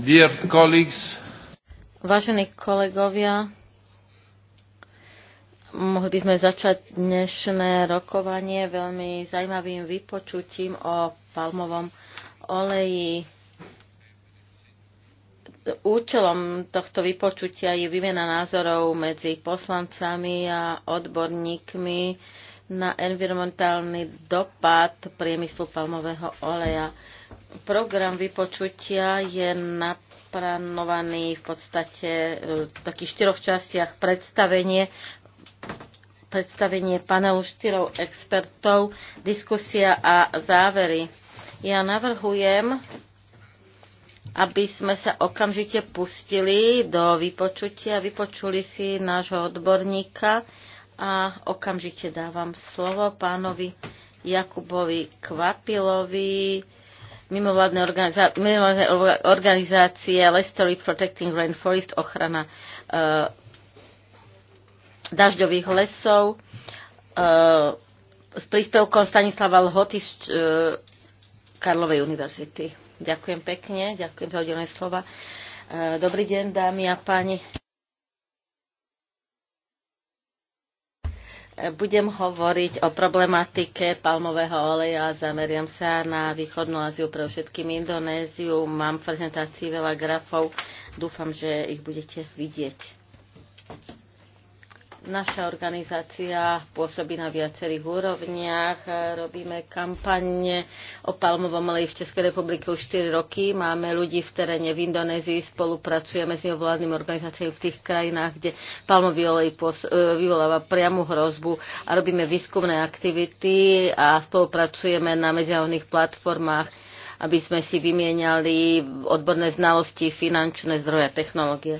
Dear colleagues, Vážení kolegovia, mohli by sme začať dnešné rokovanie veľmi zaujímavým vypočutím o palmovom oleji. Účelom tohto vypočutia je výmena názorov medzi poslancami a odborníkmi, na environmentálny dopad priemyslu palmového oleja. Program vypočutia je naplánovaný v podstate e, v takých štyroch častiach predstavenie predstavenie panelu štyrov expertov, diskusia a závery. Ja navrhujem, aby sme sa okamžite pustili do vypočutia, vypočuli si nášho odborníka, a okamžite dávam slovo pánovi Jakubovi Kvapilovi, mimovládnej organizá- mimovládne organizácie Lestory Protecting Rainforest, ochrana uh, dažďových lesov, uh, s príspevkom Stanislava Lhoty z uh, Karlovej univerzity. Ďakujem pekne, ďakujem za udelené slova. Uh, dobrý deň, dámy a páni. budem hovoriť o problematike palmového oleja, zameriam sa na východnú Áziu, pre všetkým Indonéziu. Mám v prezentácii veľa grafov, dúfam, že ich budete vidieť. Naša organizácia pôsobí na viacerých úrovniach. Robíme kampanie o palmovom oleji v Českej republike už 4 roky. Máme ľudí v teréne v Indonézii, spolupracujeme s mimovládnymi organizáciami v tých krajinách, kde palmový olej e, vyvoláva priamu hrozbu a robíme výskumné aktivity a spolupracujeme na medzinárodných platformách aby sme si vymieniali odborné znalosti, finančné zdroje a technológie.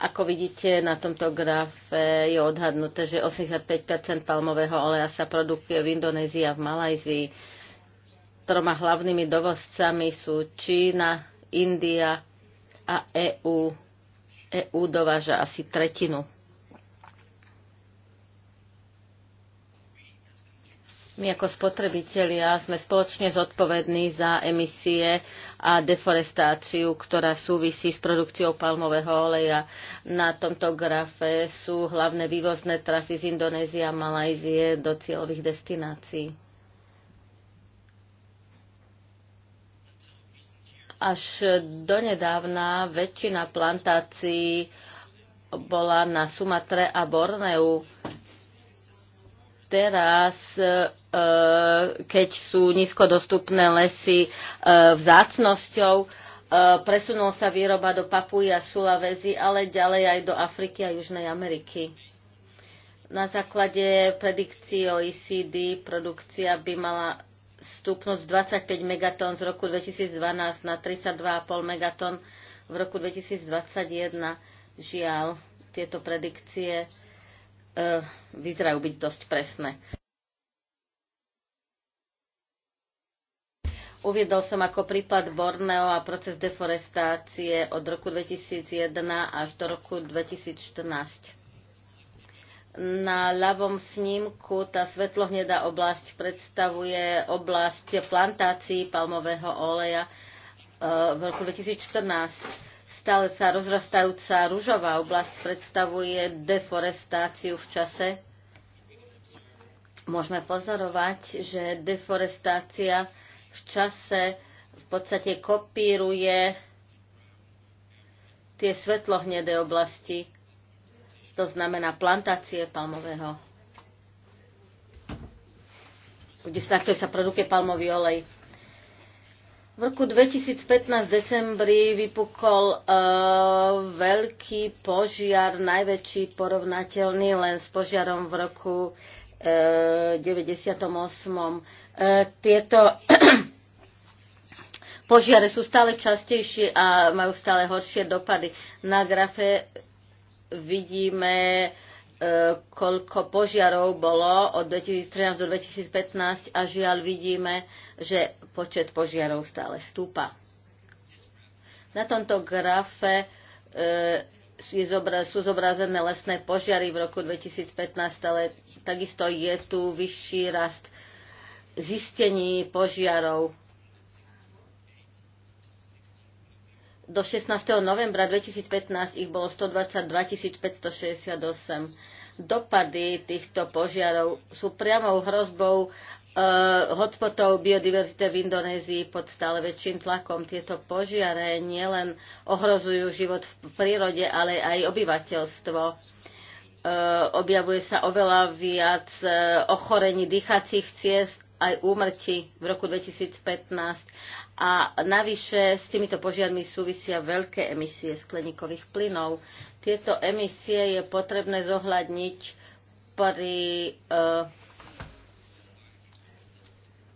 Ako vidíte na tomto grafe je odhadnuté, že 85 palmového oleja sa produkuje v Indonézii a v Malajzii. Troma hlavnými dovozcami sú Čína, India a EÚ. EÚ dováža asi tretinu. My ako spotrebitelia sme spoločne zodpovední za emisie a deforestáciu, ktorá súvisí s produkciou palmového oleja. Na tomto grafe sú hlavné vývozné trasy z Indonézie a Malajzie do cieľových destinácií. Až donedávna väčšina plantácií bola na Sumatre a Borneu teraz, e, keď sú nízko dostupné lesy e, vzácnosťou, e, presunul sa výroba do Papuji a Sulavezi, ale ďalej aj do Afriky a Južnej Ameriky. Na základe predikcií OECD produkcia by mala stúpnúť z 25 megatón z roku 2012 na 32,5 megatón v roku 2021. Žiaľ, tieto predikcie Eh, vyzerajú byť dosť presné. Uviedol som ako prípad Borneo a proces deforestácie od roku 2001 až do roku 2014. Na ľavom snímku tá svetlohnedá oblasť predstavuje oblasť plantácií palmového oleja eh, v roku 2014 stále sa rozrastajúca rúžová oblasť predstavuje deforestáciu v čase. Môžeme pozorovať, že deforestácia v čase v podstate kopíruje tie svetlohnedé oblasti, to znamená plantácie palmového, kde sa, na sa produkuje palmový olej. V roku 2015 v decembri vypukol uh, veľký požiar, najväčší porovnateľný len s požiarom v roku uh, 98. Uh, tieto požiare sú stále častejšie a majú stále horšie dopady. Na grafe vidíme e, koľko požiarov bolo od 2013 do 2015 a žiaľ vidíme, že počet požiarov stále stúpa. Na tomto grafe e, sú zobrazené lesné požiary v roku 2015, ale takisto je tu vyšší rast zistení požiarov do 16. novembra 2015 ich bolo 122 568. Dopady týchto požiarov sú priamou hrozbou Eh, hotspotov biodiverzite v Indonézii pod stále väčším tlakom. Tieto požiare nielen ohrozujú život v prírode, ale aj obyvateľstvo. Eh, objavuje sa oveľa viac eh, ochorení dýchacích ciest aj úmrti v roku 2015 a navyše s týmito požiarmi súvisia veľké emisie skleníkových plynov. Tieto emisie je potrebné zohľadniť pri uh,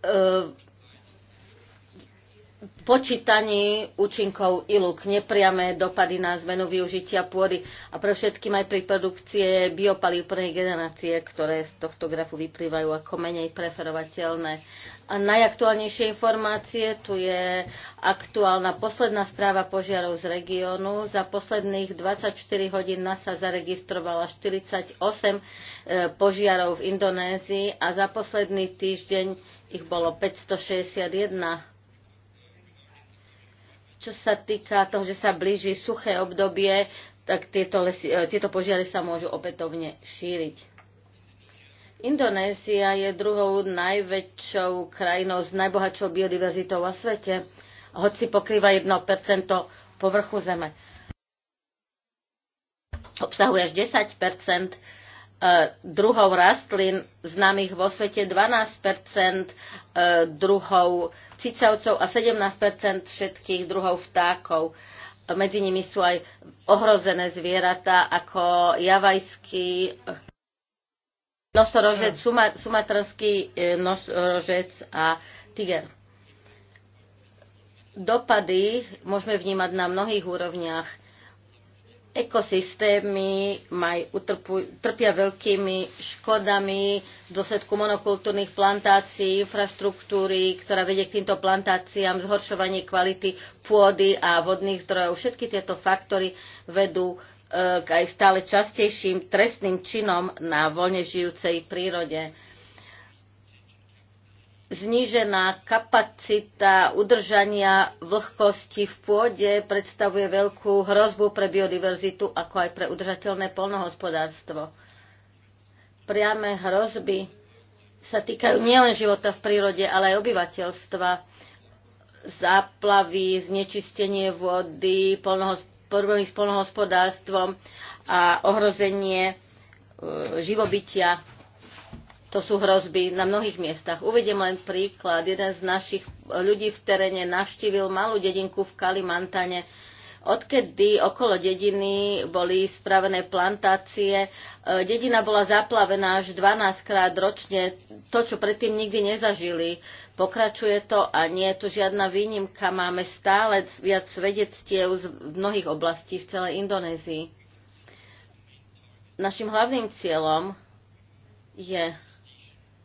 E, počítaní účinkov ILUK, nepriame dopady na zmenu využitia pôdy a pre všetkým aj pri produkcie biopalív prvej generácie, ktoré z tohto grafu vyplývajú ako menej preferovateľné. A najaktuálnejšie informácie, tu je aktuálna posledná správa požiarov z regiónu. Za posledných 24 hodín sa zaregistrovala 48 e, požiarov v Indonézii a za posledný týždeň ich bolo 561. Čo sa týka toho, že sa blíži suché obdobie, tak tieto, e, tieto požiary sa môžu opätovne šíriť. Indonézia je druhou najväčšou krajinou s najbohatšou biodiverzitou na svete, hoci pokrýva 1 povrchu Zeme. Obsahuje až 10 e, druhov rastlín známych vo svete, 12 e, druhov cicavcov a 17 všetkých druhov vtákov. Medzi nimi sú aj ohrozené zvieratá ako javajský nosorožec, sumatrský e, nosorožec a tiger. Dopady môžeme vnímať na mnohých úrovniach. Ekosystémy maj, utrpuj, trpia veľkými škodami v dôsledku monokultúrnych plantácií, infraštruktúry, ktorá vedie k týmto plantáciám, zhoršovanie kvality pôdy a vodných zdrojov. Všetky tieto faktory vedú k aj stále častejším trestným činom na voľne žijúcej prírode. Znížená kapacita udržania vlhkosti v pôde predstavuje veľkú hrozbu pre biodiverzitu, ako aj pre udržateľné polnohospodárstvo. Priame hrozby sa týkajú nielen života v prírode, ale aj obyvateľstva záplavy, znečistenie vody, polnohospodárstvo, problémy s polnohospodárstvom a ohrozenie e, živobytia. To sú hrozby na mnohých miestach. Uvediem len príklad. Jeden z našich ľudí v teréne navštívil malú dedinku v Kalimantane, odkedy okolo dediny boli spravené plantácie. E, dedina bola zaplavená až 12 krát ročne, to, čo predtým nikdy nezažili. Pokračuje to a nie je tu žiadna výnimka. Máme stále viac svedectiev z mnohých oblastí v celej Indonézii. Našim hlavným cieľom je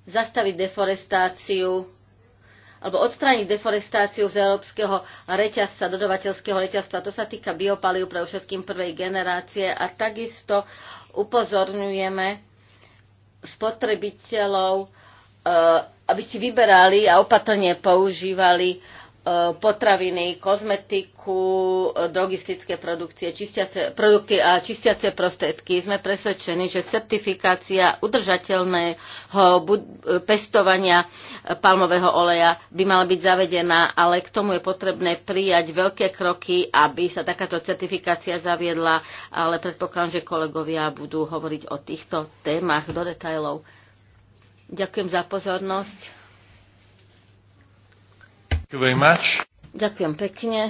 zastaviť deforestáciu alebo odstrániť deforestáciu z európskeho reťazca, dodavateľského reťazca. To sa týka biopalív pre všetkým prvej generácie a takisto upozorňujeme spotrebiteľov e, aby si vyberali a opatrne používali e, potraviny, kozmetiku, e, drogistické produkcie, čistiace, produkty a čistiace prostriedky. Sme presvedčení, že certifikácia udržateľného pestovania e, palmového oleja by mala byť zavedená, ale k tomu je potrebné prijať veľké kroky, aby sa takáto certifikácia zaviedla, ale predpokladám, že kolegovia budú hovoriť o týchto témach do detajlov. Ďakujem za pozornosť. Ďakujem pekne.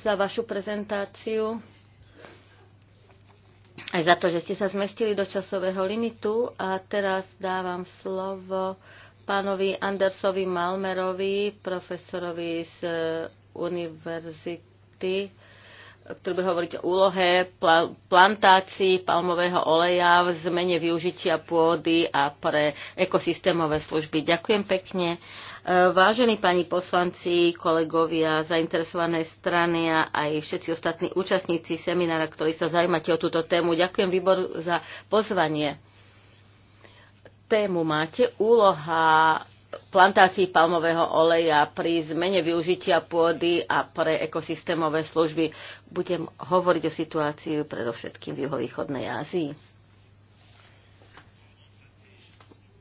za vašu prezentáciu, aj za to, že ste sa zmestili do časového limitu. A teraz dávam slovo pánovi Andersovi Malmerovi, profesorovi z eh, univerzity ktorý bude hovoriť o úlohe plantácií palmového oleja v zmene využitia pôdy a pre ekosystémové služby. Ďakujem pekne. E, vážení pani poslanci, kolegovia, zainteresované strany a aj všetci ostatní účastníci seminára, ktorí sa zaujímate o túto tému, ďakujem výboru za pozvanie. Tému máte úloha Plantácii palmového oleja, pri zmene využitia pôdy a pre ekosystémové služby. Budem hovoriť o situácii predovšetkým v juhovýchodnej Ázii.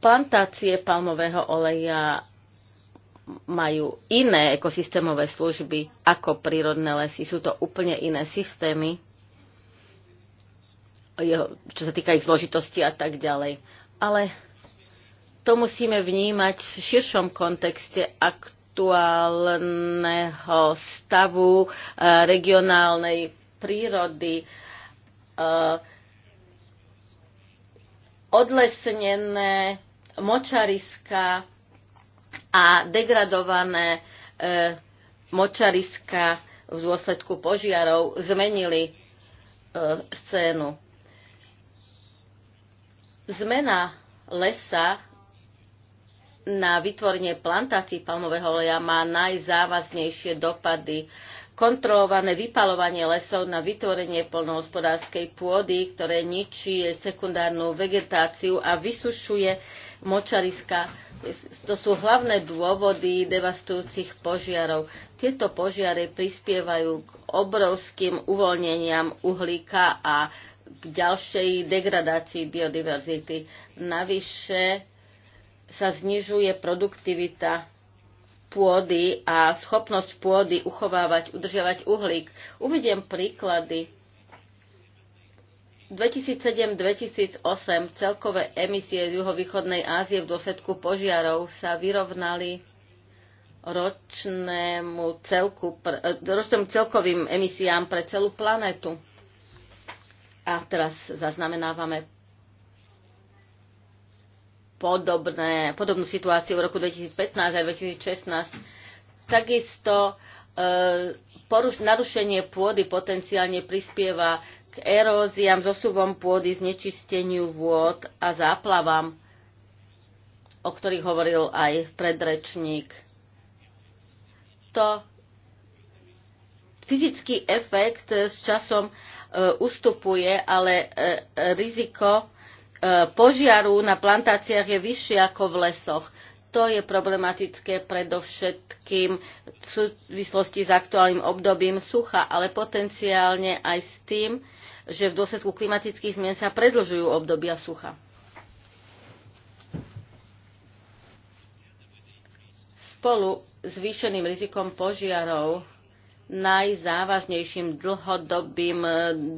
Plantácie palmového oleja majú iné ekosystémové služby ako prírodné lesy. Sú to úplne iné systémy, čo sa týka ich zložitosti a tak ďalej. Ale to musíme vnímať v širšom kontexte aktuálneho stavu e, regionálnej prírody. E, odlesnené močariska a degradované e, močariska v dôsledku požiarov zmenili scénu. Zmena lesa na vytvorenie plantácií palmového oleja má najzávaznejšie dopady. Kontrolované vypalovanie lesov na vytvorenie polnohospodárskej pôdy, ktoré ničí sekundárnu vegetáciu a vysušuje močariska. To sú hlavné dôvody devastujúcich požiarov. Tieto požiare prispievajú k obrovským uvoľneniam uhlíka a k ďalšej degradácii biodiverzity. Navyše sa znižuje produktivita pôdy a schopnosť pôdy uchovávať, udržiavať uhlík. Uvidiem príklady. 2007-2008 celkové emisie z juhovýchodnej Ázie v dôsledku požiarov sa vyrovnali ročnému, celku, e, ročným celkovým emisiám pre celú planetu. A teraz zaznamenávame podobné, podobnú situáciu v roku 2015 a 2016. Takisto e, poruš- narušenie pôdy potenciálne prispieva k eróziám, zosuvom pôdy, znečisteniu vôd a záplavám, o ktorých hovoril aj predrečník. To fyzický efekt s časom e, ustupuje, ale e, e riziko požiaru na plantáciách je vyššie ako v lesoch. To je problematické predovšetkým v súvislosti s aktuálnym obdobím sucha, ale potenciálne aj s tým, že v dôsledku klimatických zmien sa predlžujú obdobia sucha. Spolu s zvýšeným rizikom požiarov najzávažnejším dlhodobým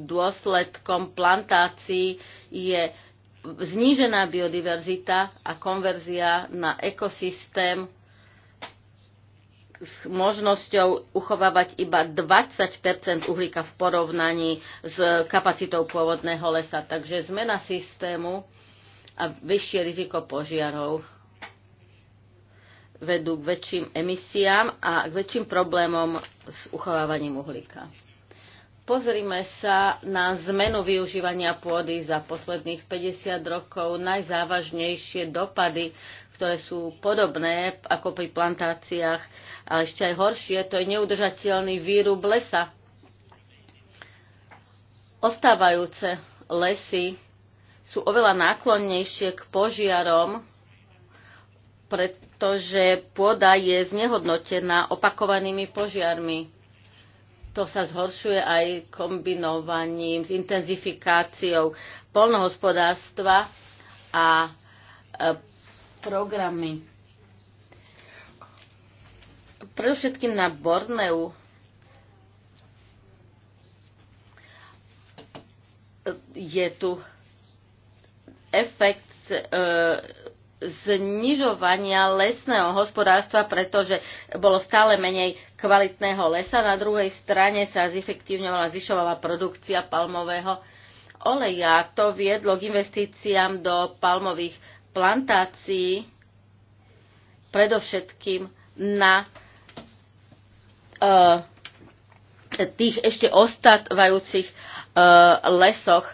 dôsledkom plantácií je znížená biodiverzita a konverzia na ekosystém s možnosťou uchovávať iba 20 uhlíka v porovnaní s kapacitou pôvodného lesa. Takže zmena systému a vyššie riziko požiarov vedú k väčším emisiám a k väčším problémom s uchovávaním uhlíka. Pozrime sa na zmenu využívania pôdy za posledných 50 rokov. Najzávažnejšie dopady, ktoré sú podobné ako pri plantáciách, ale ešte aj horšie, to je neudržateľný výrub lesa. Ostávajúce lesy sú oveľa náklonnejšie k požiarom, pretože pôda je znehodnotená opakovanými požiarmi to sa zhoršuje aj kombinovaním s intenzifikáciou polnohospodárstva a e, programy. Predovšetkým na Borneu e, je tu efekt e, znižovania lesného hospodárstva, pretože bolo stále menej kvalitného lesa. Na druhej strane sa zefektívňovala, zvyšovala produkcia palmového oleja. To viedlo k investíciám do palmových plantácií, predovšetkým na eh, tých ešte ostatvajúcich eh, lesoch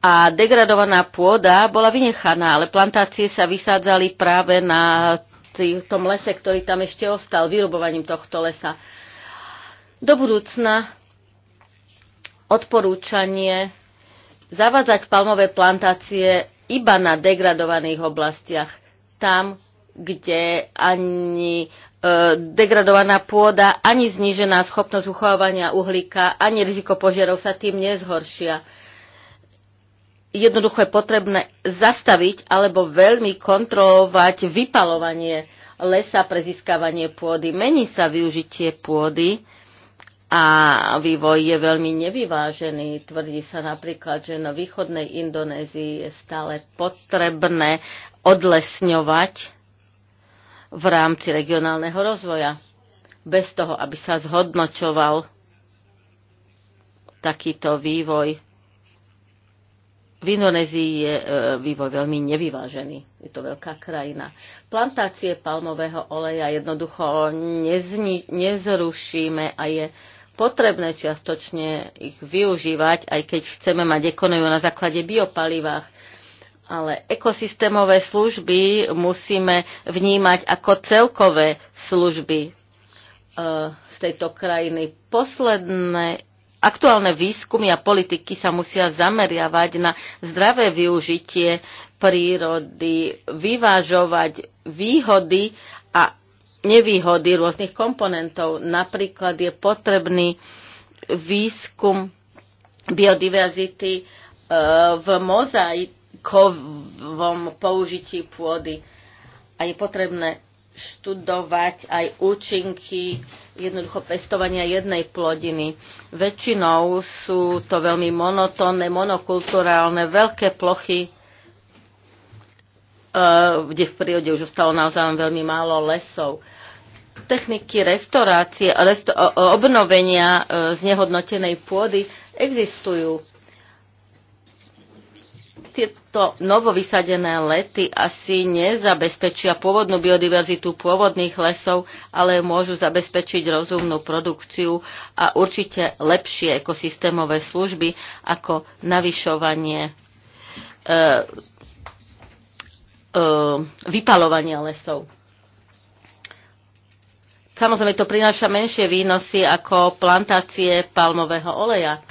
a degradovaná pôda bola vynechaná, ale plantácie sa vysádzali práve na tom lese, ktorý tam ešte ostal, vyrubovaním tohto lesa. Do budúcna odporúčanie zavádzať palmové plantácie iba na degradovaných oblastiach, tam, kde ani e, degradovaná pôda, ani znížená schopnosť uchovávania uhlíka, ani riziko požiarov sa tým nezhoršia jednoducho je potrebné zastaviť alebo veľmi kontrolovať vypalovanie lesa pre získavanie pôdy. Mení sa využitie pôdy a vývoj je veľmi nevyvážený. Tvrdí sa napríklad, že na východnej Indonézii je stále potrebné odlesňovať v rámci regionálneho rozvoja. Bez toho, aby sa zhodnočoval takýto vývoj v Indonézii je e, vývoj veľmi nevyvážený. Je to veľká krajina. Plantácie palmového oleja jednoducho nezni, nezrušíme a je potrebné čiastočne ich využívať, aj keď chceme mať ekonomiu na základe biopalivách. Ale ekosystémové služby musíme vnímať ako celkové služby e, z tejto krajiny. Posledné aktuálne výskumy a politiky sa musia zameriavať na zdravé využitie prírody, vyvážovať výhody a nevýhody rôznych komponentov. Napríklad je potrebný výskum biodiverzity e, v mozaikovom použití pôdy a je potrebné študovať aj účinky jednoducho pestovania jednej plodiny. Väčšinou sú to veľmi monotónne, monokulturálne, veľké plochy, e, kde v prírode už ostalo naozaj veľmi málo lesov. Techniky restaurácie, resto, obnovenia e, znehodnotenej pôdy existujú tieto novovysadené lety asi nezabezpečia pôvodnú biodiverzitu pôvodných lesov, ale môžu zabezpečiť rozumnú produkciu a určite lepšie ekosystémové služby ako navyšovanie e, e, vypalovania lesov. Samozrejme, to prináša menšie výnosy ako plantácie palmového oleja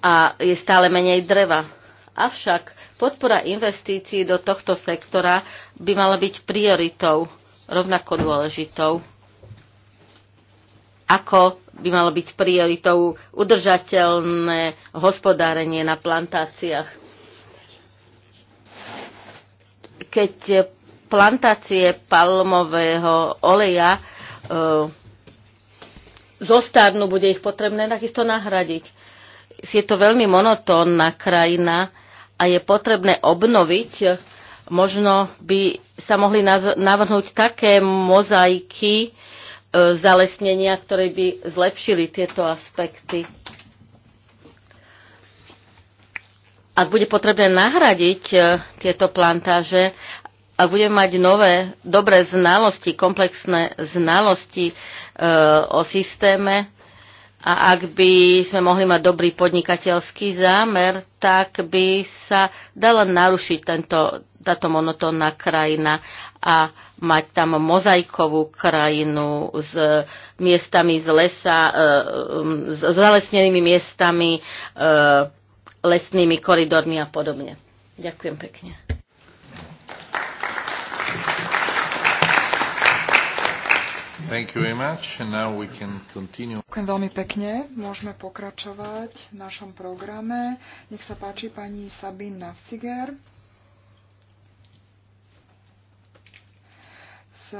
a je stále menej dreva Avšak podpora investícií do tohto sektora by mala byť prioritou, rovnako dôležitou, ako by malo byť prioritou udržateľné hospodárenie na plantáciách. Keď plantácie palmového oleja e, zostárnu, bude ich potrebné takisto nahradiť. Je to veľmi monotónna krajina, a je potrebné obnoviť, e, možno by sa mohli navrhnúť také mozaiky e, zalesnenia, ktoré by zlepšili tieto aspekty. Ak bude potrebné nahradiť e, tieto plantáže, ak budeme mať nové, dobré znalosti, komplexné znalosti e, o systéme, a ak by sme mohli mať dobrý podnikateľský zámer, tak by sa dala narušiť tento, táto monotónna krajina a mať tam mozaikovú krajinu s miestami z lesa, e, s zalesnenými miestami, e, lesnými koridormi a podobne. Ďakujem pekne. Ďakujem veľmi pekne. Môžeme pokračovať v našom programe. Nech sa páči pani Sabine Navciger z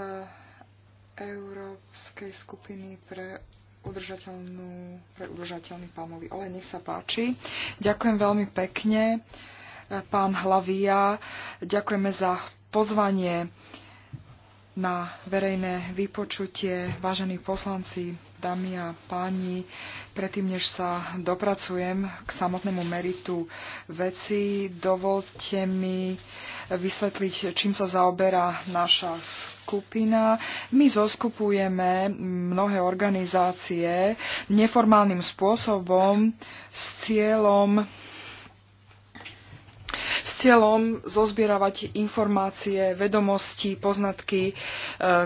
Európskej skupiny pre udržateľnú, pre udržateľný palmový olej. Nech sa páči. Ďakujem veľmi pekne, pán Hlavia. Ďakujeme za pozvanie na verejné vypočutie. Vážení poslanci, dámy a páni, predtým, než sa dopracujem k samotnému meritu veci, dovolte mi vysvetliť, čím sa zaoberá naša skupina. My zoskupujeme mnohé organizácie neformálnym spôsobom s cieľom cieľom zozbieravať informácie, vedomosti, poznatky, e,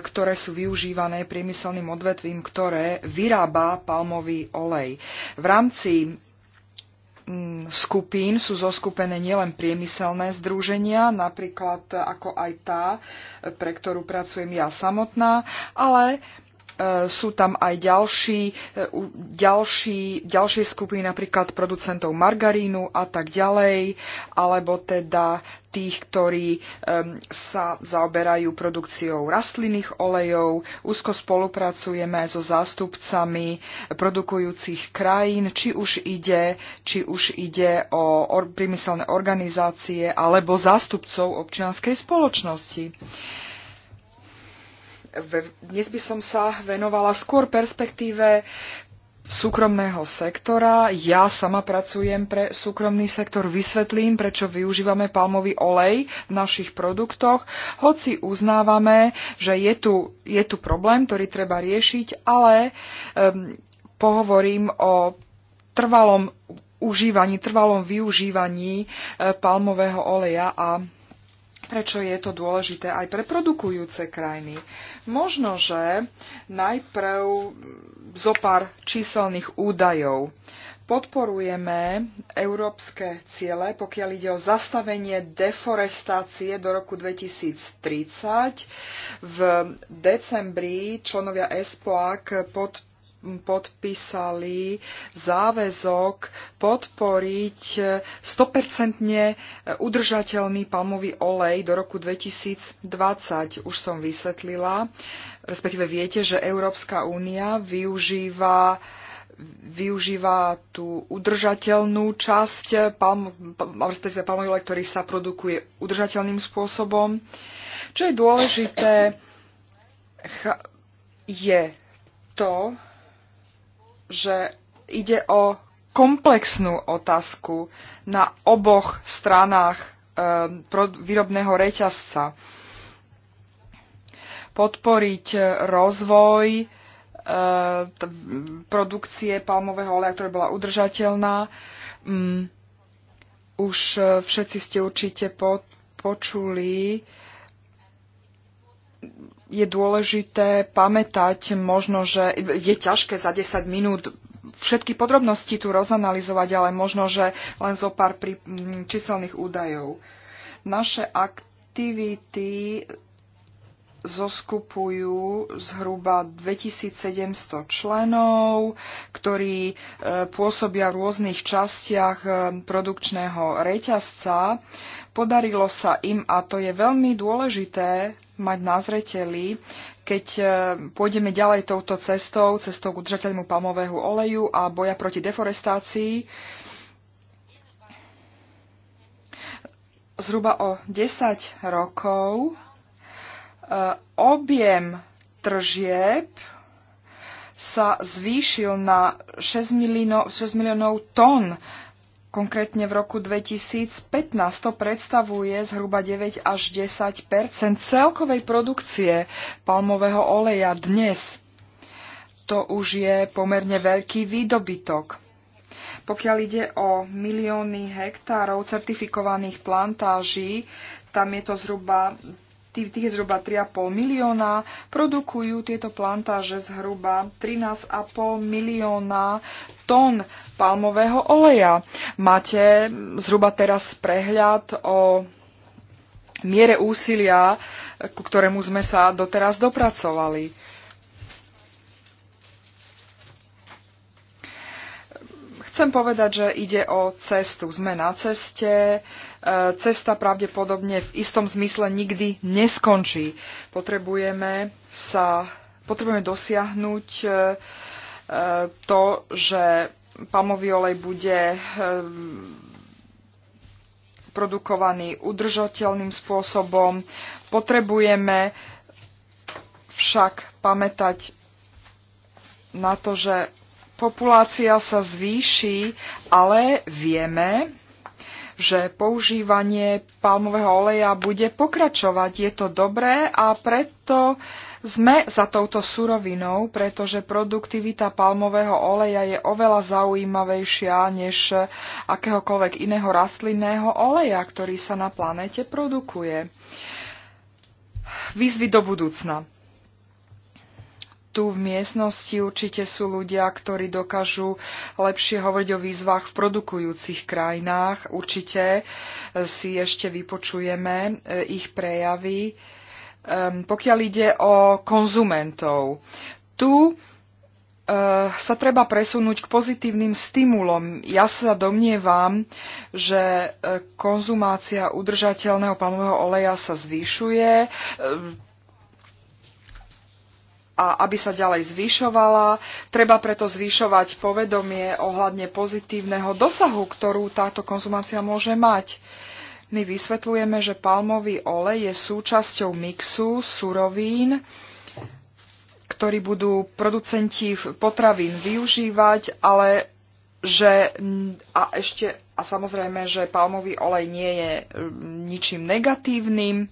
ktoré sú využívané priemyselným odvetvím, ktoré vyrába palmový olej. V rámci mm, skupín sú zoskupené nielen priemyselné združenia, napríklad ako aj tá, pre ktorú pracujem ja samotná, ale E, sú tam aj ďalší, e, ďalší, ďalšie skupiny, napríklad producentov margarínu a tak ďalej, alebo teda tých, ktorí e, sa zaoberajú produkciou rastlinných olejov. Úzko spolupracujeme so zástupcami produkujúcich krajín, či už ide, či už ide o priemyselné organizácie alebo zástupcov občianskej spoločnosti dnes by som sa venovala skôr perspektíve súkromného sektora. Ja sama pracujem pre súkromný sektor, vysvetlím, prečo využívame palmový olej v našich produktoch, hoci uznávame, že je tu, je tu problém, ktorý treba riešiť, ale um, pohovorím o trvalom užívaní, trvalom využívaní e, palmového oleja a prečo je to dôležité aj pre produkujúce krajiny. Možno, že najprv zo pár číselných údajov. Podporujeme európske ciele, pokiaľ ide o zastavenie deforestácie do roku 2030. V decembri členovia ESPOAK pod podpísali záväzok podporiť 100% udržateľný palmový olej do roku 2020. Už som vysvetlila, respektíve viete, že Európska únia využíva využíva tú udržateľnú časť, palm, palmový olej, ktorý sa produkuje udržateľným spôsobom. Čo je dôležité, je to, že ide o komplexnú otázku na oboch stranách eh, výrobného reťazca. Podporiť rozvoj eh, produkcie palmového oleja, ktorá bola udržateľná. Mm, už eh, všetci ste určite počuli je dôležité pamätať, možno, že je ťažké za 10 minút všetky podrobnosti tu rozanalizovať, ale možno, že len zo pár pri, číselných údajov. Naše aktivity zoskupujú zhruba 2700 členov, ktorí e, pôsobia v rôznych častiach e, produkčného reťazca. Podarilo sa im, a to je veľmi dôležité, mať na zreteli, keď e, pôjdeme ďalej touto cestou, cestou k udržateľnému palmového oleju a boja proti deforestácii. Zhruba o 10 rokov e, objem tržieb sa zvýšil na 6 miliónov, 6 miliónov tón Konkrétne v roku 2015 to predstavuje zhruba 9 až 10 celkovej produkcie palmového oleja dnes. To už je pomerne veľký výdobytok. Pokiaľ ide o milióny hektárov certifikovaných plantáží, tam je to zhruba tých, tých je zhruba 3,5 milióna. Produkujú tieto plantáže zhruba 13,5 milióna tón palmového oleja. Máte zhruba teraz prehľad o miere úsilia, ku ktorému sme sa doteraz dopracovali Chcem povedať, že ide o cestu. Sme na ceste. E, cesta pravdepodobne v istom zmysle nikdy neskončí. Potrebujeme sa potrebujeme dosiahnuť e, e, to, že palmový olej bude produkovaný udržateľným spôsobom. Potrebujeme však pamätať na to, že populácia sa zvýši, ale vieme, že používanie palmového oleja bude pokračovať. Je to dobré a preto sme za touto surovinou, pretože produktivita palmového oleja je oveľa zaujímavejšia než akéhokoľvek iného rastlinného oleja, ktorý sa na planéte produkuje. Výzvy do budúcna tu v miestnosti určite sú ľudia, ktorí dokážu lepšie hovoriť o výzvach v produkujúcich krajinách. Určite eh, si ešte vypočujeme eh, ich prejavy. Ehm, pokiaľ ide o konzumentov, tu eh, sa treba presunúť k pozitívnym stimulom. Ja sa domnievam, že konzumácia udržateľného palmového oleja sa zvyšuje a aby sa ďalej zvyšovala. Treba preto zvyšovať povedomie ohľadne pozitívneho dosahu, ktorú táto konzumácia môže mať. My vysvetľujeme, že palmový olej je súčasťou mixu surovín, ktorý budú producenti potravín využívať, ale že a ešte a samozrejme, že palmový olej nie je mm, ničím negatívnym,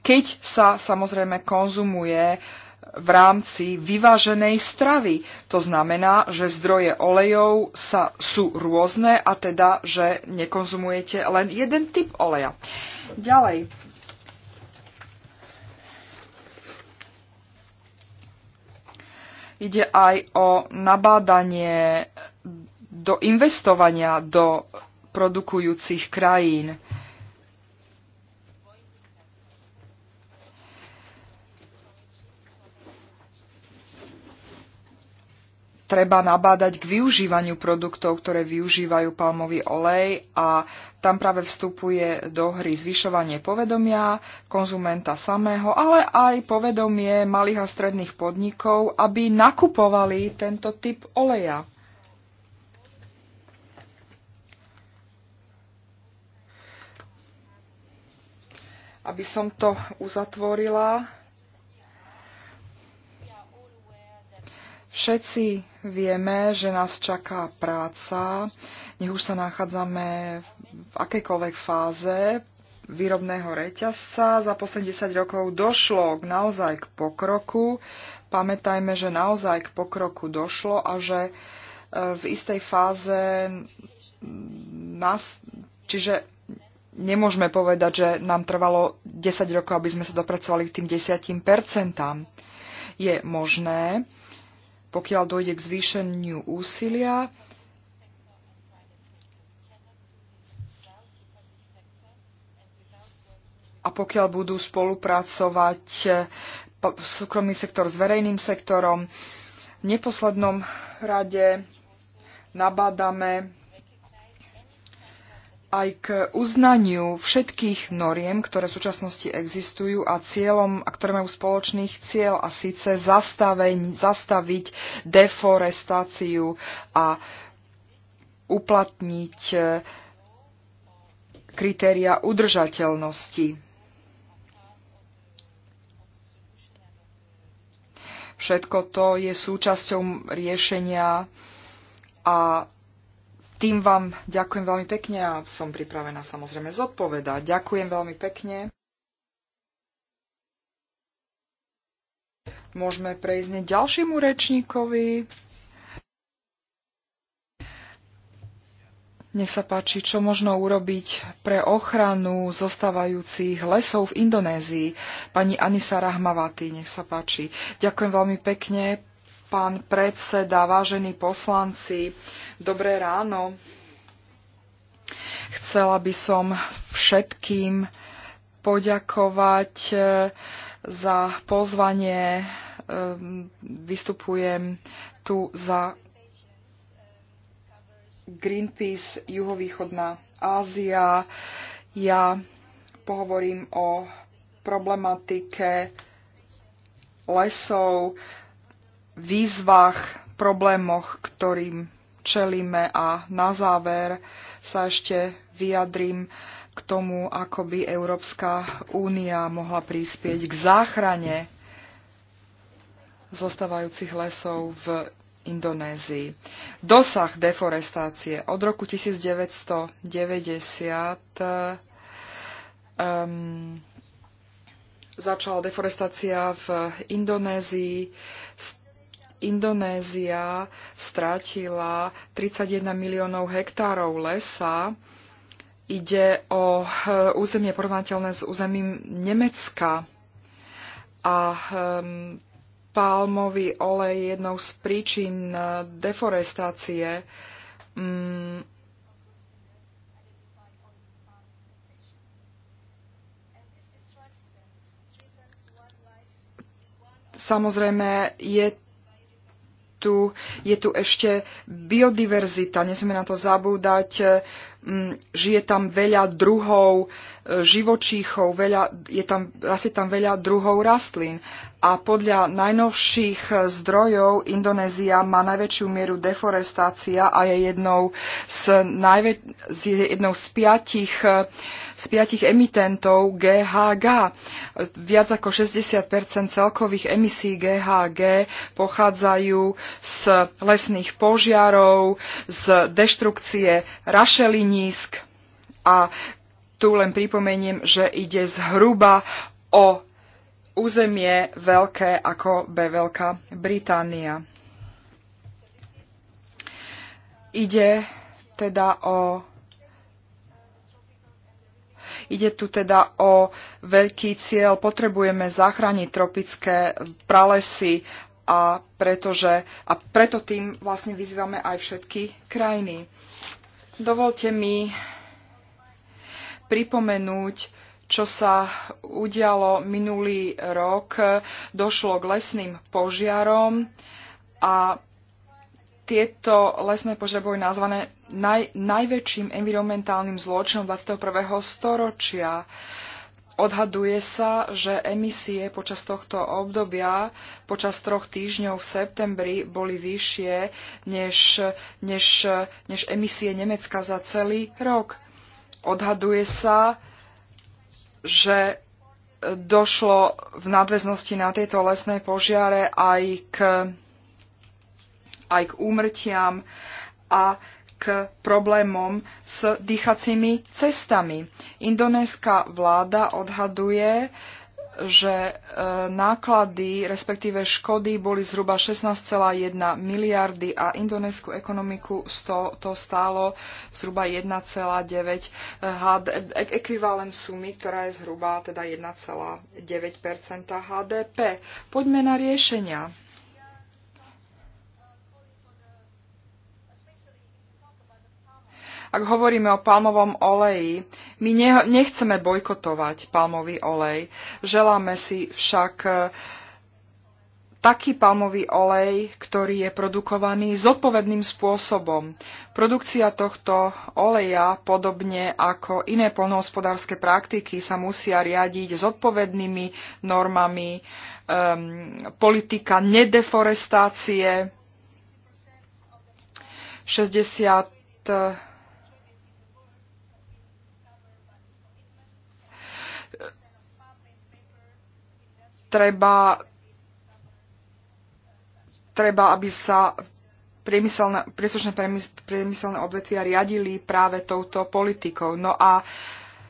keď sa samozrejme konzumuje v rámci vyváženej stravy. To znamená, že zdroje olejov sa, sú rôzne a teda, že nekonzumujete len jeden typ oleja. Ďalej. Ide aj o nabádanie do investovania do produkujúcich krajín. treba nabádať k využívaniu produktov, ktoré využívajú palmový olej a tam práve vstupuje do hry zvyšovanie povedomia konzumenta samého, ale aj povedomie malých a stredných podnikov, aby nakupovali tento typ oleja. Aby som to uzatvorila Všetci vieme, že nás čaká práca, nech už sa nachádzame v akejkoľvek fáze výrobného reťazca. Za posledných 10 rokov došlo k naozaj k pokroku. Pamätajme, že naozaj k pokroku došlo a že e, v istej fáze nás, čiže nemôžeme povedať, že nám trvalo 10 rokov, aby sme sa dopracovali k tým 10 Je možné, pokiaľ dojde k zvýšeniu úsilia, a pokiaľ budú spolupracovať eh, súkromný sektor s verejným sektorom. V neposlednom rade nabádame aj k uznaniu všetkých noriem, ktoré v súčasnosti existujú a cieľom, a ktoré majú spoločných cieľ a síce zastaveň, zastaviť deforestáciu a uplatniť e, kritéria udržateľnosti. Všetko to je súčasťou riešenia a tým vám ďakujem veľmi pekne a som pripravená samozrejme zodpovedať. Ďakujem veľmi pekne. Môžeme prejsť ďalšiemu rečníkovi. Nech sa páči, čo možno urobiť pre ochranu zostávajúcich lesov v Indonézii. Pani Anisa Rahmavati, nech sa páči. Ďakujem veľmi pekne pán predseda, vážení poslanci, dobré ráno. Chcela by som všetkým poďakovať eh, za pozvanie. Ehm, vystupujem tu za Greenpeace Juhovýchodná Ázia. Ja pohovorím o problematike lesov, výzvach, problémoch, ktorým čelíme a na záver sa ešte vyjadrím k tomu, ako by Európska únia mohla prispieť k záchrane zostávajúcich lesov v Indonézii. Dosah deforestácie od roku 1990 um, začala deforestácia v Indonézii Indonézia strátila 31 miliónov hektárov lesa. Ide o eh, územie porovnateľné s územím Nemecka. A um, palmový olej je jednou z príčin eh, deforestácie. Um, samozrejme je tu, je tu ešte biodiverzita, nesmieme na to zabúdať, mm, žije tam veľa druhov e, živočíchov, veľa, je tam, asi tam veľa druhov rastlín. A podľa najnovších zdrojov Indonézia má najväčšiu mieru deforestácia a je jednou z, najvä, jednou z piatich uh, z piatich emitentov GHG. Viac ako 60 celkových emisí GHG pochádzajú z lesných požiarov, z deštrukcie rašelinísk a tu len pripomeniem, že ide zhruba o územie veľké ako B Veľká Británia. Ide teda o Ide tu teda o veľký cieľ. Potrebujeme zachrániť tropické pralesy a, pretože, a preto tým vlastne vyzývame aj všetky krajiny. Dovolte mi pripomenúť, čo sa udialo minulý rok. Došlo k lesným požiarom a tieto lesné požiare boli nazvané naj, najväčším environmentálnym zločinom 21. storočia. Odhaduje sa, že emisie počas tohto obdobia, počas troch týždňov v septembri, boli vyššie než, než, než emisie Nemecka za celý rok. Odhaduje sa, že došlo v nadväznosti na tieto lesné požiare aj k, aj k úmrtiam a k problémom s dýchacími cestami. Indonéska vláda odhaduje, že e, náklady, respektíve škody boli zhruba 16,1 miliardy a indonéskú ekonomiku to, to stálo zhruba 1,9 e, e, ekvivalent sumy, ktorá je zhruba teda 1,9 HDP. Poďme na riešenia. Ak hovoríme o palmovom oleji, my nechceme bojkotovať palmový olej. Želáme si však e, taký palmový olej, ktorý je produkovaný zodpovedným spôsobom. Produkcia tohto oleja, podobne ako iné polnohospodárske praktiky, sa musia riadiť zodpovednými normami, um, politika nedeforestácie, 60 treba, treba aby sa priemyselné, príslušné priemyselné odvetvia riadili práve touto politikou. No a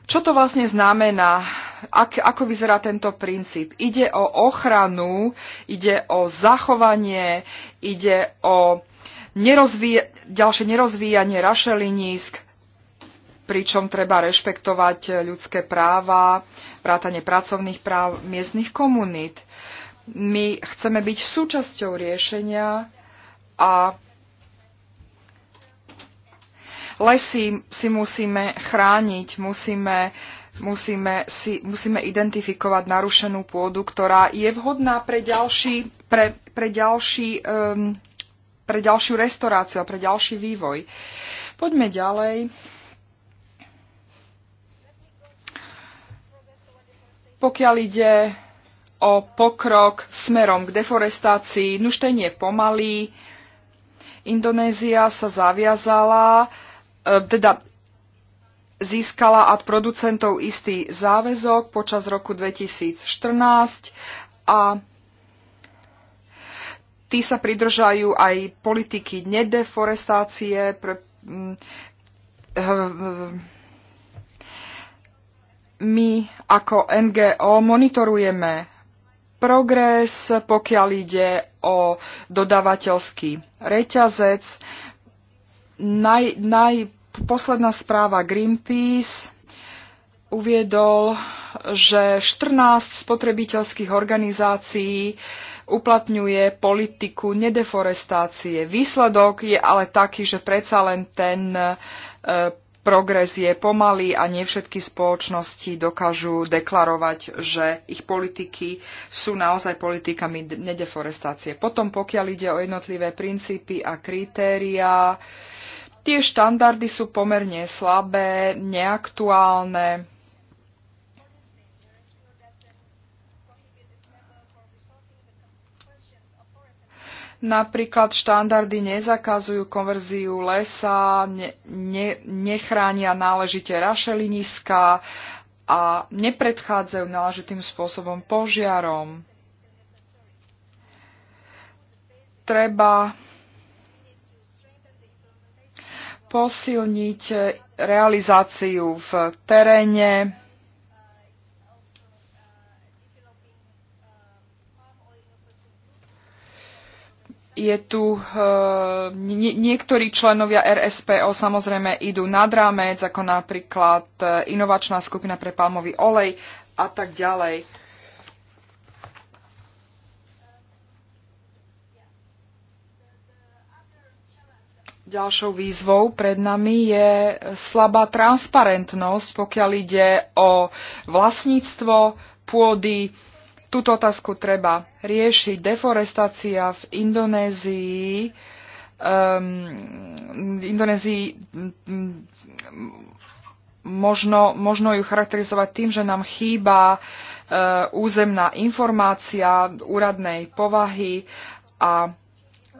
čo to vlastne znamená? Ak, ako vyzerá tento princíp? Ide o ochranu, ide o zachovanie, ide o nerozvíja, ďalšie nerozvíjanie rašelinísk, pričom treba rešpektovať ľudské práva, vrátanie pracovných práv miestnych komunít. My chceme byť súčasťou riešenia a lesy si musíme chrániť, musíme musíme, si, musíme identifikovať narušenú pôdu, ktorá je vhodná pre, ďalší, pre, pre, ďalší, um, pre ďalšiu restauráciu a pre ďalší vývoj. Poďme ďalej. Pokiaľ ide o pokrok smerom k deforestácii, nuž ten je pomalý. Indonézia sa zaviazala, e, teda získala od producentov istý záväzok počas roku 2014 a tí sa pridržajú aj politiky nedeforestácie, pre, hm, hm, my ako NGO monitorujeme progres, pokiaľ ide o dodávateľský reťazec. Naj, naj, posledná správa Greenpeace uviedol, že 14 spotrebiteľských organizácií uplatňuje politiku nedeforestácie. Výsledok je ale taký, že predsa len ten e, progres je pomalý a nie všetky spoločnosti dokážu deklarovať, že ich politiky sú naozaj politikami nedeforestácie. Potom, pokiaľ ide o jednotlivé princípy a kritériá, tie štandardy sú pomerne slabé, neaktuálne Napríklad štandardy nezakazujú konverziu lesa, ne, ne, nechránia náležite rašeliniska a nepredchádzajú náležitým spôsobom požiarom. Treba posilniť realizáciu v teréne, je tu eh, nie, niektorí členovia RSPO samozrejme idú nad rámec, ako napríklad eh, inovačná skupina pre palmový olej a tak ďalej. Ďalšou výzvou pred nami je slabá transparentnosť, pokiaľ ide o vlastníctvo pôdy, Túto otázku treba riešiť. Deforestácia v Indonézii um, v Indonézii mm, možno, možno ju charakterizovať tým, že nám chýba uh, územná informácia úradnej povahy a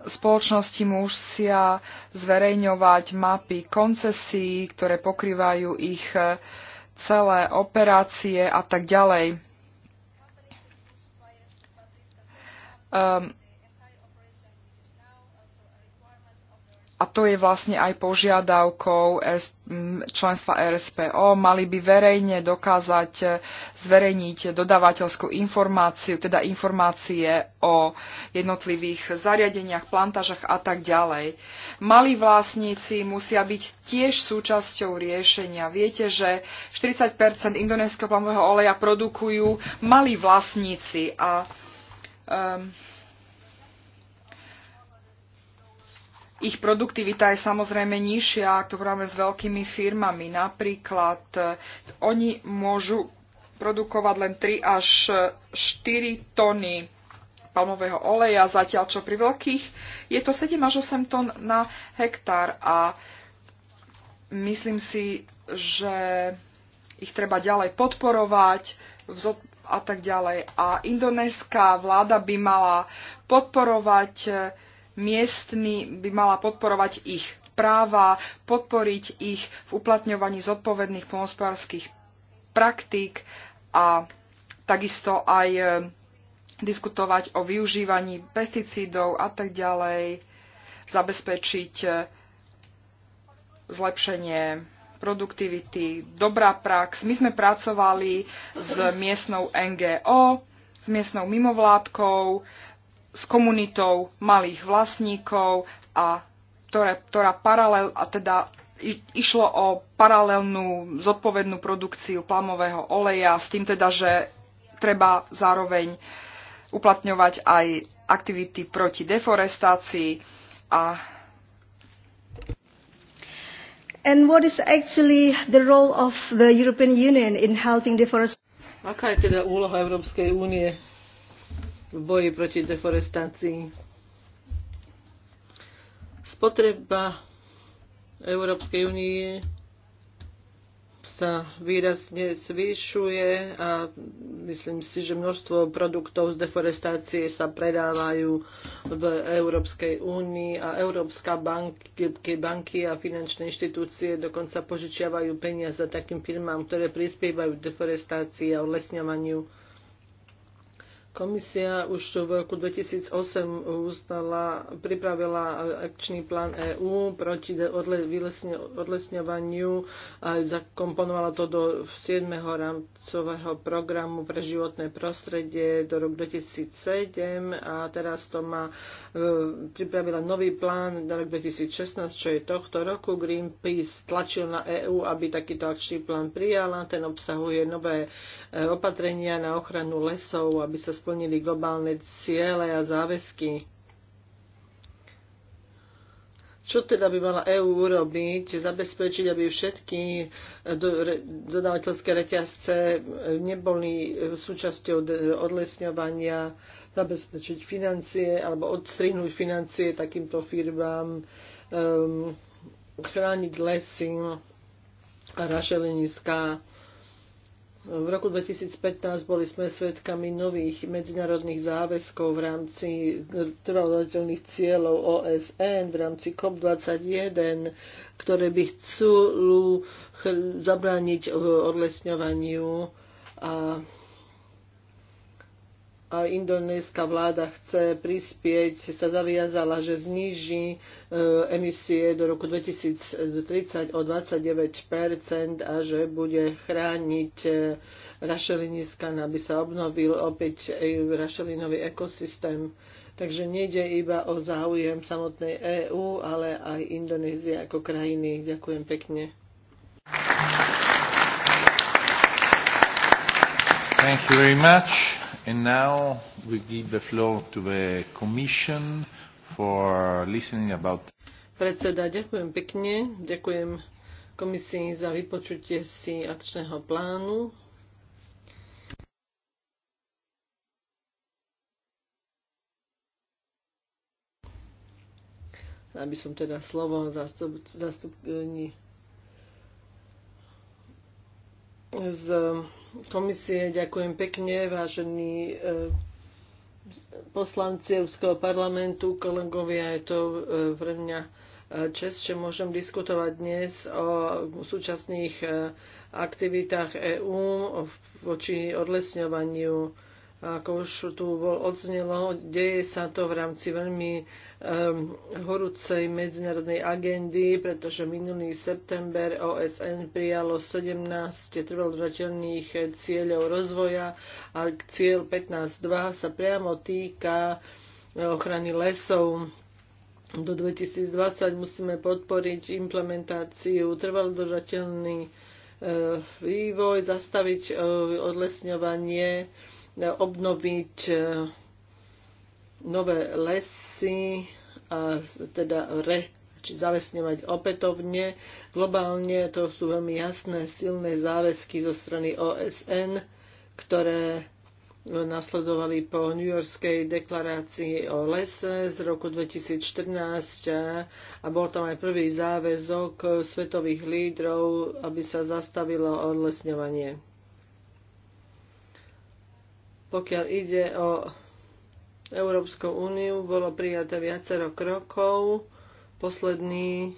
spoločnosti musia zverejňovať mapy koncesí, ktoré pokrývajú ich e, celé operácie a tak ďalej. Um, a to je vlastne aj požiadavkou členstva RSPO, mali by verejne dokázať e, zverejniť dodávateľskú informáciu, teda informácie o jednotlivých zariadeniach, plantážach a tak ďalej. Mali vlastníci musia byť tiež súčasťou riešenia. Viete, že 40 indonéskeho palmového oleja produkujú mali vlastníci a Ehm, ich produktivita je samozrejme nižšia, ak to práve s veľkými firmami. Napríklad e, oni môžu produkovať len 3 až 4 tony palmového oleja, zatiaľ čo pri veľkých je to 7 až 8 tón na hektár a myslím si, že ich treba ďalej podporovať a tak ďalej. A indonéska vláda by mala podporovať e, miestny, by mala podporovať ich práva, podporiť ich v uplatňovaní zodpovedných pomospárských praktík a takisto aj e, diskutovať o využívaní pesticídov a tak ďalej, zabezpečiť e, zlepšenie produktivity, dobrá prax. My sme pracovali s miestnou NGO, s miestnou mimovládkou, s komunitou malých vlastníkov a ktoré, ktorá paralel, a teda išlo o paralelnú zodpovednú produkciu plamového oleja s tým teda, že treba zároveň uplatňovať aj aktivity proti deforestácii a And what is actually the role of the European Union in halting deforestation? Aká je teda úloha Európskej únie v boji proti deforestácii? Spotreba Európskej únie sa výrazne zvyšuje a myslím si, že množstvo produktov z deforestácie sa predávajú v Európskej únii a Európska banky, banky a finančné inštitúcie dokonca požičiavajú peniaze takým firmám, ktoré prispievajú k deforestácii a odlesňovaniu Komisia už v roku 2008 uznala, pripravila akčný plán EÚ proti odlesňovaniu a zakomponovala to do 7. rámcového programu pre životné prostredie do roku 2007 a teraz to má, e, pripravila nový plán na rok 2016, čo je tohto roku. Greenpeace tlačil na EÚ, aby takýto akčný plán prijala. Ten obsahuje nové e, opatrenia na ochranu lesov, aby sa splnili globálne ciele a záväzky. Čo teda by mala EÚ urobiť? Zabezpečiť, aby všetky eh, dodávateľské reťazce eh, neboli eh, súčasťou odlesňovania, zabezpečiť financie alebo odstrihnúť financie takýmto firmám, um, chrániť lesy a rašeleniská. V roku 2015 boli sme svedkami nových medzinárodných záväzkov v rámci trvalodateľných cieľov OSN, v rámci COP21, ktoré by chcú zabrániť odlesňovaniu a indonéska vláda chce prispieť, sa zaviazala, že zníži e, emisie do roku 2030 o 29 a že bude chrániť e, rašeliniskan, no, aby sa obnovil opäť e, rašelinový ekosystém. Takže nejde iba o záujem samotnej EÚ, ale aj Indonézie ako krajiny. Ďakujem pekne. Thank you very much now we give the floor to the Commission for listening about... Predseda, ďakujem pekne. Ďakujem komisii za vypočutie si akčného plánu. Aby som teda slovo zastup, z komisie, ďakujem pekne, vážení eh, poslanci Európskeho parlamentu, kolegovia, je to eh, pre mňa eh, čest, že môžem diskutovať dnes o súčasných aktivitách EÚ voči odlesňovaniu ako už tu bol odznelo, deje sa to v rámci veľmi um, horúcej medzinárodnej agendy, pretože minulý september OSN prijalo 17 trvalodržateľných cieľov rozvoja a cieľ 15.2 sa priamo týka eh, ochrany lesov. Do 2020 musíme podporiť implementáciu trvalodržateľný eh, vývoj, zastaviť eh, odlesňovanie obnoviť e, nové lesy a teda re, či zalesňovať opätovne. Globálne to sú veľmi jasné, silné záväzky zo strany OSN, ktoré nasledovali po New Yorkskej deklarácii o lese z roku 2014 a bol tam aj prvý záväzok svetových lídrov, aby sa zastavilo odlesňovanie. Pokiaľ ide o Európsku úniu, bolo prijaté viacero krokov. Posledný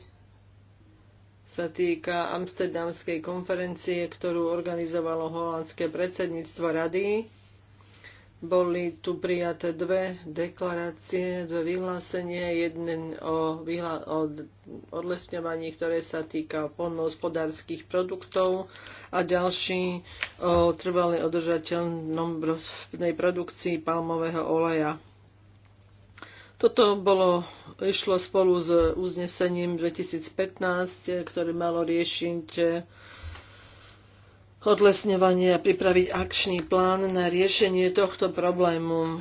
sa týka Amsterdamskej konferencie, ktorú organizovalo holandské predsedníctvo rady. Boli tu prijaté dve deklarácie, dve vyhlásenie, jeden o, vyhla- o odlesňovaní, ktoré sa týka polnohospodárských produktov a ďalší o trvalej održateľnom produkcii palmového oleja. Toto bolo, išlo spolu s uznesením 2015, ktoré malo riešiť e, odlesňovanie a pripraviť akčný plán na riešenie tohto problému.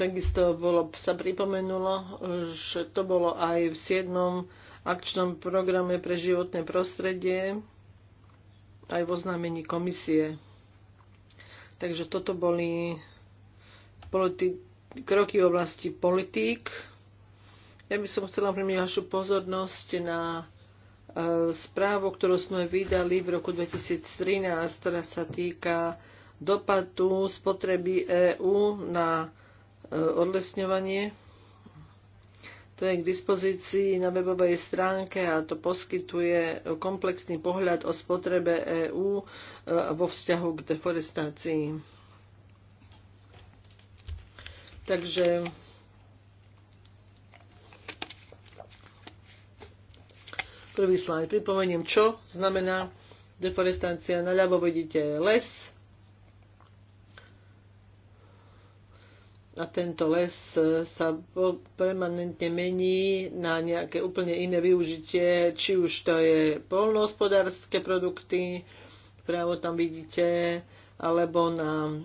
Takisto bolo, sa pripomenulo, že to bolo aj v 7. akčnom programe pre životné prostredie, aj v oznámení komisie. Takže toto boli politi- kroky v oblasti politík. Ja by som chcela primiť vašu pozornosť na e, správu, ktorú sme vydali v roku 2013, ktorá sa týka dopadu spotreby EÚ na e, odlesňovanie to je k dispozícii na webovej stránke a to poskytuje komplexný pohľad o spotrebe EÚ e, vo vzťahu k deforestácii. Takže prvý slajd. Pripomeniem, čo znamená deforestácia. Naľavo vidíte les, a tento les e, sa permanentne mení na nejaké úplne iné využitie, či už to je polnohospodárske produkty, právo tam vidíte, alebo na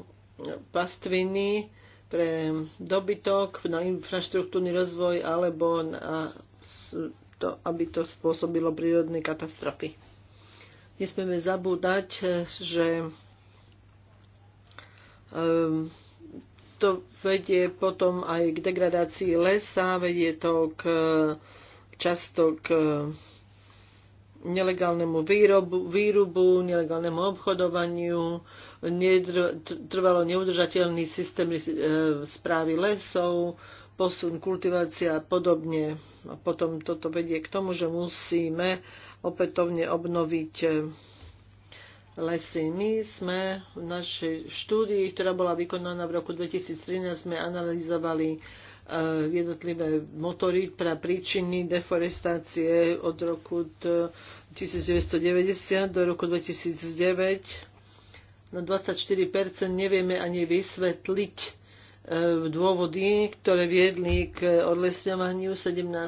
pastviny pre dobytok, na infraštruktúrny rozvoj, alebo na to, aby to spôsobilo prírodné katastrofy. Nesmieme zabúdať, e, že e, to vedie potom aj k degradácii lesa, vedie to k, často k nelegálnemu výrobu, výrubu, nelegálnemu obchodovaniu, trvalo neudržateľný systém e, správy lesov, posun kultivácia a podobne. A potom toto vedie k tomu, že musíme opätovne obnoviť e, lesy. My sme v našej štúdii, ktorá bola vykonaná v roku 2013, sme analyzovali e, jednotlivé motory pre príčiny deforestácie od roku 1990 do roku 2009. Na 24% nevieme ani vysvetliť, e, dôvody, ktoré viedli k odlesňovaniu 17 e,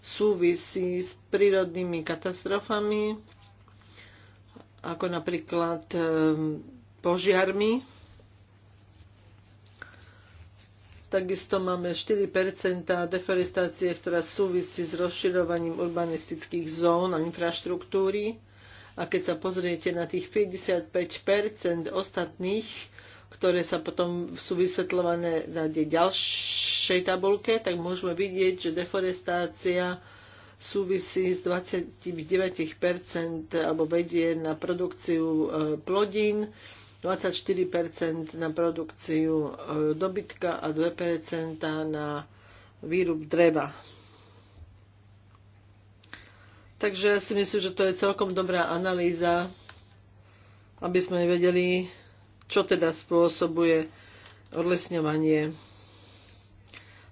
súvisí s prírodnými katastrofami, ako napríklad ehm, požiarmi. Takisto máme 4 deforestácie, ktorá súvisí s rozširovaním urbanistických zón a infraštruktúry. A keď sa pozriete na tých 55 ostatných, ktoré sa potom sú vysvetľované na ďalšej tabulke, tak môžeme vidieť, že deforestácia súvisí s 29% alebo vedie na produkciu e, plodín, 24% na produkciu e, dobytka a 2% na výrub dreva. Takže ja si myslím, že to je celkom dobrá analýza, aby sme vedeli, čo teda spôsobuje odlesňovanie.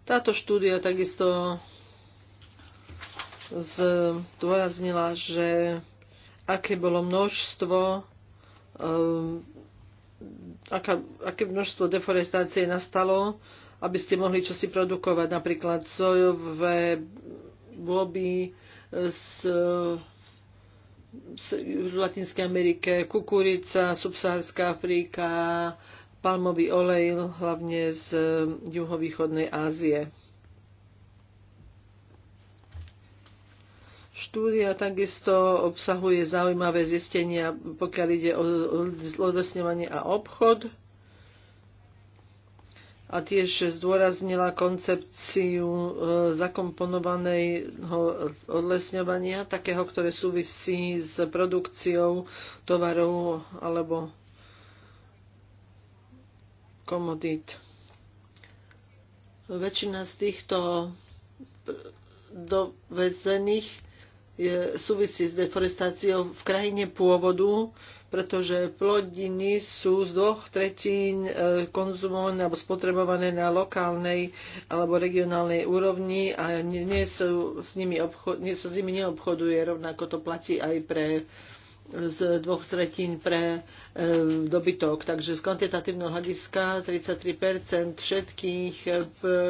Táto štúdia takisto zdôraznila, že aké bolo množstvo ehm, aká, aké množstvo deforestácie nastalo, aby ste mohli čosi produkovať, napríklad sojové boby z, z, v Latinskej Amerike, kukurica, subsahárska Afrika, palmový olej, hlavne z juhovýchodnej Ázie. Štúdia takisto obsahuje zaujímavé zistenia, pokiaľ ide o odlesňovanie a obchod. A tiež zdôraznila koncepciu e, zakomponovaného odlesňovania, takého, ktoré súvisí s produkciou tovarov alebo komodít. Väčšina z týchto dovezených je, súvisí s deforestáciou v krajine pôvodu, pretože plodiny sú z dvoch tretín e, konzumované alebo spotrebované na lokálnej alebo regionálnej úrovni a nie, nie, s sa s nimi neobchoduje. Rovnako to platí aj pre uh, z dvoch tretín pre e, dobytok. Takže z kvantitatívneho hľadiska 33 všetkých e,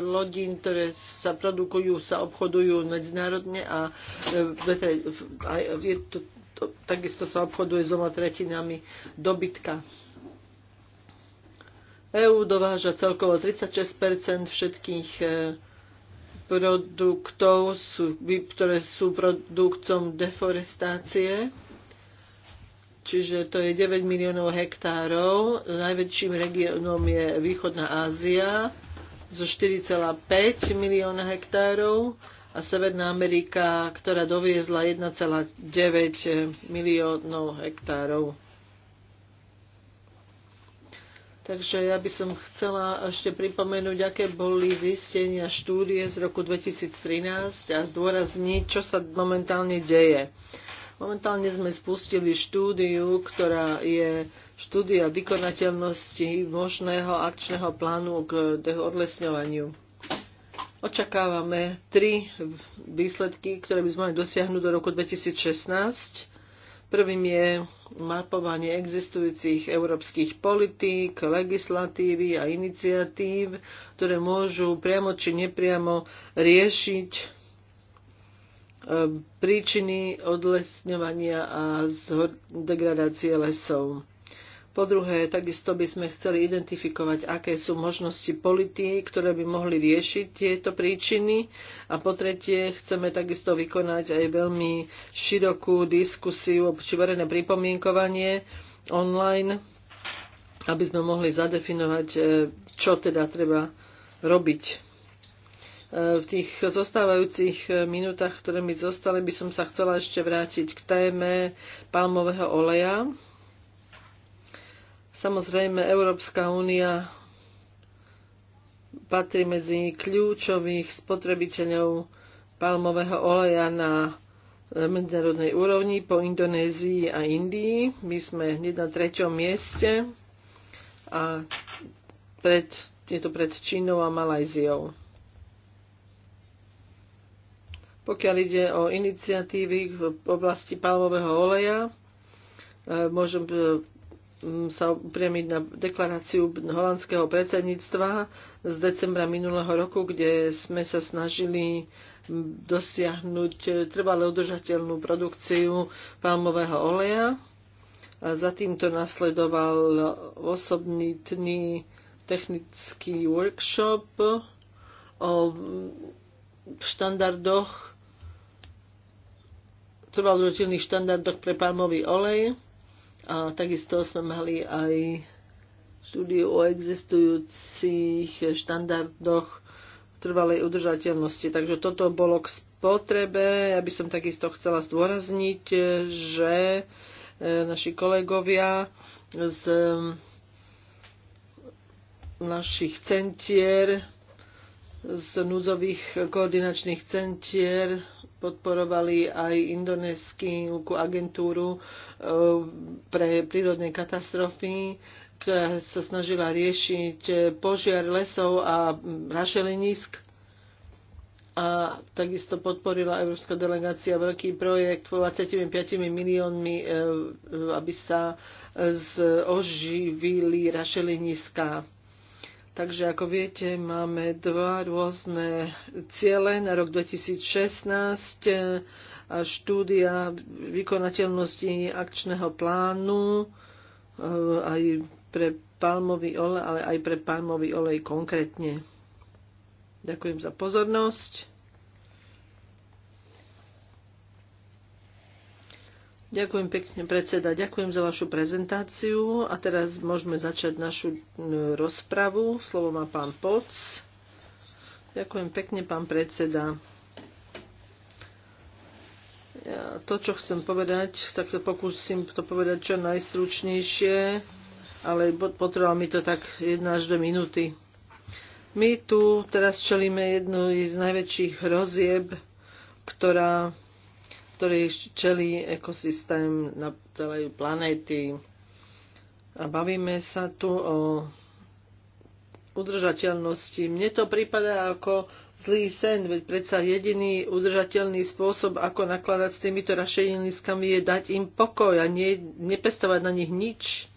lodín, ktoré sa produkujú, sa obchodujú medzinárodne a, e, a je to, to, takisto sa obchoduje s dvoma tretinami dobytka. EÚ dováža celkovo 36 všetkých e, produktov, sú, ktoré sú produktom deforestácie Čiže to je 9 miliónov hektárov. Najväčším regiónom je Východná Ázia zo 4,5 milióna hektárov a Severná Amerika, ktorá doviezla 1,9 miliónov hektárov. Takže ja by som chcela ešte pripomenúť, aké boli zistenia štúdie z roku 2013 a zdôrazniť, čo sa momentálne deje. Momentálne sme spustili štúdiu, ktorá je štúdia vykonateľnosti možného akčného plánu k odlesňovaniu. Očakávame tri výsledky, ktoré by sme mali dosiahnuť do roku 2016. Prvým je mapovanie existujúcich európskych politík, legislatívy a iniciatív, ktoré môžu priamo či nepriamo riešiť E, príčiny odlesňovania a degradácie lesov. Po druhé, takisto by sme chceli identifikovať, aké sú možnosti politií, ktoré by mohli riešiť tieto príčiny. A po tretie, chceme takisto vykonať aj veľmi širokú diskusiu či verejné pripomienkovanie online, aby sme mohli zadefinovať, e, čo teda treba robiť v tých zostávajúcich minútach, ktoré mi zostali, by som sa chcela ešte vrátiť k téme palmového oleja. Samozrejme, Európska únia patrí medzi kľúčových spotrebiteľov palmového oleja na medzinárodnej úrovni po Indonézii a Indii. My sme hneď na treťom mieste a pred, je to pred Čínou a Malajziou. Pokiaľ ide o iniciatívy v oblasti palmového oleja, e, môžem e, sa upriamiť na deklaráciu holandského predsedníctva z decembra minulého roku, kde sme sa snažili dosiahnuť trvalé udržateľnú produkciu palmového oleja. A za týmto nasledoval tný technický workshop o štandardoch trvalodržilných štandardoch pre palmový olej. A takisto sme mali aj štúdiu o existujúcich štandardoch trvalej udržateľnosti. Takže toto bolo k spotrebe. Ja by som takisto chcela zdôrazniť, že e, naši kolegovia z e, našich centier, z núdzových koordinačných centier podporovali aj indonéskú agentúru eh, pre prírodné katastrofy, ktorá sa snažila riešiť požiar lesov a rašelinisk. A takisto podporila Európska delegácia veľký projekt 25 miliónmi, eh, aby sa oživili rašeliniska. Takže ako viete, máme dva rôzne ciele na rok 2016 a štúdia vykonateľnosti akčného plánu eh, aj pre palmový olej, ale aj pre palmový olej konkrétne. Ďakujem za pozornosť. Ďakujem pekne, predseda. Ďakujem za vašu prezentáciu. A teraz môžeme začať našu e, rozpravu. Slovo má pán Poc. Ďakujem pekne, pán predseda. Ja to, čo chcem povedať, tak to pokúsim to povedať čo najstručnejšie, ale potreboval mi to tak 1 až 2 minúty. My tu teraz čelíme jednu z najväčších hrozieb, ktorá ktorý čelí ekosystém na celej planéty. A bavíme sa tu o udržateľnosti. Mne to prípada ako zlý sen, veď predsa jediný udržateľný spôsob, ako nakladať s týmito rašeliniskami, je dať im pokoj a nie, nepestovať na nich nič.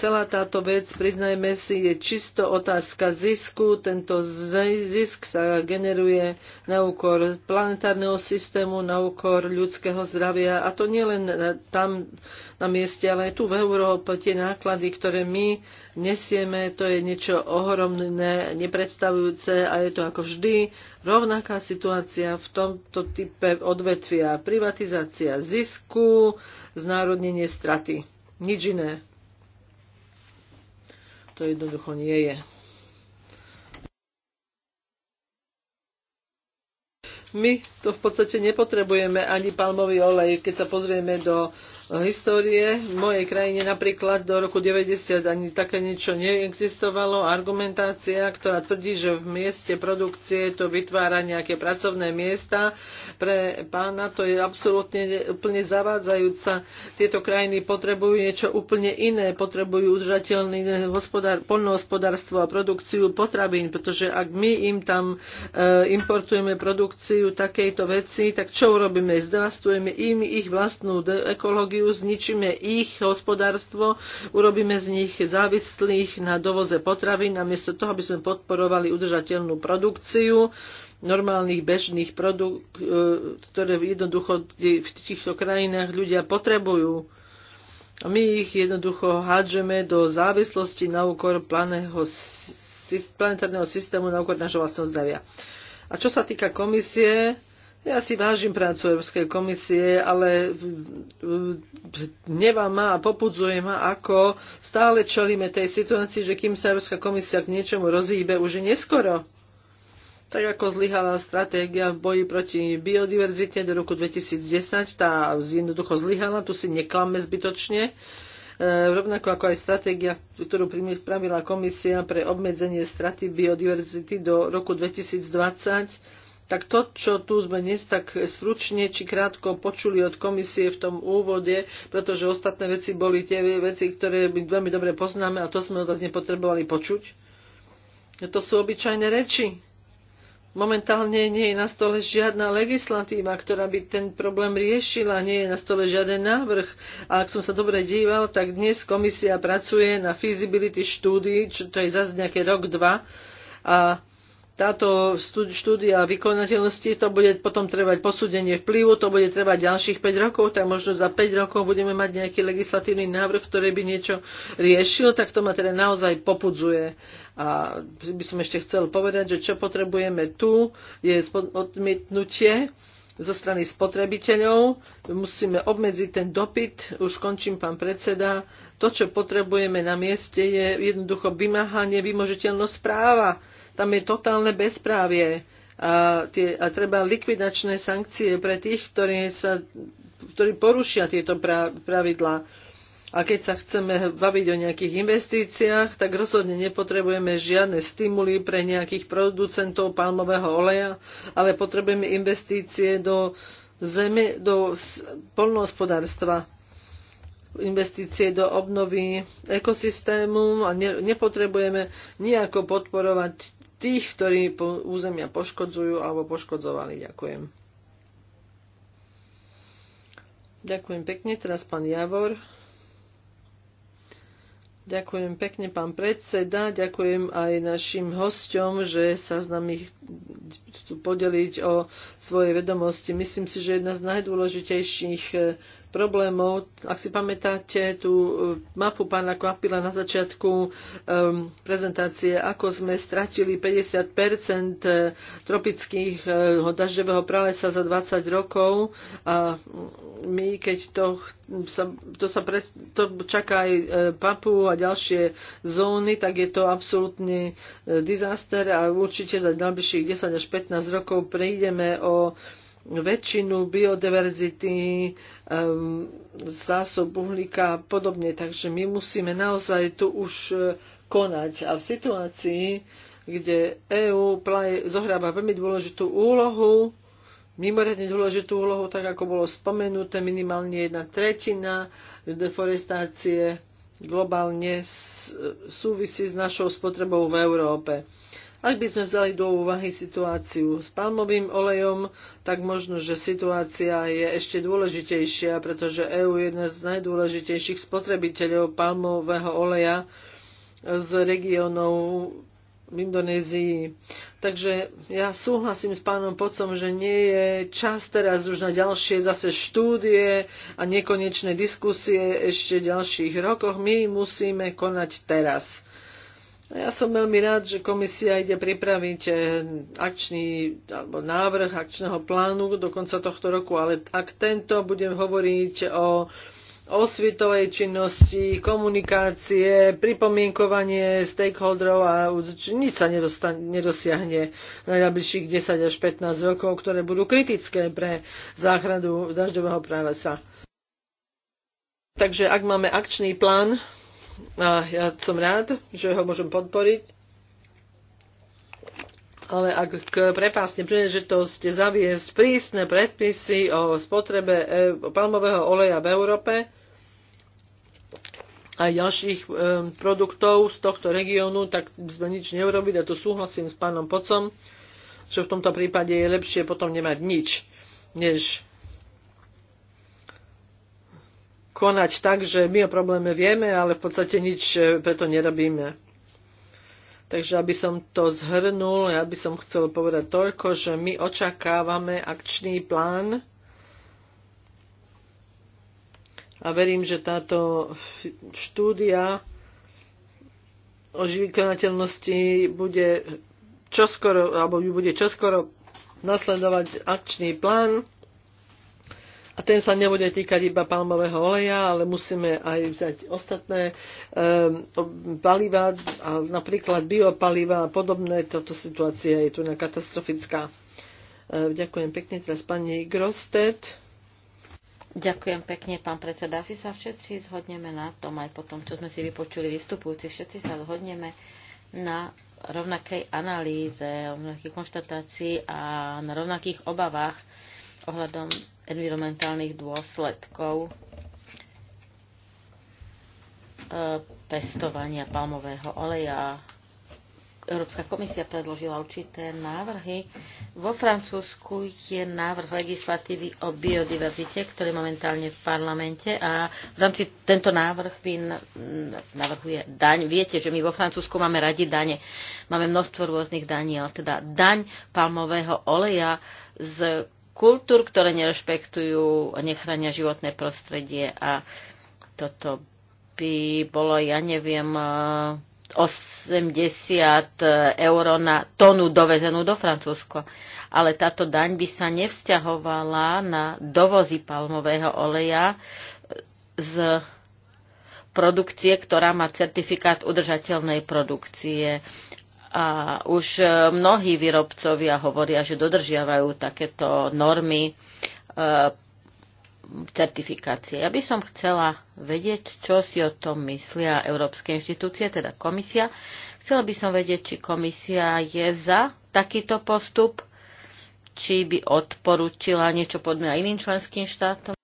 Celá táto vec, priznajme si, je čisto otázka zisku. Tento zisk sa generuje na úkor planetárneho systému, na úkor ľudského zdravia. A to nielen tam na mieste, ale aj tu v Európe. Tie náklady, ktoré my nesieme, to je niečo ohromné, nepredstavujúce a je to ako vždy rovnaká situácia v tomto type odvetvia. Privatizácia zisku, znárodnenie straty. Nič iné to jednoducho nie je. My to v podstate nepotrebujeme ani palmový olej, keď sa pozrieme do histórie. V mojej krajine napríklad do roku 90 ani také niečo neexistovalo. Argumentácia, ktorá tvrdí, že v mieste produkcie to vytvára nejaké pracovné miesta pre pána, to je absolútne úplne zavádzajúca. Tieto krajiny potrebujú niečo úplne iné. Potrebujú udržateľné hospodár, poľnohospodárstvo a produkciu potravín, pretože ak my im tam e, importujeme produkciu takejto veci, tak čo urobíme? Zdevastujeme im ich vlastnú ekológiu energiu, zničíme ich hospodárstvo, urobíme z nich závislých na dovoze potravín, namiesto toho, aby sme podporovali udržateľnú produkciu normálnych bežných produkt, e, ktoré jednoducho v týchto krajinách ľudia potrebujú. A my ich jednoducho hádžeme do závislosti na úkor planého, planetárneho systému, na úkor našho vlastného zdravia. A čo sa týka komisie, ja si vážim prácu Európskej komisie, ale e, nevám ma a popudzuje ma, ako stále čelíme tej situácii, že kým sa Európska komisia k niečomu rozíbe, už je neskoro. Tak ako zlyhala stratégia v boji proti biodiverzite do roku 2010, tá jednoducho zlyhala, tu si neklame zbytočne. E, rovnako ako aj stratégia, ktorú pripravila komisia pre obmedzenie straty biodiverzity do roku 2020, tak to, čo tu sme dnes tak stručne či krátko počuli od komisie v tom úvode, pretože ostatné veci boli tie veci, ktoré my veľmi dobre poznáme a to sme od vás nepotrebovali počuť. To sú obyčajné reči. Momentálne nie je na stole žiadna legislatíva, ktorá by ten problém riešila, nie je na stole žiaden návrh. A ak som sa dobre díval, tak dnes komisia pracuje na feasibility štúdii, čo to je zase nejaké rok, dva. A táto štúdia vykonateľnosti, to bude potom trvať posúdenie vplyvu, to bude trvať ďalších 5 rokov, tak možno za 5 rokov budeme mať nejaký legislatívny návrh, ktorý by niečo riešil, tak to ma teda naozaj popudzuje. A by som ešte chcel povedať, že čo potrebujeme tu, je odmietnutie zo strany spotrebiteľov. Musíme obmedziť ten dopyt. Už končím, pán predseda. To, čo potrebujeme na mieste, je jednoducho vymáhanie, vymožiteľnosť práva tam je totálne bezprávie a, tie, a treba likvidačné sankcie pre tých, ktorí, sa, ktorí porušia tieto pra, pravidlá. A keď sa chceme baviť o nejakých investíciách, tak rozhodne nepotrebujeme žiadne stimuly pre nejakých producentov palmového oleja, ale potrebujeme investície do zeme, do polnohospodárstva, investície do obnovy ekosystému a ne, nepotrebujeme nejako podporovať tých, ktorí po územia poškodzujú alebo poškodzovali. Ďakujem. Ďakujem pekne. Teraz pán Javor. Ďakujem pekne, pán predseda. Ďakujem aj našim hosťom, že sa s nami chcú podeliť o svoje vedomosti. Myslím si, že jedna z najdôležitejších problémov. Ak si pamätáte tú e, mapu pána Kvapila na začiatku um, prezentácie, ako sme stratili 50 e, tropických uh, dažďového pralesa za 20 rokov a my, keď to, sa, to, sa pre, to čaká aj Papu a ďalšie zóny, tak je to absolútny disaster a určite za najbližších 10 až 15 rokov prejdeme o uh, väčšinu biodiverzity, zásob uhlíka a podobne. Takže my musíme naozaj tu už e, konať. A v situácii, kde EÚ zohráva veľmi dôležitú úlohu, mimoriadne dôležitú úlohu, tak ako bolo spomenuté, minimálne jedna tretina deforestácie globálne súvisí s našou spotrebou v Európe. Ak by sme vzali do úvahy situáciu s palmovým olejom, tak možno, že situácia je ešte dôležitejšia, pretože EÚ je jedna z najdôležitejších spotrebiteľov palmového oleja z regiónov v Indonézii. Takže ja súhlasím s pánom Pocom, že nie je čas teraz už na ďalšie zase štúdie a nekonečné diskusie ešte v ďalších rokoch. My musíme konať teraz. Ja som veľmi rád, že komisia ide pripraviť eh, akčný alebo návrh akčného plánu do konca tohto roku, ale ak tento budem hovoriť o osvitovej činnosti, komunikácie, pripomienkovanie stakeholderov a nič sa nedosiahne na najbližších 10 až 15 rokov, ktoré budú kritické pre záchranu dažďového pralesa. Takže ak máme akčný plán, a ja som rád, že ho môžem podporiť. Ale ak prepásne príležitosť zaviesť prísne predpisy o spotrebe e, palmového oleja v Európe a ďalších e, produktov z tohto regiónu, tak sme nič neurobili. A tu súhlasím s pánom Pocom, že v tomto prípade je lepšie potom nemať nič, než konať tak, že my o probléme vieme, ale v podstate nič e, preto nerobíme. Takže aby som to zhrnul, ja by som chcel povedať toľko, že my očakávame akčný plán a verím, že táto štúdia o vykonateľnosti bude čoskoro, alebo bude čoskoro nasledovať akčný plán a ten sa nebude týkať iba palmového oleja, ale musíme aj vziať ostatné um, paliva, a napríklad biopaliva a podobné. Toto situácia je tu na katastrofická. Ehm, ďakujem pekne teraz pani Grostet. Ďakujem pekne, pán predseda. Asi sa všetci zhodneme na tom, aj po tom, čo sme si vypočuli vystupujúci, všetci sa zhodneme na rovnakej analýze, rovnakých konštatácií a na rovnakých obavách ohľadom environmentálnych dôsledkov e, pestovania palmového oleja. Európska komisia predložila určité návrhy. Vo Francúzsku je návrh legislatívy o biodiverzite, ktorý je momentálne v parlamente a v rámci tento návrh by navrhuje daň. Viete, že my vo Francúzsku máme radi dane. Máme množstvo rôznych daní, ale teda daň palmového oleja z kultúr, ktoré nerešpektujú a nechránia životné prostredie a toto by bolo, ja neviem, 80 eh, eur na tonu dovezenú do Francúzska. Ale táto daň by sa nevzťahovala na dovozy palmového oleja eh, z produkcie, ktorá má certifikát udržateľnej produkcie. A už e, mnohí výrobcovia hovoria, že dodržiavajú takéto normy e, certifikácie. Ja by som chcela vedieť, čo si o tom myslia európske inštitúcie, teda komisia. Chcela by som vedieť, či komisia je za takýto postup, či by odporúčila niečo podobné iným členským štátom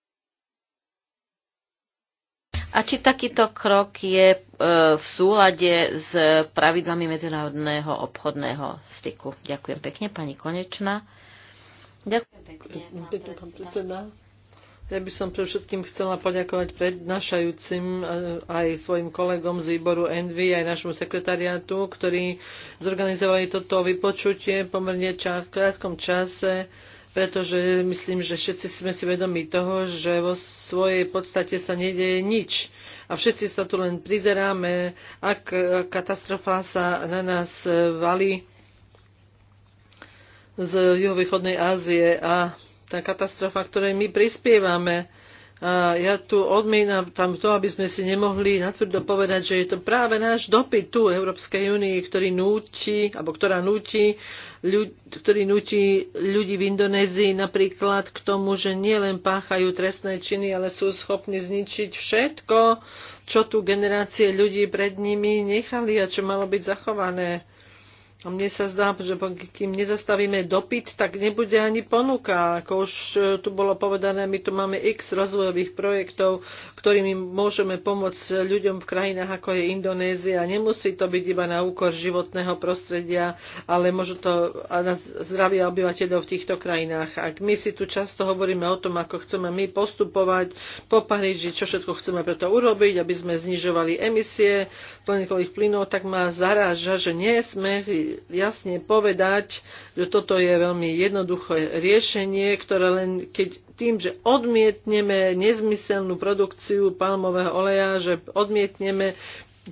a či takýto krok je e, v súlade s pravidlami medzinárodného obchodného styku. Ďakujem pekne, pani Konečná. Ďakujem pekne. pán predseda. Ja by som pre všetkým chcela poďakovať prednášajúcim e, aj svojim kolegom z výboru Envy, aj našemu sekretariátu, ktorí zorganizovali toto vypočutie pomerne čas, v krátkom čase pretože myslím, že všetci sme si vedomi toho, že vo svojej podstate sa nedeje nič. A všetci sa tu len prizeráme, ak katastrofa sa na nás e, valí z juhovýchodnej Ázie a tá katastrofa, ktorej my prispievame, ja tu odmínam tam to, aby sme si nemohli natvrdo povedať, že je to práve náš dopyt tu Európskej únii, ktorý núti, alebo ktorá núti, ľud, ktorý núti ľudí v Indonézii napríklad k tomu, že nielen páchajú trestné činy, ale sú schopní zničiť všetko, čo tu generácie ľudí pred nimi nechali a čo malo byť zachované a mne sa zdá, že kým nezastavíme dopyt, tak nebude ani ponuka. Ako už e, tu bolo povedané, my tu máme x rozvojových projektov, ktorými môžeme pomôcť ľuďom v krajinách ako je Indonézia. Nemusí to byť iba na úkor životného prostredia, ale môžu to a na zdravie obyvateľov v týchto krajinách. Ak my si tu často hovoríme o tom, ako chceme my postupovať po Paríži, čo všetko chceme preto urobiť, aby sme znižovali emisie skleníkových plynov, tak ma zaráža, že nie sme jasne povedať, že toto je veľmi jednoduché riešenie, ktoré len keď tým, že odmietneme nezmyselnú produkciu palmového oleja, že odmietneme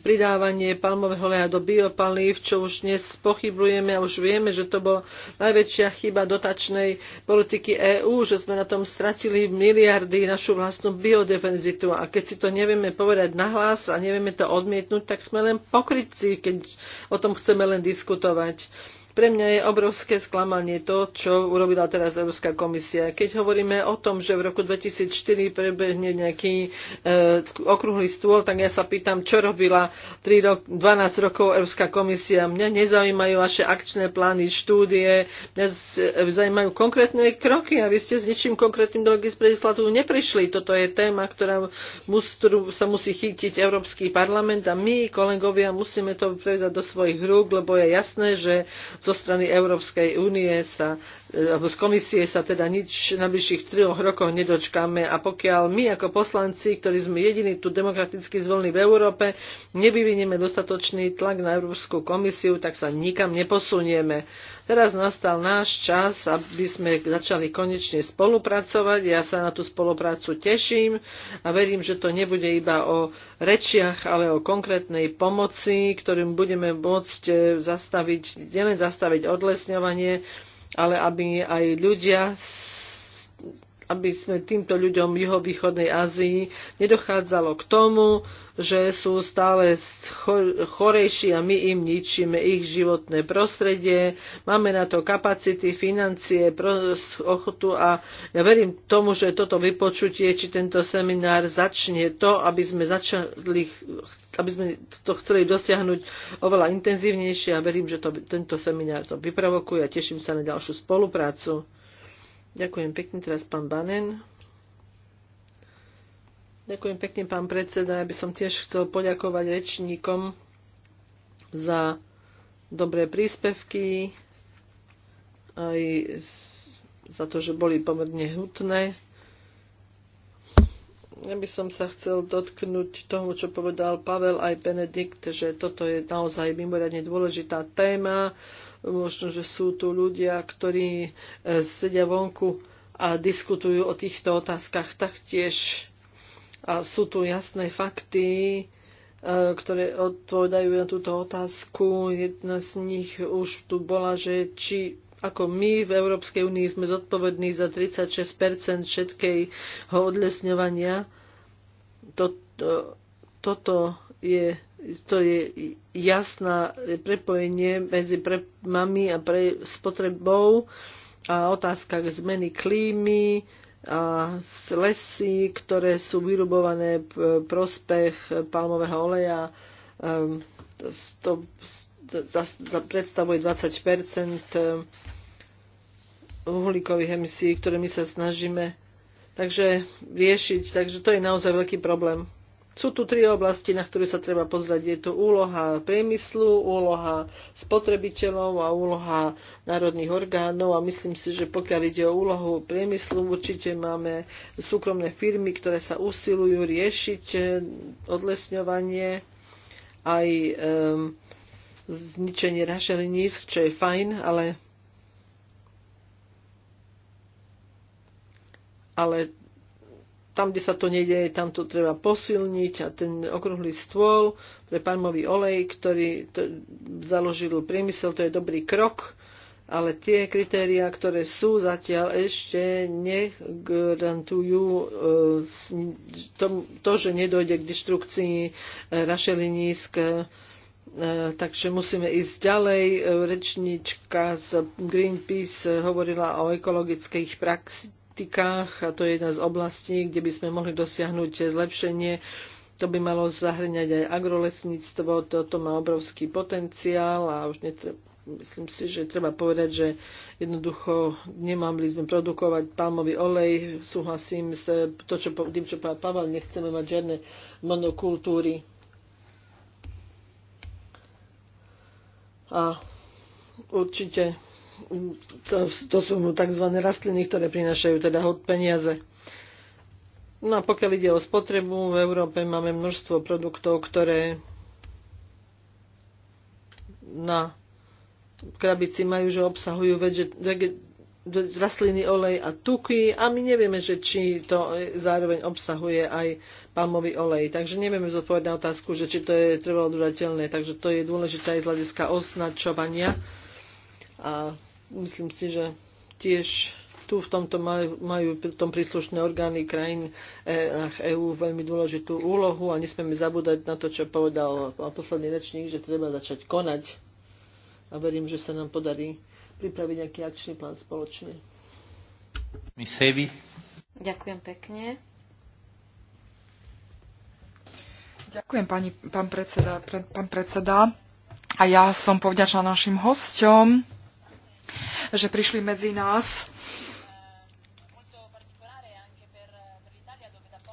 pridávanie palmového oleja do biopalív, čo už dnes pochybujeme a už vieme, že to bola najväčšia chyba dotačnej politiky EÚ, že sme na tom stratili miliardy našu vlastnú biodefenzitu. A keď si to nevieme povedať nahlas a nevieme to odmietnúť, tak sme len pokrytci, keď o tom chceme len diskutovať. Pre mňa je obrovské sklamanie to, čo urobila teraz Európska komisia. Keď hovoríme o tom, že v roku 2004 prebehne nejaký e, okrúhly stôl, tak ja sa pýtam, čo robila 3 rok, 12 rokov Európska komisia. Mňa nezaujímajú vaše akčné plány, štúdie, mňa eh, zaujímajú konkrétne kroky a vy ste s ničím konkrétnym do legislatúru neprišli. Toto je téma, ktorá mus, ktorú sa musí chytiť Európsky parlament a my, kolegovia, musíme to prevedať do svojich rúk, lebo je jasné, že zo strany Európskej únie sa E, alebo z komisie sa teda nič na bližších troch rokoch nedočkáme a pokiaľ my ako poslanci, ktorí sme jediní tu demokraticky zvolení v Európe, nevyvinieme dostatočný tlak na Európsku komisiu, tak sa nikam neposunieme. Teraz nastal náš čas, aby sme začali konečne spolupracovať. Ja sa na tú spoluprácu teším a verím, že to nebude iba o rečiach, ale o konkrétnej pomoci, ktorým budeme môcť e, zastaviť, nielen zastaviť odlesňovanie, ale aby aj ľudia aby sme týmto ľuďom v juhovýchodnej Ázii nedochádzalo k tomu, že sú stále chorejší a my im ničíme ich životné prostredie. Máme na to kapacity, financie, ochotu a ja verím tomu, že toto vypočutie či tento seminár začne to, aby sme začali aby sme to chceli dosiahnuť oveľa intenzívnejšie a verím, že to, tento seminár to vyprovokuje a teším sa na ďalšiu spoluprácu. Ďakujem pekne teraz pán Banen. Ďakujem pekne pán predseda. Ja by som tiež chcel poďakovať rečníkom za dobré príspevky aj za to, že boli pomerne hutné ja by som sa chcel dotknúť toho, čo povedal Pavel aj Benedikt, že toto je naozaj mimoriadne dôležitá téma. Možno, že sú tu ľudia, ktorí eh, sedia vonku a diskutujú o týchto otázkach taktiež. A sú tu jasné fakty, eh, ktoré odpovedajú na túto otázku. Jedna z nich už tu bola, že či ako my v Európskej únii sme zodpovední za 36 všetkého odlesňovania. Toto, toto je, to je jasná prepojenie medzi pre mami a pre spotrebou a otázkach zmeny klímy a lesy, ktoré sú vyrubované v prospech palmového oleja. Ehm, to, to, to, to predstavuje 20 uhlíkových emisí, ktoré my sa snažíme takže riešiť. Takže to je naozaj veľký problém. Sú tu tri oblasti, na ktoré sa treba pozrieť. Je to úloha priemyslu, úloha spotrebiteľov a úloha národných orgánov. A myslím si, že pokiaľ ide o úlohu priemyslu, určite máme súkromné firmy, ktoré sa usilujú riešiť e, odlesňovanie aj um, zničenie rašelinísk, čo je fajn, ale ale tam, kde sa to nedieje, tam to treba posilniť a ten okrúhly stôl pre palmový olej, ktorý to založil priemysel, to je dobrý krok, ale tie kritériá, ktoré sú zatiaľ ešte negarantujú e, to, že nedojde k deštrukcii e, rašelinísk, e, takže musíme ísť ďalej. Rečnička z Greenpeace hovorila o ekologických praxích praktikách, a to je jedna z oblastí, kde by sme mohli dosiahnuť zlepšenie. To by malo zahrňať aj agrolesníctvo, toto má obrovský potenciál a už netre, myslím si, že treba povedať, že jednoducho nemali sme produkovať palmový olej. Súhlasím s to, čo, tým, čo povedal Pavel, nechceme mať žiadne monokultúry. A určite to, to sú tzv. rastliny, ktoré prinašajú teda hod peniaze. No a pokiaľ ide o spotrebu, v Európe máme množstvo produktov, ktoré na krabici majú, že obsahujú veget, veget, rastliny olej a tuky a my nevieme, že či to zároveň obsahuje aj palmový olej. Takže nevieme zodpovedať na otázku, že či to je trvalo dodateľné. Takže to je dôležité aj z hľadiska označovania. A Myslím si, že tiež tu v tomto majú, majú tom príslušné orgány krajín EÚ e veľmi dôležitú úlohu a nesmieme zabúdať na to, čo povedal posledný rečník, že treba začať konať. A verím, že sa nám podarí pripraviť nejaký akčný plán spoločne. Ďakujem pekne. Ďakujem, pani, pán, predseda, pre, pán predseda. A ja som povďačná našim hosťom že prišli medzi nás.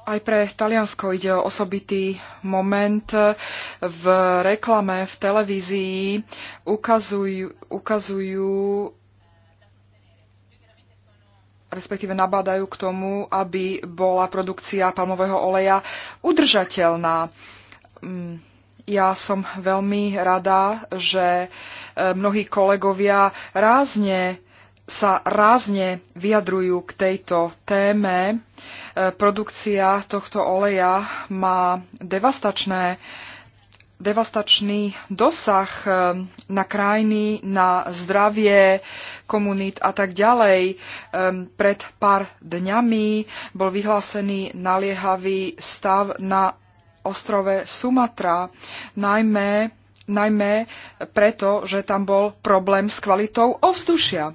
Aj pre Taliansko ide o osobitý moment. V reklame, v televízii ukazujú, ukazujú respektíve nabádajú k tomu, aby bola produkcia palmového oleja udržateľná. Mm ja som veľmi rada, že e, mnohí kolegovia rázne sa rázne vyjadrujú k tejto téme. E, produkcia tohto oleja má devastačné devastačný dosah e, na krajiny, na zdravie komunít a tak ďalej. Pred pár dňami bol vyhlásený naliehavý stav na ostrove Sumatra, najmä, najmä preto, že tam bol problém s kvalitou ovzdušia.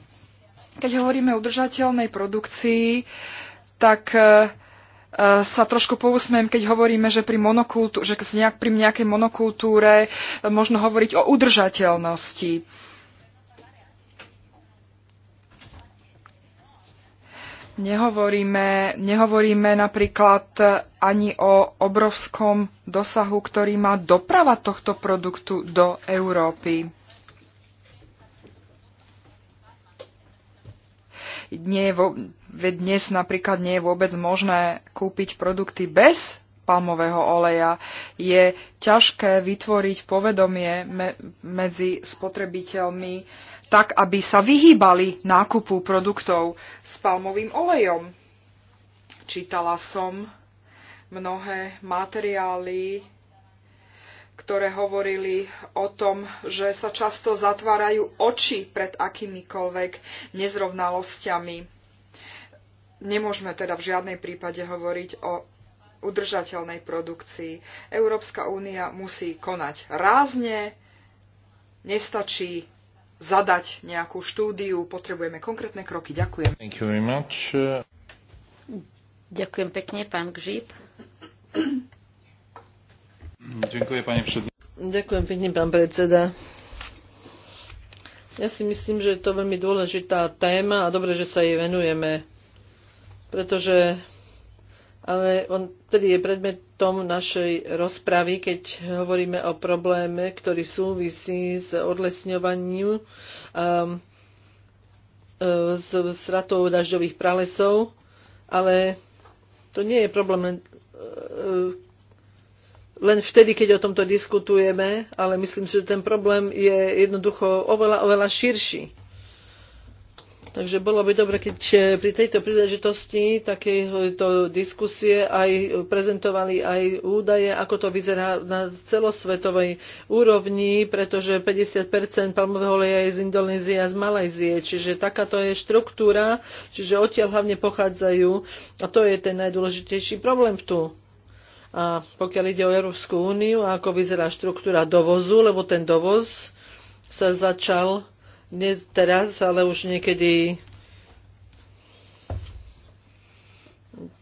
Keď hovoríme o udržateľnej produkcii, tak e, e, sa trošku pousmiem, keď hovoríme, že pri, že pri nejakej monokultúre e, možno hovoriť o udržateľnosti Nehovoríme, nehovoríme napríklad ani o obrovskom dosahu, ktorý má doprava tohto produktu do Európy. Nie je vo, dnes napríklad nie je vôbec možné kúpiť produkty bez palmového oleja. Je ťažké vytvoriť povedomie me, medzi spotrebiteľmi tak aby sa vyhýbali nákupu produktov s palmovým olejom. Čítala som mnohé materiály, ktoré hovorili o tom, že sa často zatvárajú oči pred akýmikoľvek nezrovnalosťami. Nemôžeme teda v žiadnej prípade hovoriť o udržateľnej produkcii. Európska únia musí konať rázne, nestačí zadať nejakú štúdiu, potrebujeme konkrétne kroky. Ďakujem. Thank you very much. Ďakujem pekne, pán Gžíp. Ďakujem, pani predseda. Ďakujem pekne, pán predseda. Ja si myslím, že je to veľmi dôležitá téma a dobre, že sa jej venujeme, pretože ale on tedy je predmetom našej rozpravy, keď hovoríme o probléme, ktorý súvisí s odlesňovaním, um, uh, s stratou dažďových pralesov, ale to nie je problém len, uh, len vtedy, keď o tomto diskutujeme, ale myslím si, že ten problém je jednoducho oveľa, oveľa širší. Takže bolo by dobre, keď pri tejto príležitosti takéto diskusie aj prezentovali aj údaje, ako to vyzerá na celosvetovej úrovni, pretože 50 palmového oleja je z Indonézie a z Malajzie. Čiže takáto je štruktúra, čiže odtiaľ hlavne pochádzajú a to je ten najdôležitejší problém tu. A pokiaľ ide o Európsku úniu, ako vyzerá štruktúra dovozu, lebo ten dovoz sa začal dnes teraz, ale už niekedy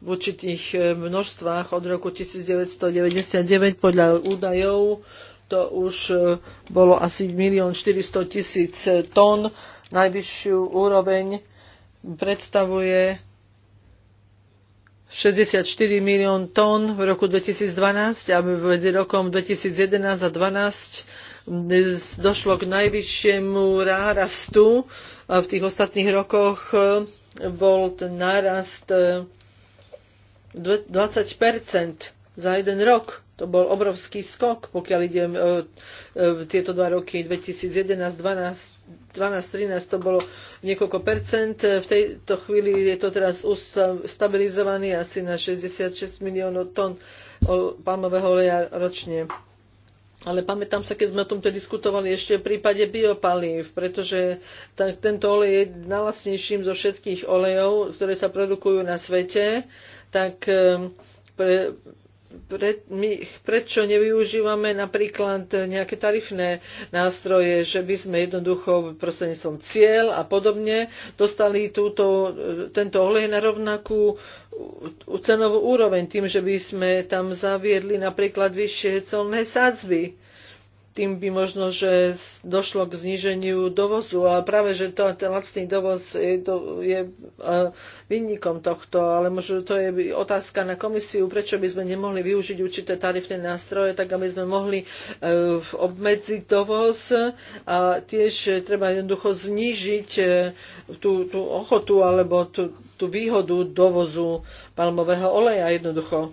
v určitých e, množstvách od roku 1999 podľa údajov to už e, bolo asi 1 400 000 tón. Najvyššiu úroveň predstavuje 64 milión tón v roku 2012 a medzi rokom 2011 a 2012 došlo k najvyššiemu a v tých ostatných rokoch e, bol ten nárast 20 e, za jeden rok. To bol obrovský skok, pokiaľ idem o, e, tieto dva roky 2011, 2012, 2012, 2013, to bolo niekoľko percent. V tejto chvíli je to teraz stabilizovaný asi na 66 miliónov tón palmového oleja ročne. Ale pamätám sa, keď sme o tomto diskutovali ešte v prípade biopalív, pretože tak, tento olej je najlasnejším zo všetkých olejov, ktoré sa produkujú na svete, tak ehm, pre, pre, my, prečo nevyužívame napríklad nejaké tarifné nástroje, že by sme jednoducho prostredníctvom cieľ a podobne dostali túto, tento olej na rovnakú cenovú úroveň tým, že by sme tam zaviedli napríklad vyššie colné sádzby tým by možno, že došlo k zníženiu dovozu, ale práve, že to, ten lacný dovoz je, to, je uh, tohto, ale možno to je otázka na komisiu, prečo by sme nemohli využiť určité tarifné nástroje, tak aby sme mohli uh, obmedziť dovoz a tiež treba jednoducho znížiť uh, tú, tú ochotu alebo tú, tú výhodu dovozu palmového oleja jednoducho.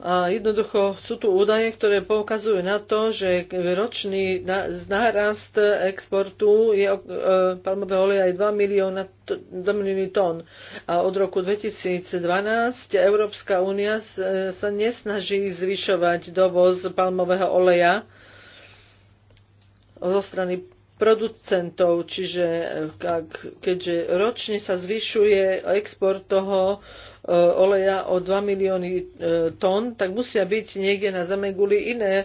A jednoducho sú tu údaje, ktoré poukazujú na to, že ročný nárast exportu je e, palmového oleja aj 2 milióna 2 milióny tón. A od roku 2012 Európska únia e, sa nesnaží zvyšovať dovoz palmového oleja zo strany producentov, čiže e, keďže ročne sa zvyšuje export toho E, oleja o 2 milióny e, tón, tak musia byť niekde na Zemeguli iné e,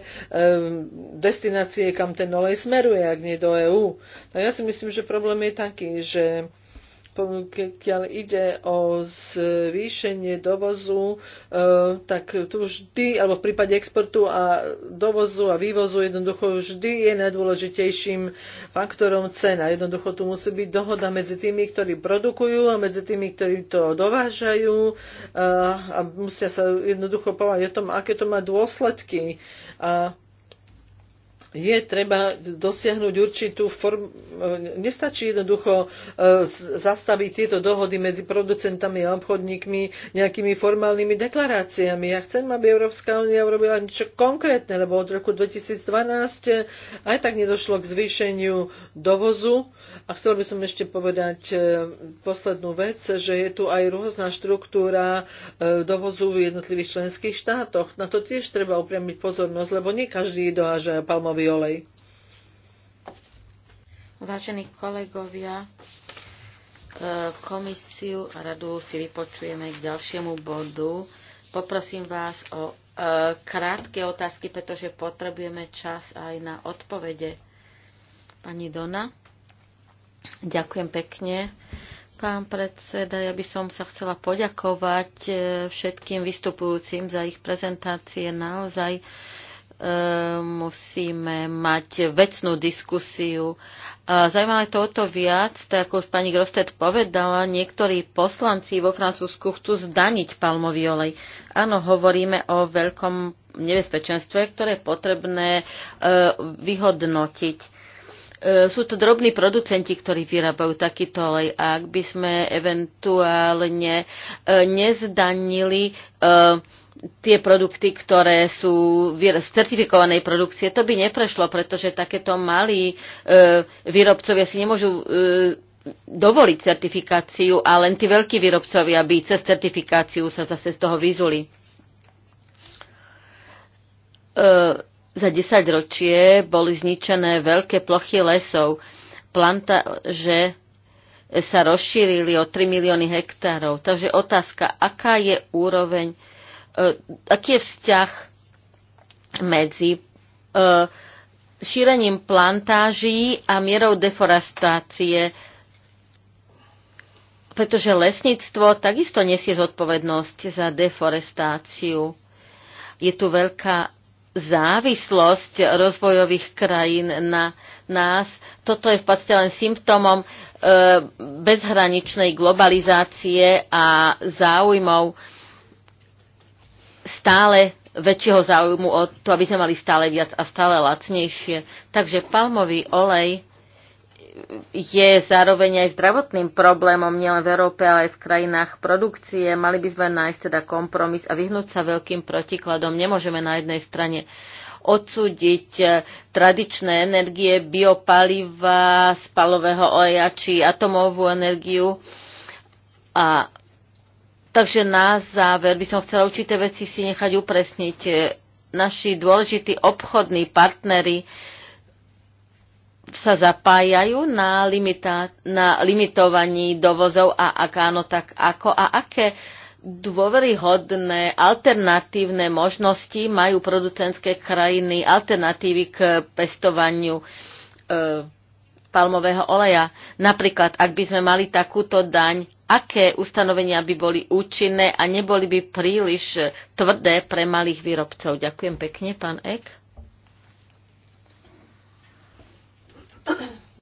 destinácie, kam ten olej smeruje, ak nie do EÚ. Tak no ja si myslím, že problém je taký, že pokiaľ ide o zvýšenie dovozu, e, tak tu vždy, alebo v prípade exportu a dovozu a vývozu, jednoducho vždy je najdôležitejším faktorom cena. Jednoducho tu musí byť dohoda medzi tými, ktorí produkujú a medzi tými, ktorí to dovážajú e, a musia sa jednoducho povedať o tom, aké to má dôsledky. A je treba dosiahnuť určitú formu. E, nestačí jednoducho e, zastaviť tieto dohody medzi producentami a obchodníkmi nejakými formálnymi deklaráciami. Ja chcem, aby Európska únia urobila niečo konkrétne, lebo od roku 2012 e, aj tak nedošlo k zvýšeniu dovozu. A chcel by som ešte povedať poslednú vec, že je tu aj rôzna štruktúra dovozu v jednotlivých členských štátoch. Na to tiež treba upriamiť pozornosť, lebo nie každý doháža palmový olej. Vážení kolegovia, e, komisiu a radu si vypočujeme k ďalšiemu bodu. Poprosím vás o e, krátke otázky, pretože potrebujeme čas aj na odpovede. Pani Dona. Ďakujem pekne. Pán predseda, ja by som sa chcela poďakovať e, všetkým vystupujúcim za ich prezentácie. Naozaj E, musíme mať vecnú diskusiu. E, Zajímavé to o to viac, tak ako už pani Grostet povedala, niektorí poslanci vo Francúzsku chcú zdaniť palmový olej. Áno, hovoríme o veľkom nebezpečenstve, ktoré je potrebné e, vyhodnotiť sú to drobní producenti, ktorí vyrábajú takýto olej. ak by sme eventuálne nezdanili tie produkty, ktoré sú z certifikovanej produkcie, to by neprešlo, pretože takéto malí e, výrobcovia si nemôžu e, dovoliť certifikáciu a len tí veľkí výrobcovia by cez certifikáciu sa zase z toho vyzuli. E, za 10 ročie boli zničené veľké plochy lesov. Planta, že sa rozšírili o 3 milióny hektárov. Takže otázka, aká je úroveň E, aký je vzťah medzi e, šírením plantáží a mierou deforestácie, pretože lesníctvo takisto nesie zodpovednosť za deforestáciu. Je tu veľká závislosť rozvojových krajín na nás. Toto je v podstate len symptómom e, bezhraničnej globalizácie a záujmov stále väčšieho záujmu o to, aby sme mali stále viac a stále lacnejšie. Takže palmový olej je zároveň aj zdravotným problémom nielen v Európe, ale aj v krajinách produkcie. Mali by sme nájsť teda kompromis a vyhnúť sa veľkým protikladom. Nemôžeme na jednej strane odsúdiť e, tradičné energie, biopaliva, spalového oleja či atomovú energiu a Takže na záver by som chcela určité veci si nechať upresniť. E, Naši dôležití obchodní partnery sa zapájajú na, limita, na limitovaní dovozov a ak áno, tak ako a aké dôveryhodné alternatívne možnosti majú producentské krajiny alternatívy k pestovaniu e, palmového oleja. Napríklad, ak by sme mali takúto daň aké ustanovenia by boli účinné a neboli by príliš tvrdé pre malých výrobcov. Ďakujem pekne, pán Ek.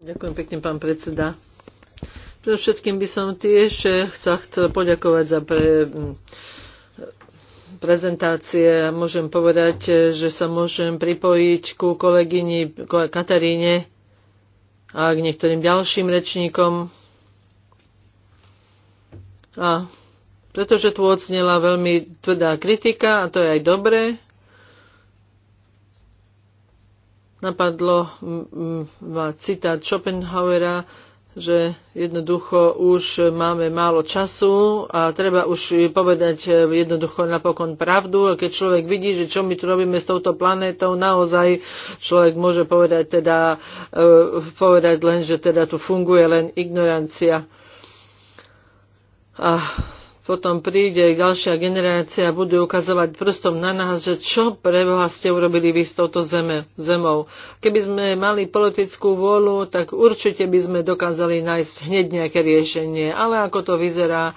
Ďakujem pekne, pán predseda. všetkým by som tiež eh, sa chcel poďakovať za pre, mm, prezentácie a môžem povedať, eh, že sa môžem pripojiť ku kolegyni Kataríne a k niektorým ďalším rečníkom a pretože tu odznela veľmi tvrdá kritika, a to je aj dobré, napadlo ma citát Schopenhauera, že jednoducho už máme málo času a treba už povedať e, jednoducho napokon pravdu. A keď človek vidí, že čo my tu robíme s touto planétou, naozaj človek môže povedať, teda, e, povedať len, že teda tu funguje len ignorancia a potom príde ďalšia generácia a budú ukazovať prstom na nás, že čo pre Boha ste urobili vy s touto zeme, zemou. Keby sme mali politickú vôľu, tak určite by sme dokázali nájsť hneď nejaké riešenie. Ale ako to vyzerá,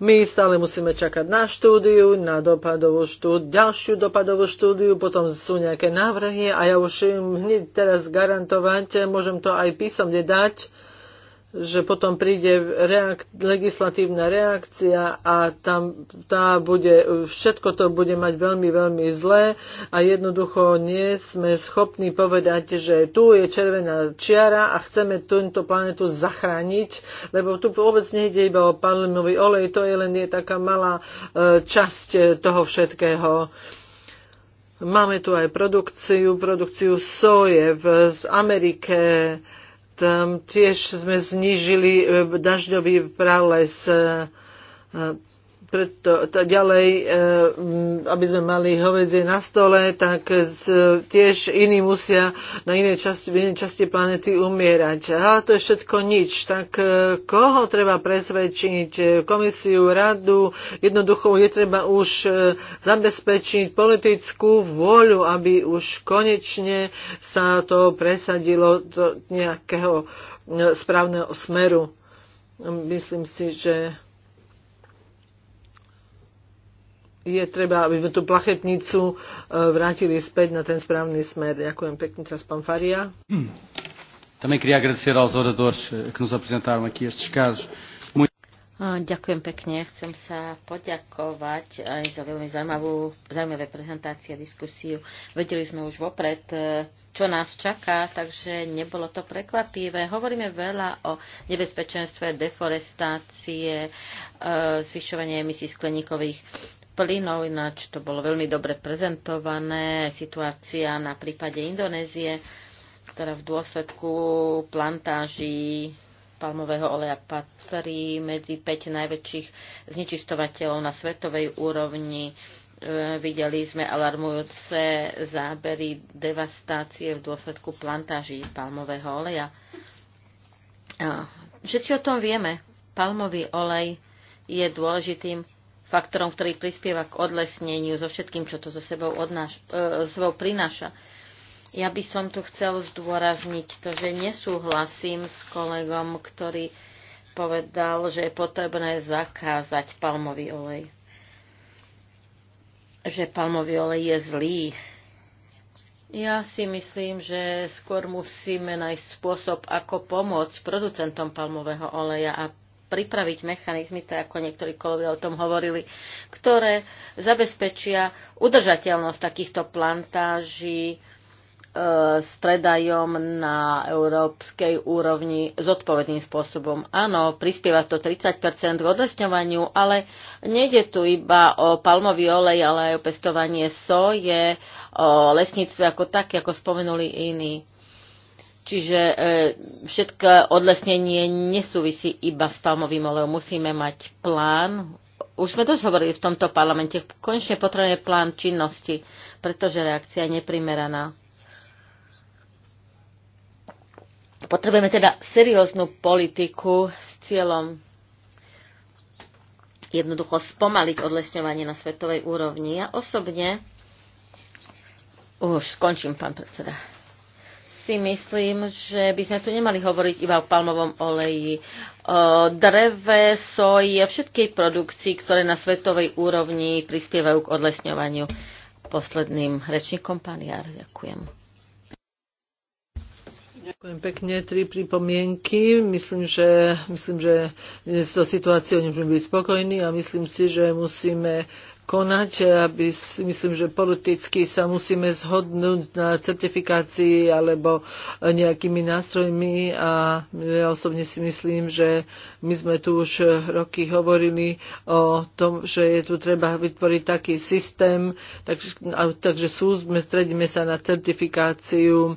my stále musíme čakať na štúdiu, na dopadovú štúd, ďalšiu dopadovú štúdiu, potom sú nejaké návrhy a ja už im hneď teraz garantovať, môžem to aj písomne dať, že potom príde reak- legislatívna reakcia a tam tá bude, všetko to bude mať veľmi, veľmi zlé a jednoducho nie sme schopní povedať, že tu je červená čiara a chceme túto planetu zachrániť, lebo tu vôbec nejde iba o palmový olej, to je len je taká malá e, časť toho všetkého. Máme tu aj produkciu, produkciu soje v, z Amerike, tam tiež sme znížili eh, dažďový prales eh, preto to ďalej, e, aby sme mali hovedzie na stole, tak z, tiež iní musia na inej časti, v inej časti planety umierať. A to je všetko nič. Tak e, koho treba presvedčiť? Komisiu, radu? Jednoducho je treba už e, zabezpečiť politickú vôľu, aby už konečne sa to presadilo do nejakého správneho smeru. Myslím si, že je treba, aby sme tú plachetnicu e, vrátili späť na ten správny smer. Ďakujem pekne teraz, pán Faria. Também queria agradecer aos oradores eh, que nos apresentaram aqui estes casos. Ďakujem pekne. Chcem sa poďakovať aj za veľmi zaujímavú, zaujímavé prezentácie a diskusiu. Vedeli sme už vopred, eh, čo nás čaká, takže nebolo to prekvapivé. Hovoríme veľa o nebezpečenstve deforestácie, eh, zvyšovanie emisí skleníkových plynov, ináč to bolo veľmi dobre prezentované. Situácia na prípade Indonézie, ktorá v dôsledku plantáží palmového oleja patrí medzi 5 najväčších znečistovateľov na svetovej úrovni. E, videli sme alarmujúce zábery devastácie v dôsledku plantáží palmového oleja. všetci o tom vieme. Palmový olej je dôležitým faktorom, ktorý prispieva k odlesneniu, so všetkým, čo to so sebou, odnáš, e, sebou prináša. Ja by som tu chcel zdôrazniť to, že nesúhlasím s kolegom, ktorý povedal, že je potrebné zakázať palmový olej. Že palmový olej je zlý. Ja si myslím, že skôr musíme nájsť spôsob, ako pomôcť producentom palmového oleja a pripraviť mechanizmy, tak ako niektorí kolovia o tom hovorili, ktoré zabezpečia udržateľnosť takýchto plantáží e, s predajom na európskej úrovni zodpovedným spôsobom. Áno, prispieva to 30 k odlesňovaniu, ale nejde tu iba o palmový olej, ale aj o pestovanie soje, o lesníctve ako také, ako spomenuli iní Čiže e, všetko odlesnenie nesúvisí iba s palmovým olejom. Musíme mať plán. Už sme to hovorili v tomto parlamente. Konečne potrebujeme plán činnosti, pretože reakcia je neprimeraná. Potrebujeme teda serióznu politiku s cieľom jednoducho spomaliť odlesňovanie na svetovej úrovni. Ja osobne... Už skončím, pán predseda si myslím, že by sme tu nemali hovoriť iba o palmovom oleji, o dreve, soji a všetkej produkcii, ktoré na svetovej úrovni prispievajú k odlesňovaniu. Posledným rečníkom pán Jar, ďakujem. Ďakujem pekne. Tri pripomienky. Myslím, že, myslím, že so situáciou nemôžeme byť spokojní a myslím si, že musíme uh, konať. Aby, myslím, že politicky sa musíme zhodnúť na certifikácii alebo nejakými nástrojmi a ja osobne si myslím, že my sme tu už roky hovorili o tom, že je tu treba vytvoriť taký systém, takže, takže sú, stredíme sa na certifikáciu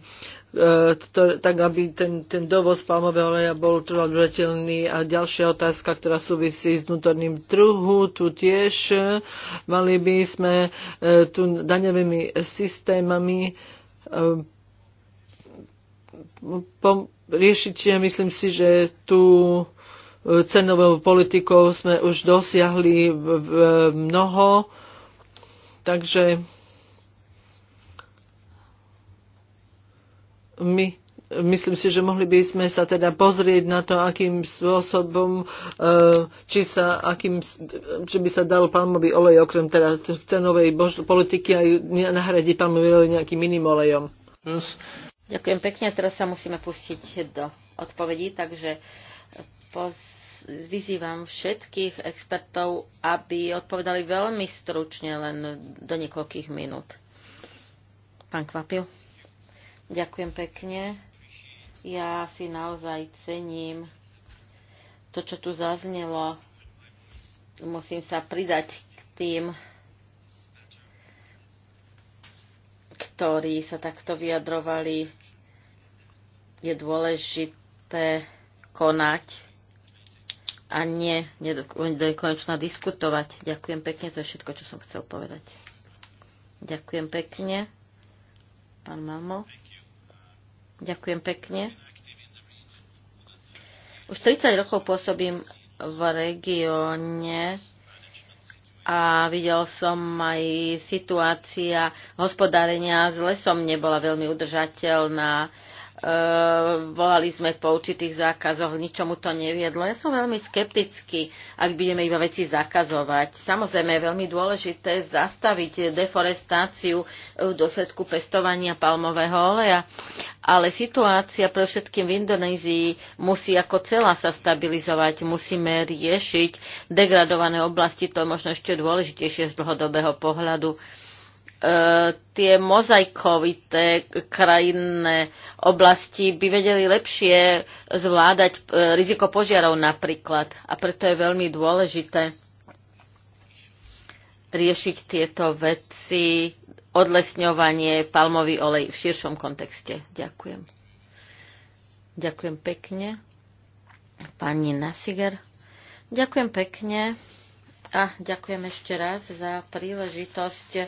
E, to, tak aby ten, ten dovoz palmového oleja bol trvalodržateľný. A ďalšia otázka, ktorá súvisí s vnútorným trhu, tu tiež mali by sme e, tu daňovými systémami e, riešiť, myslím si, že tu cenovou politikou sme už dosiahli mnoho, takže my myslím si, že mohli by sme sa teda pozrieť na to, akým spôsobom, e, či sa, akým, či by sa dal palmový olej okrem teda cenovej politiky aj nahradiť palmový olej nejakým iným olejom. Ďakujem pekne. Teraz sa musíme pustiť do odpovedí, takže poz vyzývam všetkých expertov, aby odpovedali veľmi stručne, len do niekoľkých minút. Pán Kvapil. Ďakujem pekne. Ja si naozaj cením to, čo tu zaznelo. Musím sa pridať k tým, ktorí sa takto vyjadrovali. Je dôležité konať a nie nedokonečná diskutovať. Ďakujem pekne, to je všetko, čo som chcel povedať. Ďakujem pekne. Pán Mamo. Ďakujem pekne. Už 30 rokov pôsobím v regióne a videl som aj situácia hospodárenia s lesom nebola veľmi udržateľná Ehm, volali sme po určitých zákazoch, ničomu to neviedlo. Ja som veľmi skeptický, ak budeme iba veci zakazovať. Samozrejme je veľmi dôležité zastaviť deforestáciu v dôsledku pestovania palmového oleja, ale situácia pre všetkým v Indonézii musí ako celá sa stabilizovať, musíme riešiť degradované oblasti, to je možno ešte dôležitejšie z dlhodobého pohľadu. E, tie mozaikovité krajinné oblasti by vedeli lepšie zvládať e, riziko požiarov napríklad. A preto je veľmi dôležité riešiť tieto veci, odlesňovanie, palmový olej v širšom kontexte. Ďakujem. Ďakujem pekne. Pani Nasiger. Ďakujem pekne. A ďakujem ešte raz za príležitosť e,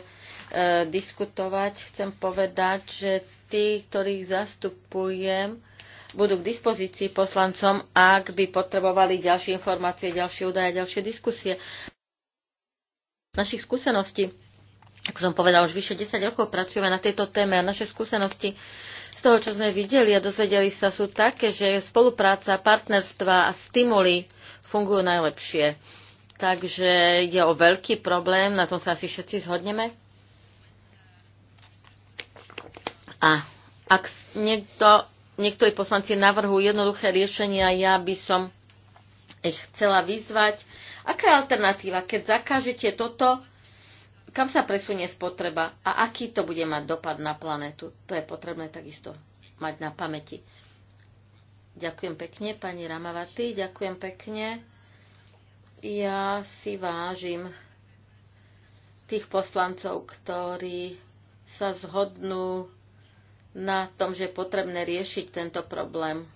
diskutovať. Chcem povedať, že tí, ktorých zastupujem, budú k dispozícii poslancom, ak by potrebovali ďalšie informácie, ďalšie údaje, ďalšie diskusie. Našich skúseností, ako som povedal, už vyše 10 rokov pracujeme na tejto téme a naše skúsenosti z toho, čo sme videli a dozvedeli sa, sú také, že spolupráca, partnerstva a stimuly fungujú najlepšie. Takže ide o veľký problém, na tom sa asi všetci zhodneme. A ak niekto, niektorí poslanci navrhujú jednoduché riešenia, ja by som ich chcela vyzvať. Aká je alternatíva, keď zakážete toto, kam sa presunie spotreba a aký to bude mať dopad na planetu? To je potrebné takisto mať na pamäti. Ďakujem pekne, pani Ramavaty, ďakujem pekne. Ja si vážim tých poslancov, ktorí sa zhodnú na tom, že je potrebné riešiť tento problém.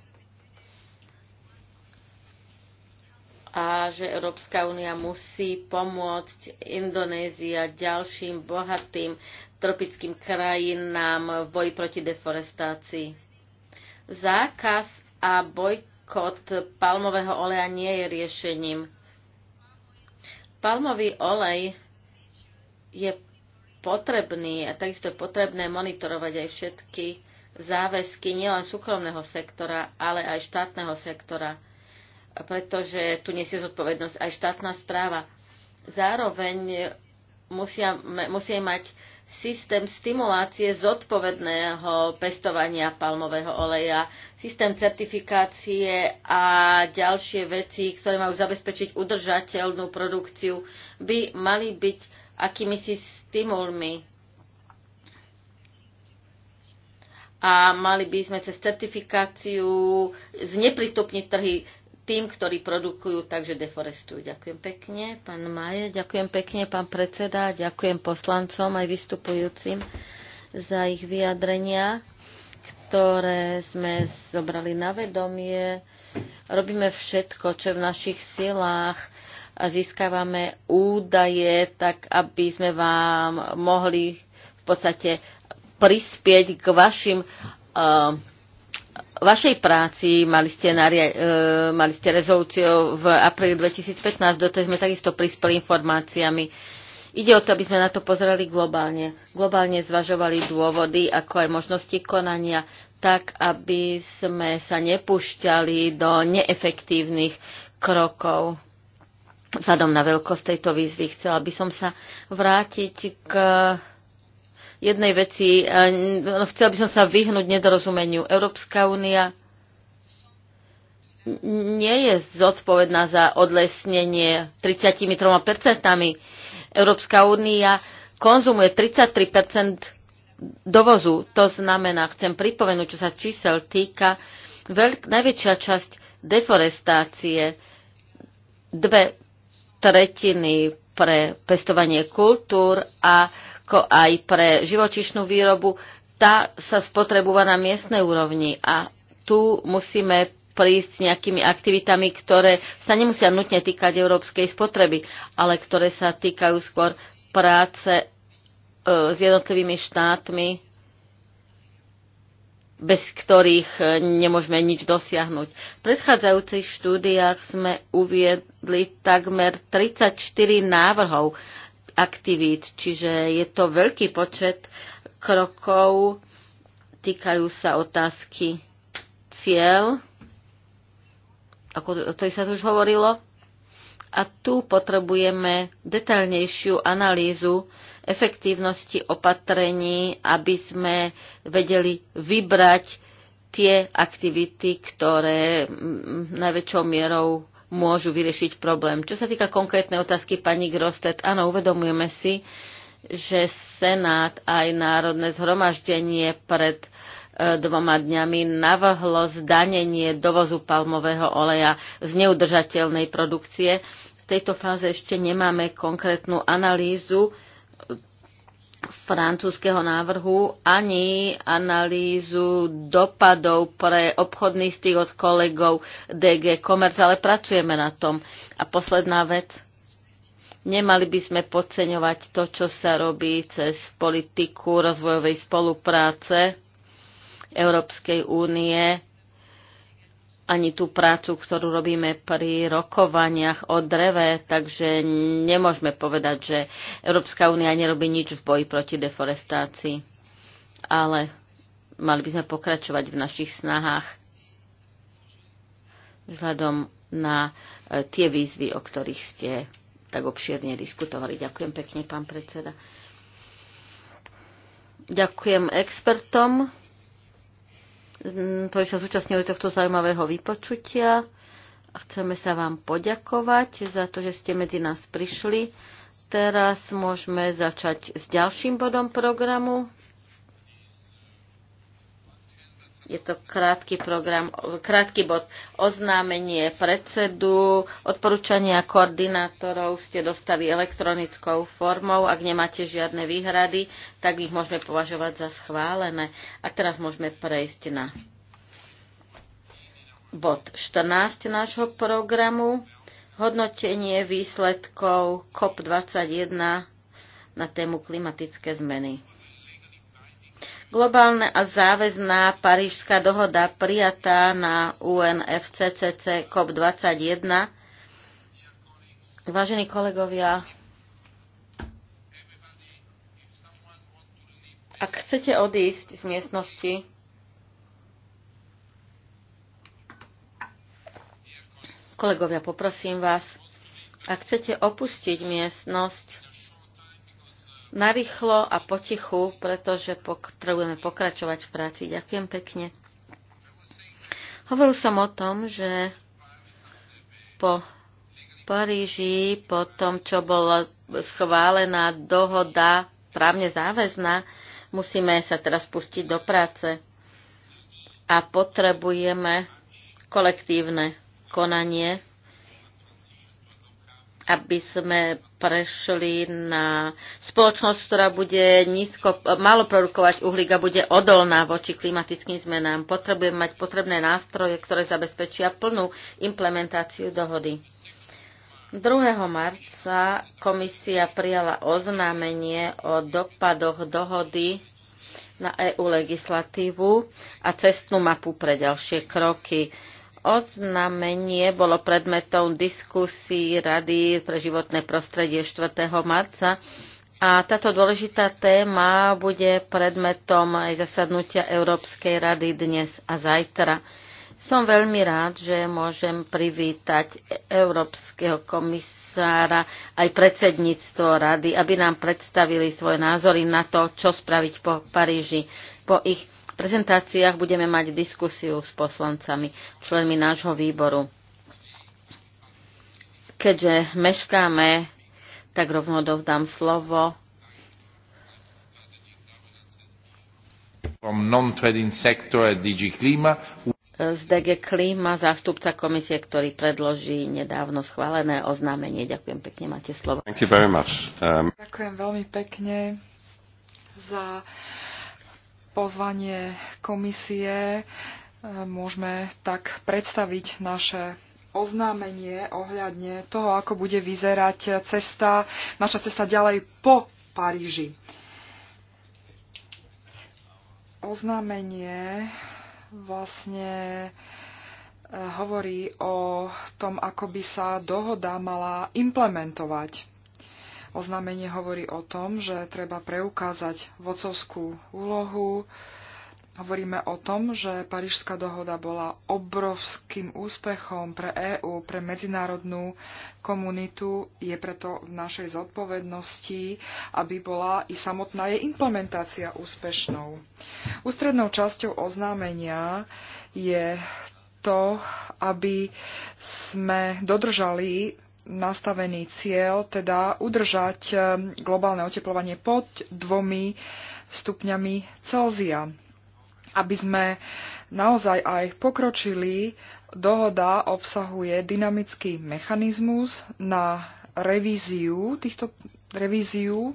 a že Európska únia musí pomôcť Indonézia ďalším bohatým tropickým krajinám v boji proti deforestácii. Zákaz a bojkot palmového oleja nie je riešením. Palmový olej je potrebný a takisto je potrebné monitorovať aj všetky záväzky nielen súkromného sektora, ale aj štátneho sektora, pretože tu nesie zodpovednosť aj štátna správa. Zároveň musia, musia mať systém stimulácie zodpovedného pestovania palmového oleja, systém certifikácie a ďalšie veci, ktoré majú zabezpečiť udržateľnú produkciu, by mali byť akými si stimulmi. A mali by sme cez certifikáciu zneprístupniť trhy tým, ktorí produkujú, takže deforestujú. Ďakujem pekne, pán Maje, ďakujem pekne, pán predseda, ďakujem poslancom aj vystupujúcim za ich vyjadrenia ktoré sme zobrali na vedomie. Robíme všetko, čo je v našich silách, a získavame údaje, tak aby sme vám mohli v podstate prispieť k vašim uh, vašej práci mali ste, na, uh, eh, mali ste rezolúciu v apríli 2015, do tej sme takisto prispeli informáciami. Ide o to, aby sme na to pozreli globálne. Globálne zvažovali dôvody, ako aj možnosti konania, tak, aby sme sa nepúšťali do neefektívnych krokov vzhľadom na veľkosť tejto výzvy chcela by som sa vrátiť k jednej veci. Hm, chcela by som sa vyhnúť nedorozumeniu. Európska únia nie je zodpovedná za odlesnenie 33%. Európska únia konzumuje 33% dovozu. To znamená, chcem pripomenúť, čo sa čísel týka, veľk, najväčšia časť deforestácie, dve tretiny pre pestovanie kultúr a ako aj pre živočišnú výrobu, tá sa spotrebúva na miestnej úrovni a tu musíme prísť s nejakými aktivitami, ktoré sa nemusia nutne týkať európskej spotreby, ale ktoré sa týkajú skôr práce e, s jednotlivými štátmi bez ktorých e, nemôžeme nič dosiahnuť. V predchádzajúcich štúdiách sme uviedli takmer 34 návrhov aktivít, čiže je to veľký počet krokov, týkajú sa otázky cieľ, ako to sa tu už hovorilo, a tu potrebujeme detaľnejšiu analýzu efektívnosti opatrení, aby sme vedeli vybrať tie aktivity, ktoré mm, najväčšou mierou môžu vyriešiť problém. Čo sa týka konkrétnej otázky pani Grostet, áno, uvedomujeme si, že Senát aj Národné zhromaždenie pred e, dvoma dňami navrhlo zdanenie dovozu palmového oleja z neudržateľnej produkcie. V tejto fáze ešte nemáme konkrétnu analýzu francúzského návrhu ani analýzu dopadov pre obchodný styk od kolegov DG Commerce, ale pracujeme na tom. A posledná vec. Nemali by sme podceňovať to, čo sa robí cez politiku rozvojovej spolupráce Európskej únie ani tú prácu, ktorú robíme pri rokovaniach o dreve, takže nemôžeme povedať, že Európska únia nerobí nič v boji proti deforestácii. Ale mali by sme pokračovať v našich snahách vzhľadom na e, tie výzvy, o ktorých ste tak obšírne diskutovali. Ďakujem pekne, pán predseda. Ďakujem expertom ktorí sa zúčastnili tohto zaujímavého vypočutia. Chceme sa vám poďakovať za to, že ste medzi nás prišli. Teraz môžeme začať s ďalším bodom programu. Je to krátky program, krátky bod oznámenie predsedu. Odporúčania koordinátorov ste dostali elektronickou formou. Ak nemáte žiadne výhrady, tak ich môžeme považovať za schválené. A teraz môžeme prejsť na bod 14 nášho programu. Hodnotenie výsledkov COP21 na tému klimatické zmeny. Globálna a záväzná Parížská dohoda prijatá na UNFCCC COP21. Vážení kolegovia, ak chcete odísť z miestnosti, kolegovia, poprosím vás, ak chcete opustiť miestnosť, narýchlo a potichu, pretože potrebujeme pokračovať v práci. Ďakujem pekne. Hovoril som o tom, že po Paríži, po tom, čo bola schválená dohoda právne záväzná, musíme sa teraz pustiť do práce a potrebujeme kolektívne konanie aby sme prešli na spoločnosť, ktorá bude nízko, malo produkovať uhlík a bude odolná voči klimatickým zmenám. Potrebujeme mať potrebné nástroje, ktoré zabezpečia plnú implementáciu dohody. 2. marca komisia prijala oznámenie o dopadoch dohody na EU legislatívu a cestnú mapu pre ďalšie kroky. Oznámenie bolo predmetom diskusí Rady pre životné prostredie 4. marca a táto dôležitá téma bude predmetom aj zasadnutia Európskej rady dnes a zajtra. Som veľmi rád, že môžem privítať Európskeho komisára aj predsedníctvo rady, aby nám predstavili svoje názory na to, čo spraviť po Paríži, po ich prezentáciách budeme mať diskusiu s poslancami, členmi nášho výboru. Keďže meškáme, tak rovno dovdám slovo Z DG Klima, zástupca komisie, ktorý predloží nedávno schválené oznámenie. Ďakujem pekne, máte slovo. Thank you very much. Um... Ďakujem veľmi pekne za pozvanie komisie e, môžeme tak predstaviť naše oznámenie ohľadne toho, ako bude vyzerať cesta, naša cesta ďalej po Paríži. Oznámenie vlastne e, hovorí o tom, ako by sa dohoda mala implementovať oznámenie hovorí o tom, že treba preukázať vocovskú úlohu. Hovoríme o tom, že Parížská dohoda bola obrovským úspechom pre EÚ, pre medzinárodnú komunitu. Je preto v našej zodpovednosti, aby bola i samotná jej implementácia úspešnou. Ústrednou časťou oznámenia je to, aby sme dodržali nastavený cieľ, teda udržať e, globálne oteplovanie pod dvomi stupňami Celzia. Aby sme naozaj aj pokročili, dohoda obsahuje dynamický mechanizmus na revíziu týchto revíziu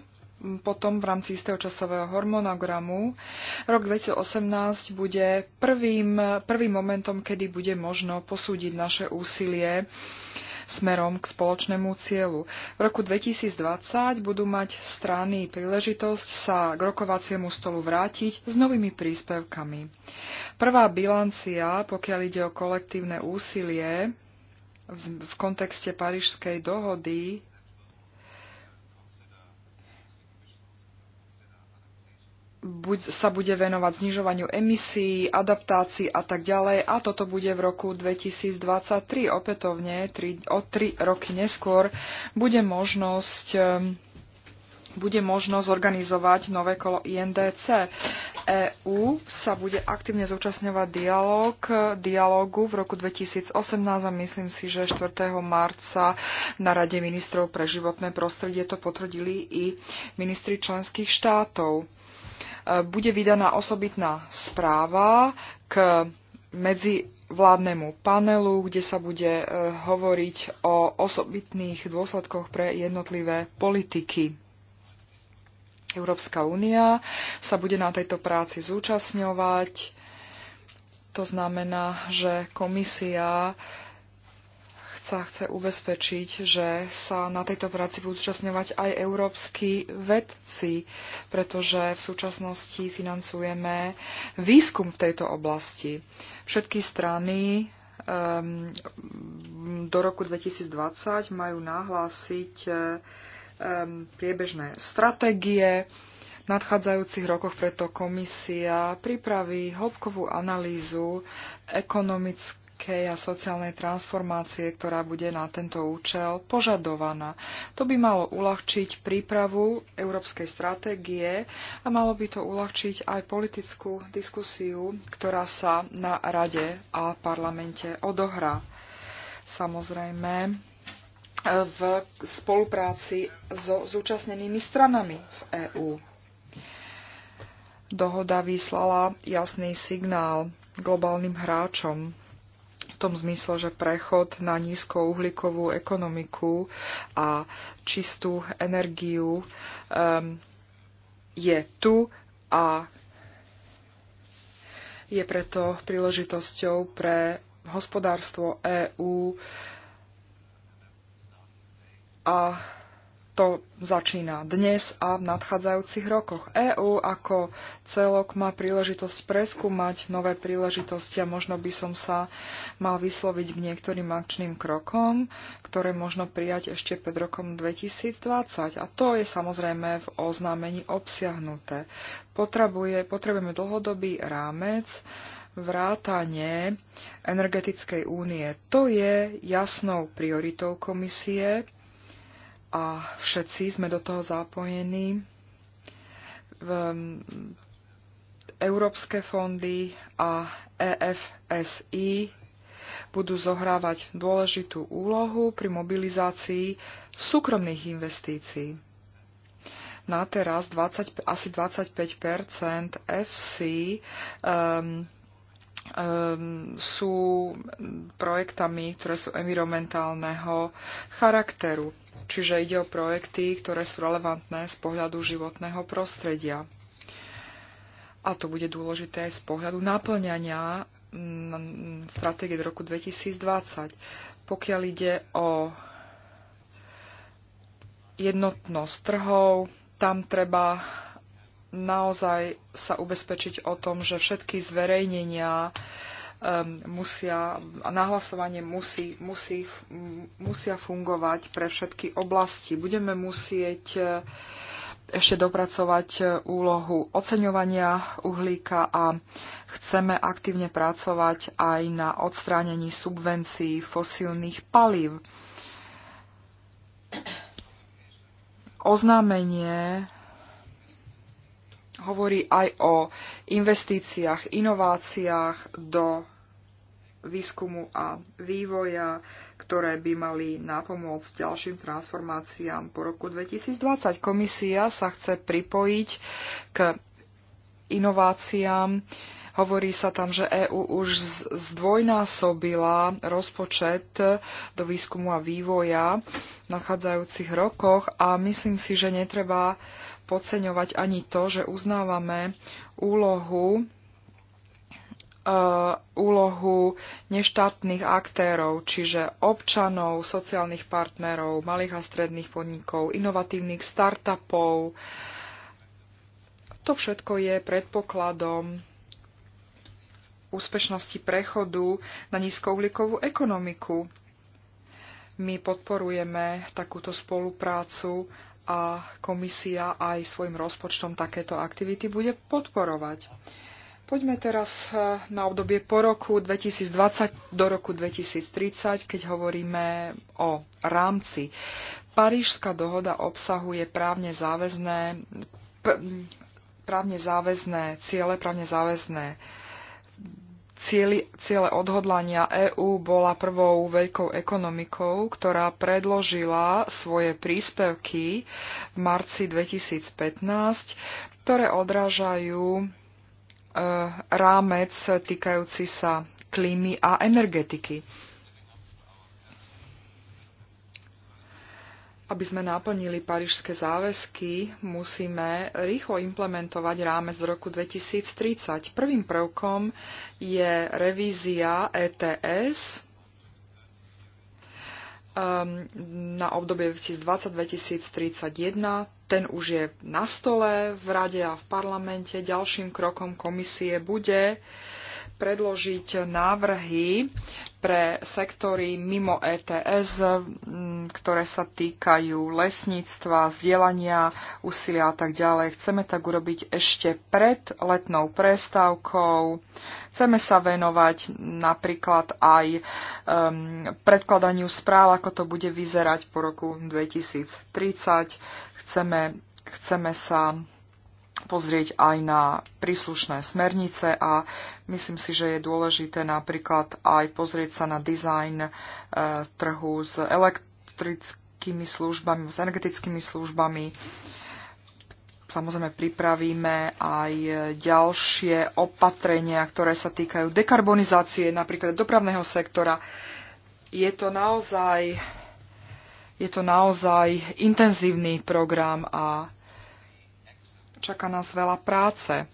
potom v rámci istého časového hormonogramu. Rok 2018 bude prvým, prvým momentom, kedy bude možno posúdiť naše úsilie uh, smerom k spoločnému cieľu. V roku 2020 budú mať strany príležitosť sa k rokovaciemu stolu vrátiť s novými príspevkami. Prvá bilancia, pokiaľ ide o kolektívne úsilie v kontexte Parížskej dohody buď sa bude venovať znižovaniu emisí, adaptácii a tak ďalej. A toto bude v roku 2023 opätovne, tri, o tri roky neskôr, bude možnosť ehm, bude možnosť zorganizovať nové kolo INDC. EÚ sa bude aktívne zúčastňovať dialog, dialogu v roku 2018 a myslím si, že 4. marca na Rade ministrov pre životné prostredie to potvrdili i ministri členských štátov bude vydaná osobitná správa k medzivládnemu panelu, kde sa bude e, hovoriť o osobitných dôsledkoch pre jednotlivé politiky. Európska únia sa bude na tejto práci zúčastňovať. To znamená, že komisia sa chce ubezpečiť, že sa na tejto práci budú zúčastňovať aj európsky vedci, pretože v súčasnosti financujeme výskum v tejto oblasti. Všetky strany um, do roku 2020 majú nahlásiť um, priebežné stratégie. V nadchádzajúcich rokoch preto komisia pripraví hĺbkovú analýzu ekonomických ekonomickej a sociálnej transformácie, ktorá bude na tento účel požadovaná. To by malo uľahčiť prípravu európskej stratégie a malo by to uľahčiť aj politickú diskusiu, ktorá sa na Rade a parlamente odohrá. Samozrejme, v spolupráci so zúčastnenými stranami v EÚ. Dohoda vyslala jasný signál globálnym hráčom v tom zmysle, že prechod na nízkouhlíkovú ekonomiku a čistú energiu um, je tu a je preto príležitosťou pre hospodárstvo EÚ a to začína dnes a v nadchádzajúcich rokoch. EÚ ako celok má príležitosť preskúmať nové príležitosti a možno by som sa mal vysloviť k niektorým akčným krokom, ktoré možno prijať ešte pred rokom 2020. A to je samozrejme v oznámení obsiahnuté. Potrebuje, potrebujeme dlhodobý rámec, vrátanie energetickej únie. To je jasnou prioritou komisie a všetci sme do toho zapojení. Európske fondy a EFSI budú zohrávať dôležitú úlohu pri mobilizácii súkromných investícií. Na teraz 20, asi 25 FC um, Ehm, sú projektami, ktoré sú environmentálneho charakteru. Čiže ide o projekty, ktoré sú relevantné z pohľadu životného prostredia. A to bude dôležité aj z pohľadu naplňania mm, stratégie do roku 2020. Pokiaľ ide o jednotnosť trhov, tam treba naozaj sa ubezpečiť o tom, že všetky zverejnenia um, musia, nahlasovanie musí, musí, musia fungovať pre všetky oblasti. Budeme musieť uh, ešte dopracovať uh, úlohu oceňovania uhlíka a chceme aktívne pracovať aj na odstránení subvencií fosílnych palív. Oznámenie hovorí aj o investíciách, inováciách do výskumu a vývoja, ktoré by mali napomôcť ďalším transformáciám po roku 2020. Komisia sa chce pripojiť k inováciám. Hovorí sa tam, že EÚ už zdvojnásobila rozpočet do výskumu a vývoja v nadchádzajúcich rokoch a myslím si, že netreba podceňovať ani to, že uznávame úlohu eh, úlohu neštátnych aktérov, čiže občanov, sociálnych partnerov, malých a stredných podnikov, inovatívnych startupov. To všetko je predpokladom úspešnosti prechodu na nízkouhlíkovú ekonomiku. My podporujeme takúto spoluprácu a komisia aj svojim rozpočtom takéto aktivity bude podporovať. Poďme teraz e, na obdobie po roku 2020 do roku 2030, keď hovoríme o rámci. Parížská dohoda obsahuje právne záväzné, právne záväzné ciele, právne záväzné cieli, ciele odhodlania EÚ bola prvou veľkou ekonomikou, ktorá predložila svoje príspevky v marci 2015, ktoré odrážajú e, rámec týkajúci sa klímy a energetiky. aby sme naplnili parížske záväzky, musíme rýchlo implementovať rámec z roku 2030. Prvým prvkom je revízia ETS ehm, na obdobie 2020-2031. Ten už je na stole v Rade a v parlamente. Ďalším krokom komisie bude predložiť návrhy pre sektory mimo ETS, ktoré sa týkajú lesníctva, vzdelania, úsilia a tak ďalej. Chceme tak urobiť ešte pred letnou prestávkou. Chceme sa venovať napríklad aj um, predkladaniu správ, ako to bude vyzerať po roku 2030. Chceme, chceme sa pozrieť aj na príslušné smernice a myslím si, že je dôležité napríklad aj pozrieť sa na dizajn e, trhu s elektrickými službami, s energetickými službami. Samozrejme pripravíme aj ďalšie opatrenia, ktoré sa týkajú dekarbonizácie napríklad dopravného sektora. Je to naozaj, je to naozaj intenzívny program a Čaká nás veľa práce.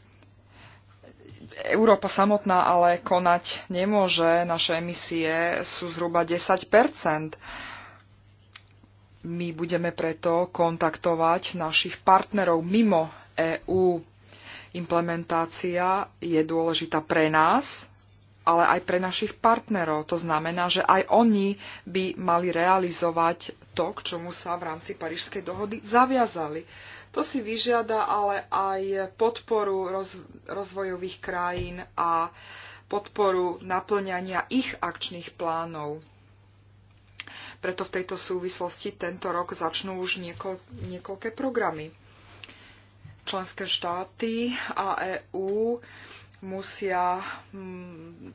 Európa samotná ale konať nemôže. Naše emisie sú zhruba 10 My budeme preto kontaktovať našich partnerov mimo EÚ. Implementácia je dôležitá pre nás, ale aj pre našich partnerov. To znamená, že aj oni by mali realizovať to, k čomu sa v rámci Parížskej dohody zaviazali. To si vyžiada ale aj podporu roz, rozvojových krajín a podporu naplňania ich akčných plánov. Preto v tejto súvislosti tento rok začnú už niekoľ, niekoľké programy. Členské štáty a EÚ musia mm,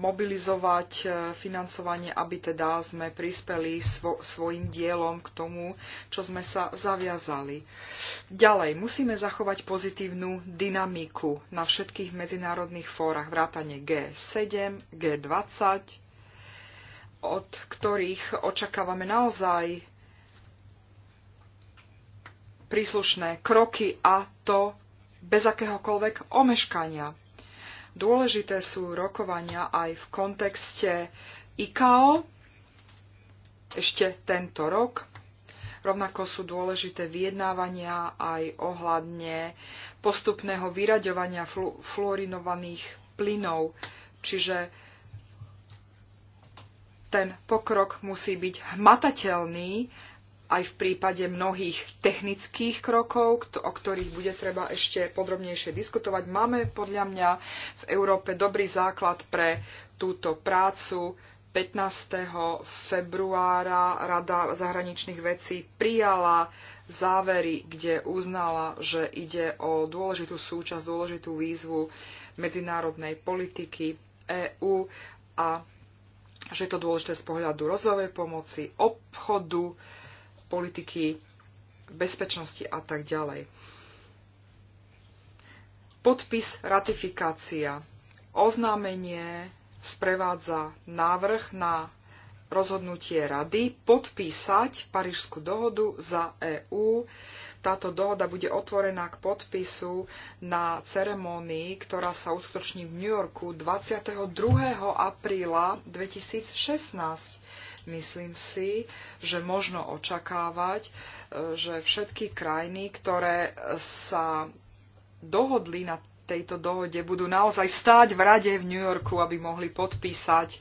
mobilizovať e, financovanie, aby teda sme prispeli svo, svojim dielom k tomu, čo sme sa zaviazali. Ďalej, musíme zachovať pozitívnu dynamiku na všetkých medzinárodných fórach, vrátane G7, G20, od ktorých očakávame naozaj príslušné kroky a to bez akéhokoľvek omeškania Dôležité sú rokovania aj v kontexte ICAO ešte tento rok. Rovnako sú dôležité vyjednávania aj ohľadne postupného vyraďovania flu- fluorinovaných plynov, čiže ten pokrok musí byť hmatateľný aj v prípade mnohých technických krokov, o ktorých bude treba ešte podrobnejšie diskutovať. Máme podľa mňa v Európe dobrý základ pre túto prácu. 15. februára Rada zahraničných vecí prijala závery, kde uznala, že ide o dôležitú súčasť, dôležitú výzvu medzinárodnej politiky EÚ a že je to dôležité z pohľadu rozvojovej pomoci, obchodu, politiky bezpečnosti a tak ďalej. Podpis, ratifikácia. Oznámenie sprevádza návrh na rozhodnutie rady podpísať Parížskú dohodu za EÚ. Táto dohoda bude otvorená k podpisu na ceremonii, ktorá sa uskutoční v New Yorku 22. apríla 2016 Myslím si, že možno očakávať, e, že všetky krajiny, ktoré sa dohodli na tejto dohode, budú naozaj stáť v rade v New Yorku, aby mohli podpísať e,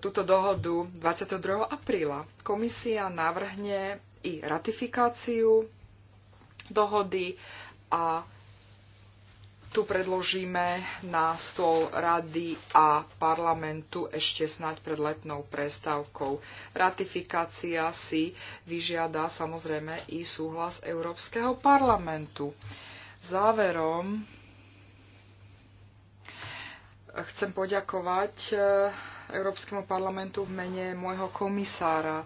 túto dohodu 22. apríla. Komisia navrhne i ratifikáciu dohody a tu predložíme na stôl rady a parlamentu ešte snáď pred letnou prestávkou. Ratifikácia si vyžiada samozrejme i súhlas Európskeho parlamentu. Záverom chcem poďakovať e, Európskemu parlamentu v mene môjho komisára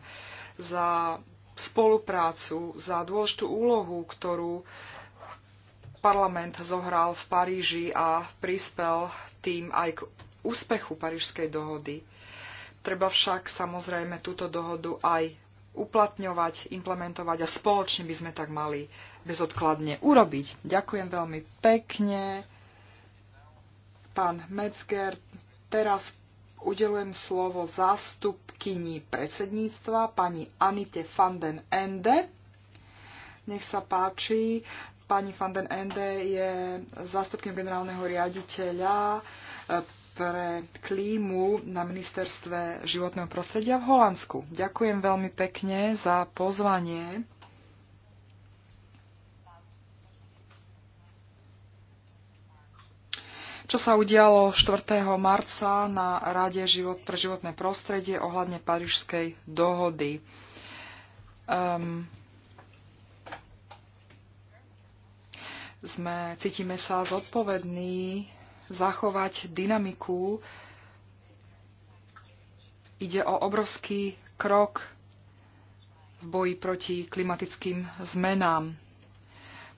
za spoluprácu, za dôležitú úlohu, ktorú parlament zohral v Paríži a prispel tým aj k úspechu Parížskej dohody. Treba však samozrejme túto dohodu aj uplatňovať, implementovať a spoločne by sme tak mali bezodkladne urobiť. Ďakujem veľmi pekne. Pán Metzger, teraz udelujem slovo zástupkyni predsedníctva, pani Anite van den Ende. Nech sa páči. Pani van den Ende je zástupkým generálneho riaditeľa eh, pre klímu na ministerstve životného prostredia v Holandsku. Ďakujem veľmi pekne za pozvanie. čo sa udialo 4. marca na Rade život pre životné prostredie ohľadne Parížskej dohody. Um, sme, cítime sa zodpovední zachovať dynamiku. Ide o obrovský krok v boji proti klimatickým zmenám.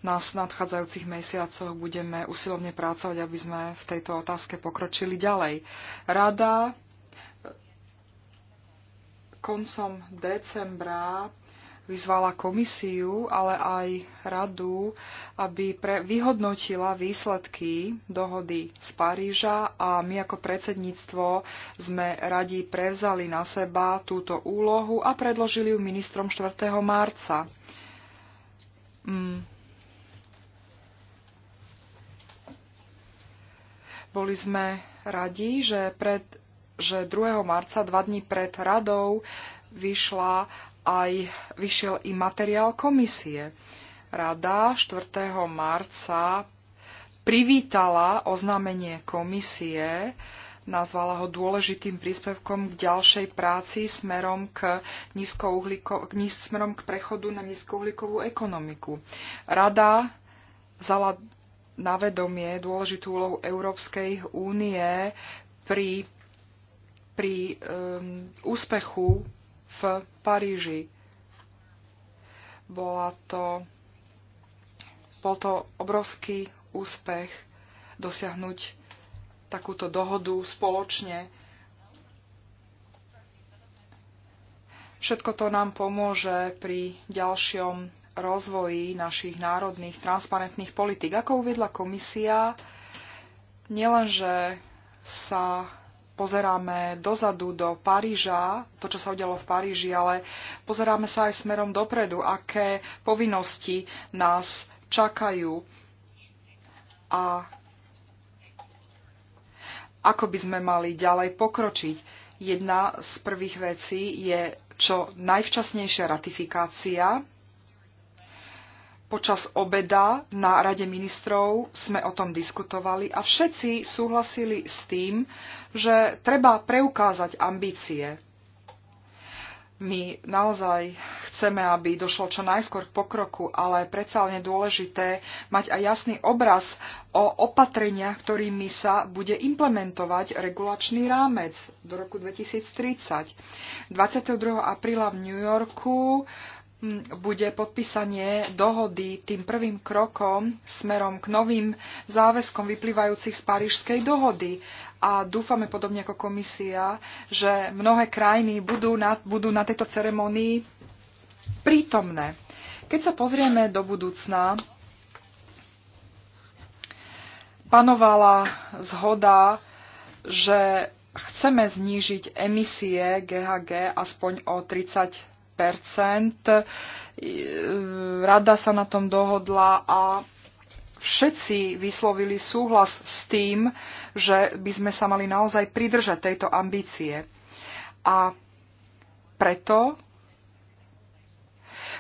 Nás v nadchádzajúcich mesiacoch budeme usilovne pracovať, aby sme v tejto otázke pokročili ďalej. Rada koncom decembra vyzvala komisiu, ale aj radu, aby pre, vyhodnotila výsledky dohody z Paríža a my ako predsedníctvo sme radi prevzali na seba túto úlohu a predložili ju ministrom 4. marca. Mm. Boli sme radi, že, pred, že 2. marca, dva dní pred radou, vyšla aj vyšiel i materiál komisie. Rada 4. marca privítala oznámenie komisie, nazvala ho dôležitým príspevkom k ďalšej práci smerom k, k, smerom k prechodu na nízkouhlíkovú ekonomiku. Rada vzala na vedomie dôležitú úlohu Európskej únie pri, pri um, úspechu v Paríži. Bola to, bol to obrovský úspech dosiahnuť takúto dohodu spoločne. Všetko to nám pomôže pri ďalšom rozvoji našich národných transparentných politik. Ako uviedla komisia, nielenže sa pozeráme dozadu do Paríža, to, čo sa udialo v Paríži, ale pozeráme sa aj smerom dopredu, aké povinnosti nás čakajú a ako by sme mali ďalej pokročiť. Jedna z prvých vecí je čo najvčasnejšia ratifikácia Počas obeda na Rade ministrov sme o tom diskutovali a všetci súhlasili s tým, že treba preukázať ambície. My naozaj chceme, aby došlo čo najskôr k pokroku, ale predsa len dôležité mať aj jasný obraz o opatreniach, ktorými sa bude implementovať regulačný rámec do roku 2030. 22. apríla v New Yorku bude podpísanie dohody tým prvým krokom smerom k novým záväzkom vyplývajúcich z Parížskej dohody. A dúfame, podobne ako komisia, že mnohé krajiny budú na, budú na tejto ceremonii prítomné. Keď sa pozrieme do budúcna, panovala zhoda, že chceme znížiť emisie GHG aspoň o 30 Rada sa na tom dohodla a všetci vyslovili súhlas s tým, že by sme sa mali naozaj pridržať tejto ambície. A preto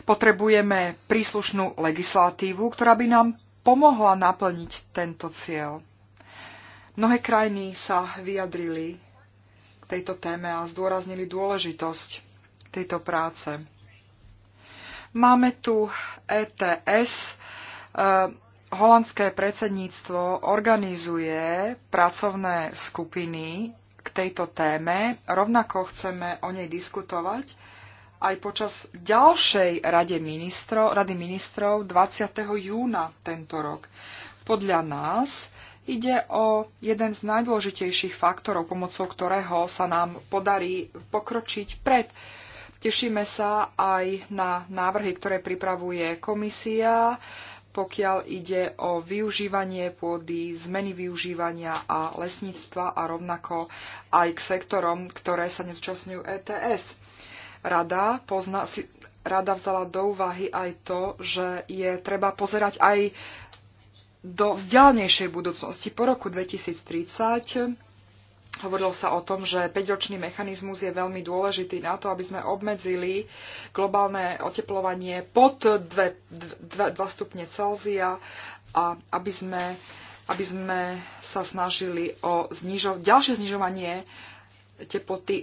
potrebujeme príslušnú legislatívu, ktorá by nám pomohla naplniť tento cieľ. Mnohé krajiny sa vyjadrili k tejto téme a zdôraznili dôležitosť tejto práce. Máme tu ETS. E, holandské predsedníctvo organizuje pracovné skupiny k tejto téme. Rovnako chceme o nej diskutovať aj počas ďalšej rade ministro, rady ministrov 20. júna tento rok. Podľa nás ide o jeden z najdôležitejších faktorov, pomocou ktorého sa nám podarí pokročiť pred Tešíme sa aj na návrhy, ktoré pripravuje komisia, pokiaľ ide o využívanie pôdy, zmeny využívania a lesníctva a rovnako aj k sektorom, ktoré sa nezúčastňujú ETS. Rada, pozna, si, rada vzala do úvahy aj to, že je treba pozerať aj do vzdialnejšej budúcnosti po roku 2030 Hovorilo sa o tom, že 5-ročný mechanizmus je veľmi dôležitý na to, aby sme obmedzili globálne oteplovanie pod 2, 2, 2 stupne Celzia a aby sme, aby sme sa snažili o znižo- ďalšie znižovanie teploty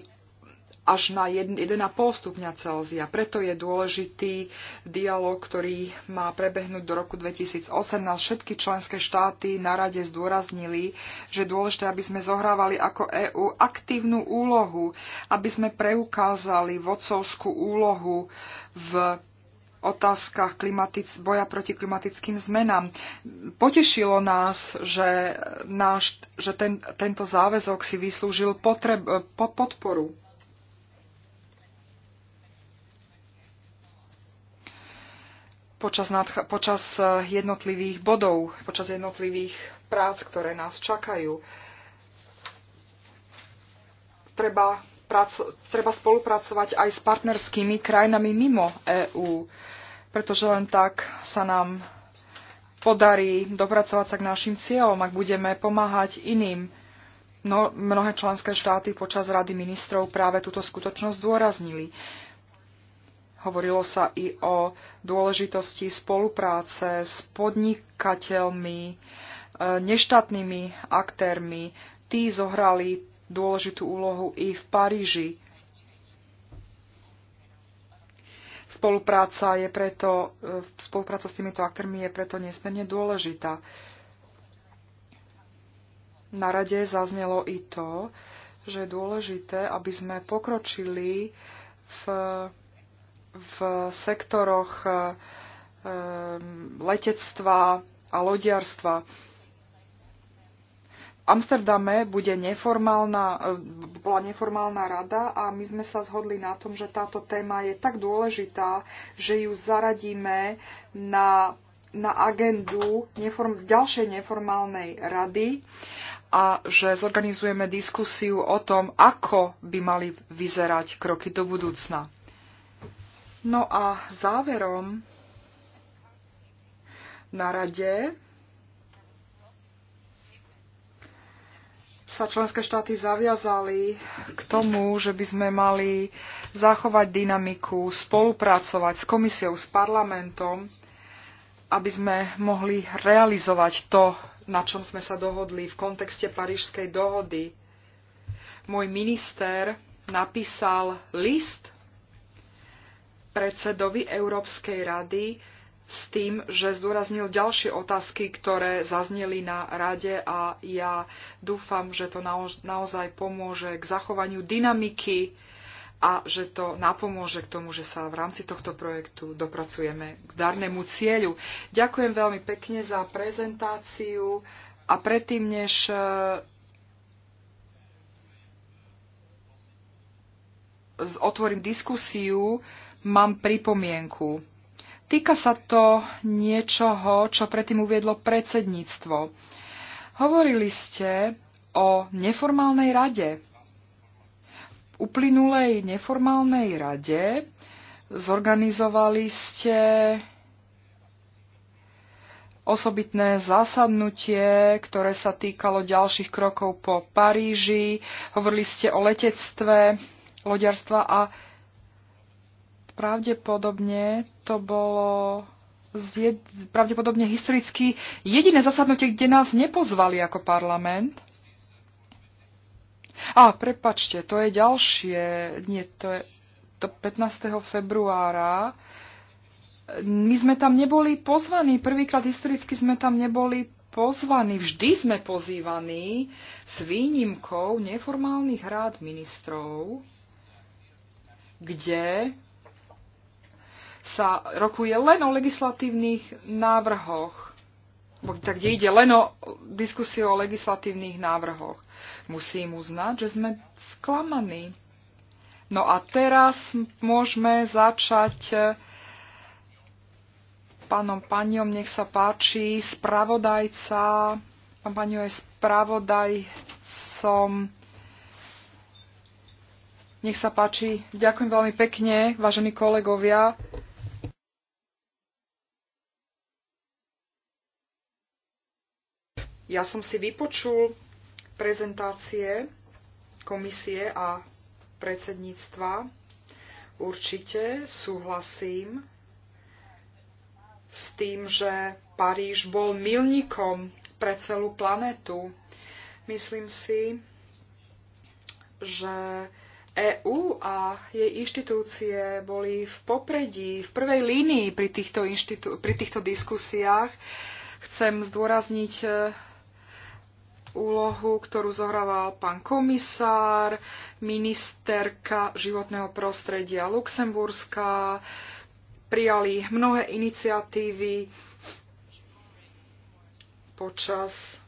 až na 1,5 stupňa Celzia. Preto je dôležitý dialog, ktorý má prebehnúť do roku 2018. Všetky členské štáty na rade zdôraznili, že je dôležité, aby sme zohrávali ako EÚ aktívnu úlohu, aby sme preukázali vodcovskú úlohu v otázkach klimatic, boja proti klimatickým zmenám. Potešilo nás, že, náš, že ten, tento záväzok si vyslúžil potreb, po, podporu počas, počas eh, jednotlivých bodov, počas jednotlivých prác, ktoré nás čakajú. Treba, praco- treba spolupracovať aj s partnerskými krajinami mimo EÚ, pretože len tak sa nám podarí dopracovať sa k našim cieľom, ak budeme pomáhať iným. No, mnohé členské štáty počas Rady ministrov práve túto skutočnosť zdôraznili. Hovorilo sa i o dôležitosti spolupráce s podnikateľmi, e, neštátnymi aktérmi. Tí zohrali dôležitú úlohu i v Paríži. Spolupráca, je preto, e, spolupráca s týmito aktérmi je preto nesmierne dôležitá. Na rade zaznelo i to, že je dôležité, aby sme pokročili v v sektoroch e, e, letectva a lodiarstva. V Amsterdame bude neformálna, e, bola neformálna rada a my sme sa zhodli na tom, že táto téma je tak dôležitá, že ju zaradíme na, na agendu neform, ďalšej neformálnej rady a že zorganizujeme diskusiu o tom, ako by mali vyzerať kroky do budúcna. No a záverom na rade sa členské štáty zaviazali k tomu, že by sme mali zachovať dynamiku, spolupracovať s komisiou, s parlamentom, aby sme mohli realizovať to, na čom sme sa dohodli v kontexte Parížskej dohody. Môj minister napísal list predsedovi Európskej rady s tým, že zdôraznil ďalšie otázky, ktoré zazneli na rade a ja dúfam, že to naozaj pomôže k zachovaniu dynamiky a že to napomôže k tomu, že sa v rámci tohto projektu dopracujeme k darnému cieľu. Ďakujem veľmi pekne za prezentáciu a predtým, než e, otvorím diskusiu, mám pripomienku. Týka sa to niečoho, čo predtým uviedlo predsedníctvo. Hovorili ste o neformálnej rade. V Uplynulej neformálnej rade zorganizovali ste osobitné zasadnutie, ktoré sa týkalo ďalších krokov po Paríži. Hovorili ste o letectve, loďarstva a pravdepodobne to bolo zjed, pravdepodobne historicky jediné zasadnutie, kde nás nepozvali ako parlament. A, prepačte, to je ďalšie, nie, to je to 15. februára. My sme tam neboli pozvaní, prvýkrát historicky sme tam neboli pozvaní, vždy sme pozývaní s výnimkou neformálnych rád ministrov, kde sa rokuje len o legislatívnych návrhoch, tak kde ide len o diskusiu o legislatívnych návrhoch. Musím uznať, že sme sklamaní. No a teraz môžeme začať eh, pánom Paniom, nech sa páči, spravodajca, pán Panio je spravodajcom nech sa páči. Ďakujem veľmi pekne, vážení kolegovia. Ja som si vypočul prezentácie komisie a predsedníctva. Určite súhlasím s tým, že Paríž bol milníkom pre celú planetu. Myslím si, že EÚ a jej inštitúcie boli v popredí, v prvej línii pri týchto, inštitú- pri týchto diskusiách. Chcem zdôrazniť úlohu, ktorú zohrával pán komisár, ministerka životného prostredia Luxemburska, prijali mnohé iniciatívy počas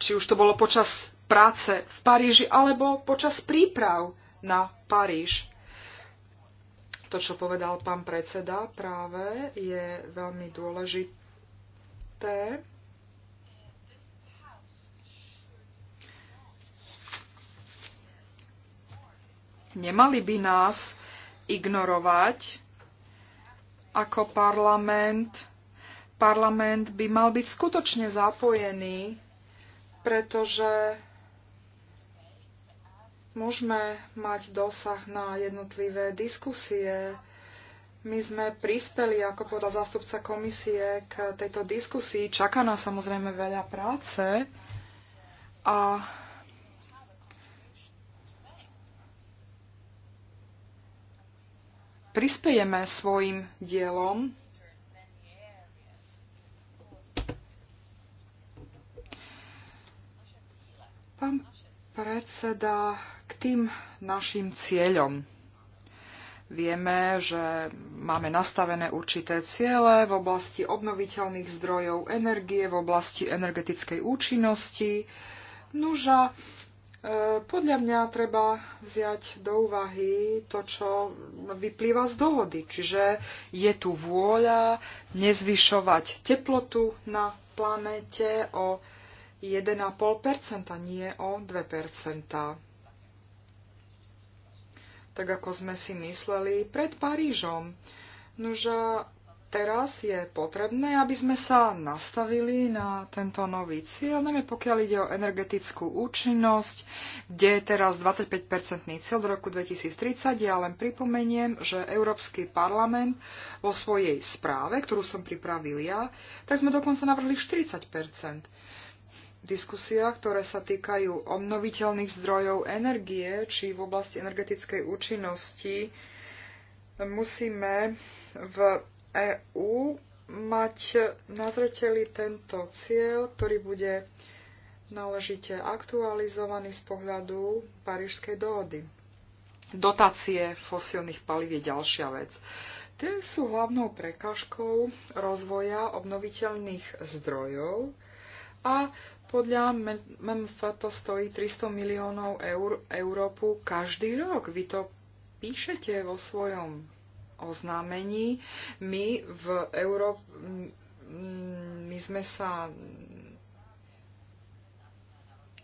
či už to bolo počas práce v Paríži alebo počas príprav na Paríž. To, čo povedal pán predseda práve, je veľmi dôležité. Nemali by nás ignorovať ako parlament. Parlament by mal byť skutočne zapojený, pretože môžeme mať dosah na jednotlivé diskusie. My sme prispeli, ako povedal zástupca komisie, k tejto diskusii. Čaká nás samozrejme veľa práce a prispejeme svojim dielom Pán predseda, tým našim cieľom. Vieme, že máme nastavené určité ciele v oblasti obnoviteľných zdrojov energie, v oblasti energetickej účinnosti. Nuža, e, podľa mňa treba vziať do úvahy to, čo vyplýva z dohody. Čiže je tu vôľa nezvyšovať teplotu na planéte o 1,5%, nie o 2% tak ako sme si mysleli, pred Parížom. Nože teraz je potrebné, aby sme sa nastavili na tento nový cieľ, najmä pokiaľ ide o energetickú účinnosť, kde je teraz 25-percentný cieľ do roku 2030. Ja len pripomeniem, že Európsky parlament vo svojej správe, ktorú som pripravil ja, tak sme dokonca navrhli 40 diskusiách, ktoré sa týkajú obnoviteľných zdrojov energie či v oblasti energetickej účinnosti, musíme v EÚ mať na zreteli tento cieľ, ktorý bude náležite aktualizovaný z pohľadu Parížskej dohody. Dotácie fosílnych palív je ďalšia vec. Tie sú hlavnou prekážkou rozvoja obnoviteľných zdrojov, a podľa MMF to stojí 300 miliónov eur Európu každý rok. Vy to píšete vo svojom oznámení. My v Európe my sme sa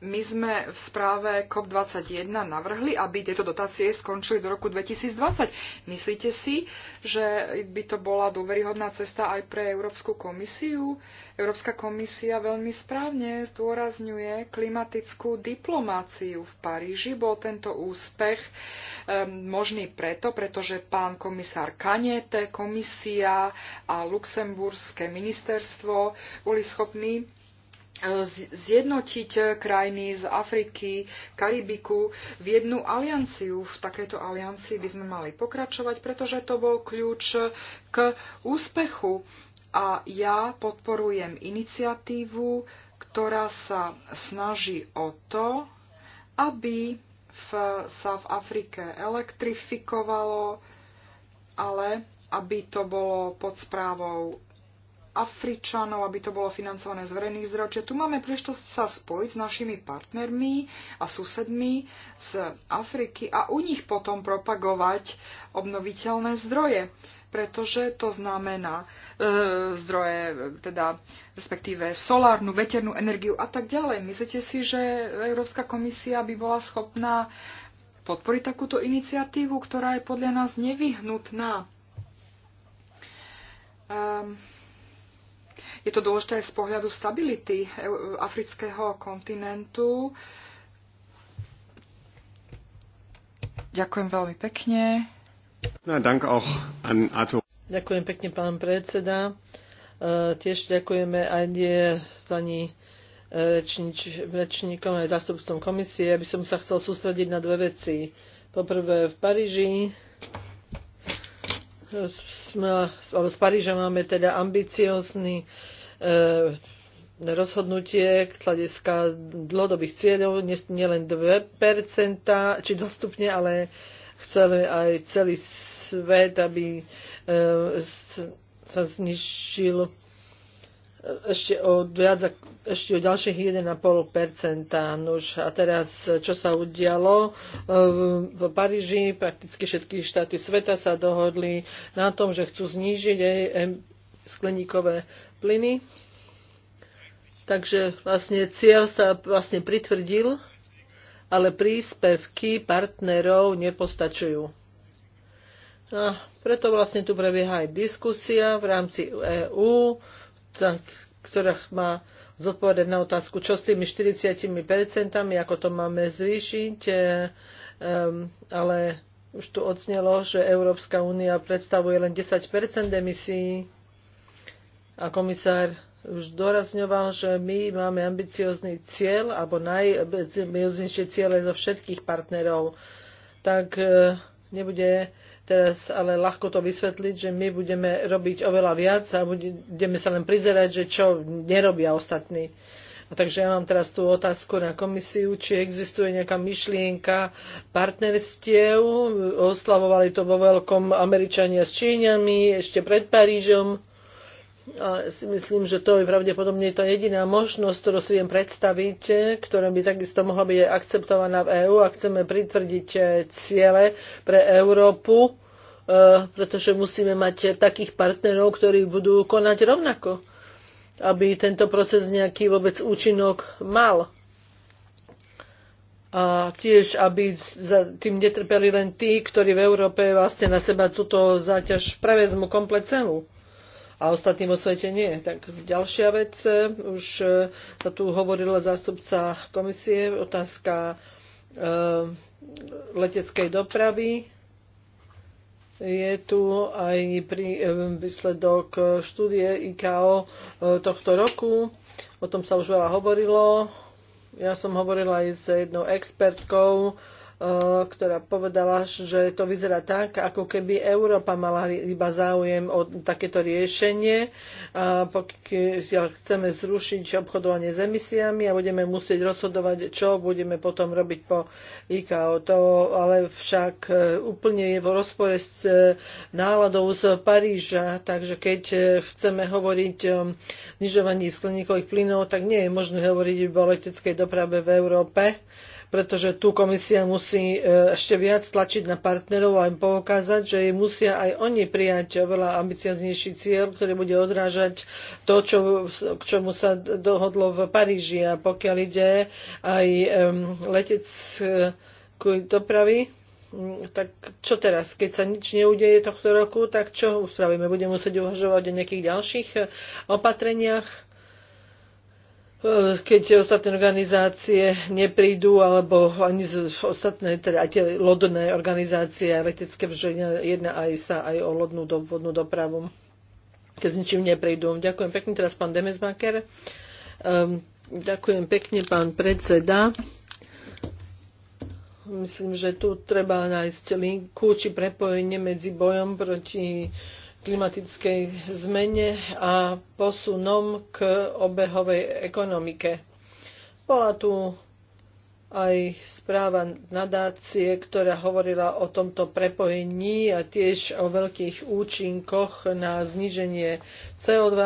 my sme v správe COP21 navrhli, aby tieto dotácie skončili do roku 2020. Myslíte si, že by to bola dôveryhodná cesta aj pre Európsku komisiu? Európska komisia veľmi správne zdôrazňuje klimatickú diplomáciu v Paríži. Bol tento úspech um, možný preto, pretože pán komisár Kanete, komisia a luxemburské ministerstvo boli schopní E, zjednotiť e, krajiny z Afriky, Karibiku v jednu alianciu. V takejto aliancii by sme mali pokračovať, pretože to bol kľúč e, k úspechu. A ja podporujem iniciatívu, ktorá sa snaží o to, aby v, sa v Afrike elektrifikovalo, ale aby to bolo pod správou Afričanov, aby to bolo financované z verejných zdrojov. Čiže tu máme príležitosť sa spojiť s našimi partnermi a susedmi z Afriky a u nich potom propagovať obnoviteľné zdroje pretože to znamená e, zdroje, teda respektíve solárnu, veternú energiu a tak ďalej. Myslíte si, že Európska komisia by bola schopná podporiť takúto iniciatívu, ktorá je podľa nás nevyhnutná? ehm je to dôležité aj z pohľadu stability e, afrického kontinentu. Ďakujem veľmi pekne. Ďakujem pekne, pán predseda. E, tiež ďakujeme aj e, pani rečnič, rečníkom aj zástupcom komisie. Ja by som sa chcel sústrediť na dve veci. Poprvé v Paríži sme, z Paríža máme teda ambiciózny E, rozhodnutie z hľadiska dlhodobých cieľov, nielen 2%, či dostupne, ale chcel aj celý svet, aby e, sa znišil e, ešte o, viac, ešte o ďalších 1,5 Nož a teraz, čo sa udialo v Paríži, prakticky všetky štáty sveta sa dohodli na tom, že chcú znížiť skleníkové plyny. Takže vlastne cieľ sa vlastne pritvrdil, ale príspevky partnerov nepostačujú. A preto vlastne tu prebieha aj diskusia v rámci EÚ, ktorá má zodpovedať na otázku, čo s tými 40 ako to máme zvýšiť, um, ale už tu odznelo, že Európska únia predstavuje len 10 emisí a komisár už dorazňoval, že my máme ambiciozný cieľ, alebo najambicioznejšie ciele zo všetkých partnerov, tak e, nebude teraz ale ľahko to vysvetliť, že my budeme robiť oveľa viac a budeme sa len prizerať, že čo nerobia ostatní. A takže ja mám teraz tú otázku na komisiu, či existuje nejaká myšlienka partnerstiev. Oslavovali to vo veľkom Američania s Číňami ešte pred Parížom a si myslím, že to je pravdepodobne tá jediná možnosť, ktorú si viem predstaviť, ktorá by takisto mohla byť akceptovaná v EÚ a chceme pritvrdiť eh, ciele pre Európu, eh, pretože musíme mať takých partnerov, ktorí budú konať rovnako, aby tento proces nejaký vôbec účinok mal. A tiež, aby za tým netrpeli len tí, ktorí v Európe vlastne na seba túto záťaž prevezmu komplet celú a ostatní vo svete nie. Tak ďalšia vec, e, už sa e, tu hovorila zástupca komisie, otázka e, leteckej dopravy. Je tu aj pri, výsledok štúdie IKO tohto roku. O tom sa už veľa hovorilo. Ja som hovorila aj s jednou expertkou, E, ktorá povedala, že to vyzerá tak, ako keby Európa mala iba záujem o takéto riešenie. pokiaľ chceme zrušiť obchodovanie s emisiami a budeme musieť rozhodovať, čo budeme potom robiť po IKO. To ale však e, úplne je v rozpore s e, náladou z Paríža, takže keď chceme hovoriť o znižovaní skleníkových plynov, tak nie je možné hovoriť o elektrickej doprave v Európe pretože tu komisia musí e, ešte viac tlačiť na partnerov a im poukázať, že musia aj oni prijať oveľa ambicioznejší cieľ, ktorý bude odrážať to, čo, k čomu sa dohodlo v Paríži. A pokiaľ ide aj letec e, dopravy, mm, tak čo teraz? Keď sa nič neudeje tohto roku, tak čo uspravíme? Budeme musieť uvažovať o nejakých ďalších e, opatreniach? Eh, keď tie ostatné organizácie neprídu, alebo ani z ostatné, teda aj tie lodné organizácie a letecké, pretože jedna aj sa aj o lodnú do, vodnú dopravu, keď s ničím neprídu. Ďakujem pekne teraz pán Demesmaker. Um, ďakujem pekne pán predseda. Myslím, že tu treba nájsť linku či prepojenie medzi bojom proti uh, klimatickej zmene a posunom k obehovej ekonomike. Bola tu aj správa nadácie, ktorá hovorila o tomto prepojení a tiež o veľkých účinkoch na zníženie CO2.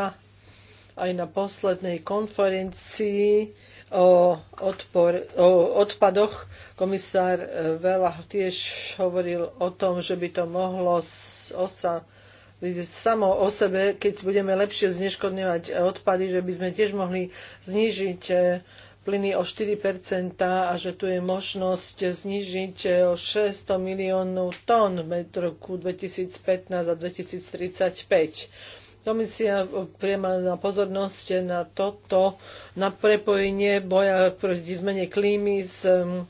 Aj na poslednej konferencii o, odpor, o odpadoch komisár Vela tiež hovoril o tom, že by to mohlo osa samo o sebe, keď budeme lepšie zneškodňovať odpady, že by sme tiež mohli znížiť eh, plyny o 4 a že tu je možnosť znížiť eh, o 600 miliónov tón v roku 2015 a 2035. Komisia na pozornosť na toto, na prepojenie boja proti zmene klímy s mm,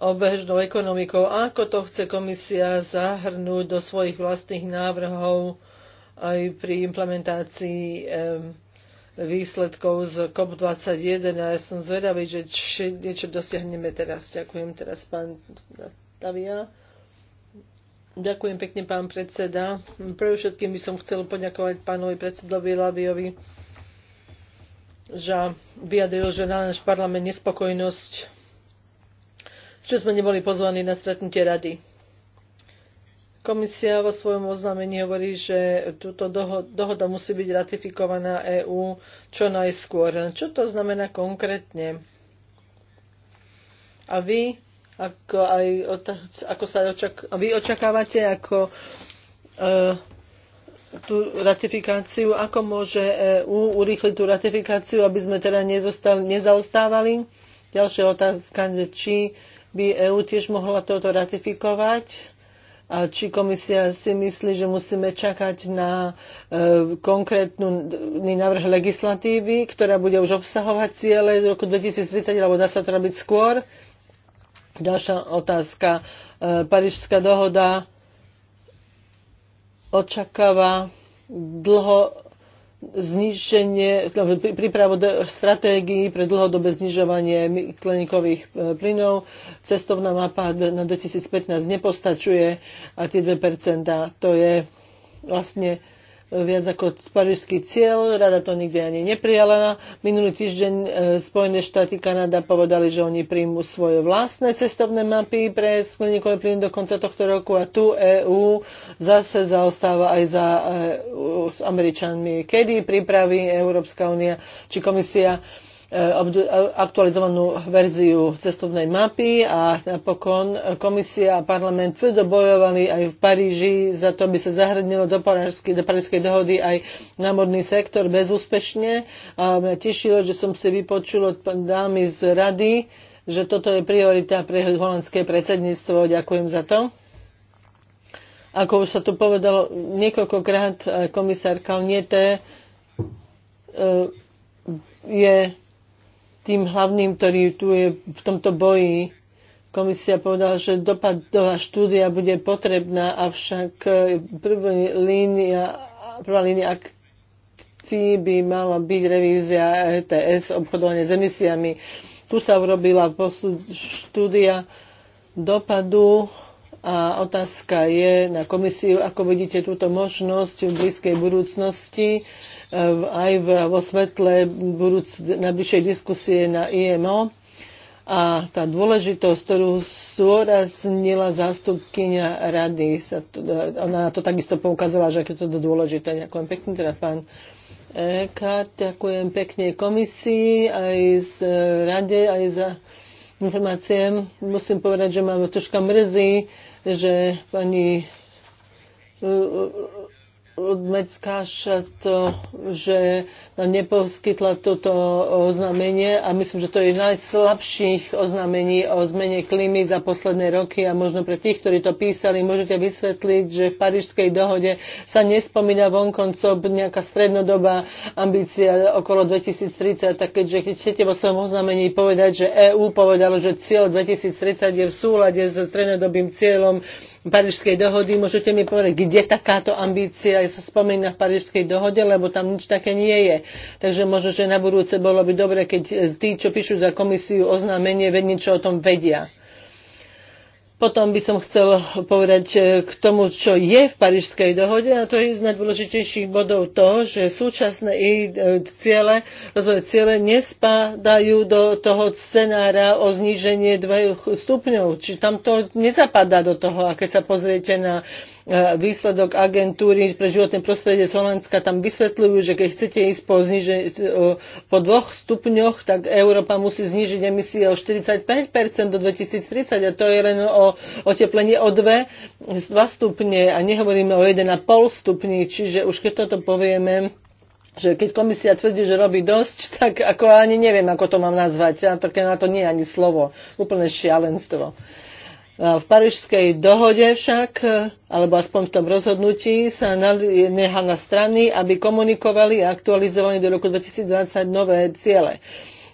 obežnou ekonomikou. ako to chce komisia zahrnúť do svojich vlastných návrhov aj pri implementácii výsledkov z COP21. A ja som zvedavý, že či niečo dosiahneme teraz. Ďakujem teraz pán Tavia. Ďakujem pekne, pán predseda. Prvé všetkým by som chcel poďakovať pánovi predsedovi Laviovi, že vyjadril, že na náš parlament nespokojnosť že sme neboli pozvaní na stretnutie rady. Komisia vo svojom oznámení hovorí, že túto dohoda musí byť ratifikovaná EÚ čo najskôr. Čo to znamená konkrétne? A vy, ako, aj, ako sa očak, vy očakávate ako e, tú ratifikáciu, ako môže EÚ urýchliť tú ratifikáciu, aby sme teda nezostali, nezaostávali? Ďalšia otázka, či e, by EÚ tiež mohla toto ratifikovať? A či komisia si myslí, že musíme čakať na e, konkrétny návrh legislatívy, ktorá bude už obsahovať ciele do roku 2030, alebo dá sa to robiť skôr? Ďalšia otázka. E, Parížská dohoda očakáva dlho zniženie, no, prípravu stratégií pre dlhodobé znižovanie skleníkových e, plynov. Cestovná mapa na 2015 nepostačuje a tie 2 to je vlastne viac ako parížský cieľ, rada to nikde ani neprijala. Minulý týždeň e, Spojené štáty Kanada povedali, že oni príjmu svoje vlastné cestovné mapy pre skleníkové plyny do konca tohto roku a tu EÚ zase zaostáva aj za, e, s Američanmi. Kedy pripraví Európska únia či komisia Eh, eh, aktualizovanú verziu cestovnej mapy a napokon komisia a parlament tvrdo bojovali aj v Paríži za to, aby sa zahradnilo do, Parížskej, do Parížskej dohody aj námorný sektor bezúspešne. A mňa tešilo, že som si vypočul od dámy z rady, že toto je priorita pre holandské predsedníctvo. Ďakujem za to. Ako už sa tu povedalo niekoľkokrát, eh, komisár Kalniete je tým hlavným, ktorý tu je v tomto boji. Komisia povedala, že dopadová štúdia bude potrebná, avšak eh, prvá línia, prvá línia akcií by mala byť revízia ETS, obchodovanie s emisiami. Tu sa urobila štúdia dopadu a otázka je na komisiu, ako vidíte túto možnosť v blízkej budúcnosti aj vo svetle budúc, najbližšej diskusie na IMO. A tá dôležitosť, ktorú zdôraznila zástupkynia rady, sa to, ona to takisto poukázala, že je to dôležité. Ďakujem pekne, teda pán Ekart, ďakujem pekne komisii, aj z rade, aj za informácie. Musím povedať, že ma troška mrzí, že pani Medskáša to, že nám neposkytla toto oznámenie a myslím, že to je najslabších oznámení o zmene klímy za posledné roky a možno pre tých, ktorí to písali, môžete vysvetliť, že v Parížskej dohode sa nespomína vonkoncov nejaká strednodobá ambícia okolo 2030, tak keďže chcete vo svojom oznámení povedať, že EÚ povedalo, že cieľ 2030 je v súlade so strednodobým cieľom Parížskej dohody. Môžete mi povedať, kde takáto ambícia sa spomína v Parížskej dohode, lebo tam nič také nie je. Takže možno, že na budúce bolo by dobre, keď tí, čo píšu za komisiu oznámenie, niečo o tom vedia. Potom by som chcel povedať e, k tomu, čo je v Parížskej dohode a to je z najdôležitejších bodov to, že súčasné i e, ciele, rozvoje ciele nespadajú do toho scenára o zníženie dvoch stupňov. Či tam to nezapadá do toho. A keď sa pozriete na uh, E, výsledok agentúry pre životné prostredie Slovenska tam vysvetľujú, že keď chcete ísť po, zniže, po dvoch stupňoch, tak Európa musí znižiť emisie o 45% do 2030 a to je len o oteplenie o 2, 2 stupne a nehovoríme o 1,5 stupni, čiže už keď toto povieme, že keď komisia tvrdí, že robí dosť, tak ako ani neviem, ako to mám nazvať. Ja také na to nie je ani slovo. Úplne šialenstvo. V Parížskej dohode však, e, alebo aspoň v tom rozhodnutí, sa neha na strany, aby komunikovali a aktualizovali do roku 2020 nové ciele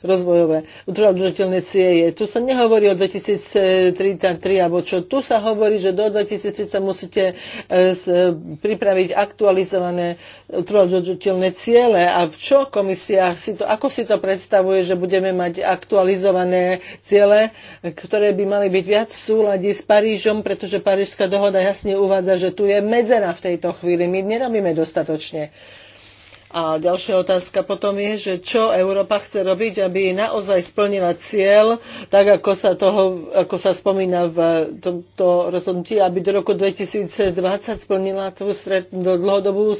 rozvojové udržateľné cieje. Tu sa nehovorí o 2033, alebo čo. Tu sa hovorí, že do 2030 musíte e, e, pripraviť aktualizované udržateľné ciele. A čo komisia, si to, ako si to predstavuje, že budeme mať aktualizované ciele, ktoré by mali byť viac v súlade s Parížom, pretože Parížská dohoda jasne uvádza, že tu je medzera v tejto chvíli. My nerobíme dostatočne. A ďalšia otázka potom je, že čo Európa chce robiť, aby naozaj splnila cieľ, tak ako sa, toho, ako sa spomína v tomto rozhodnutí, aby do roku 2020 splnila tú stred, dlhodobú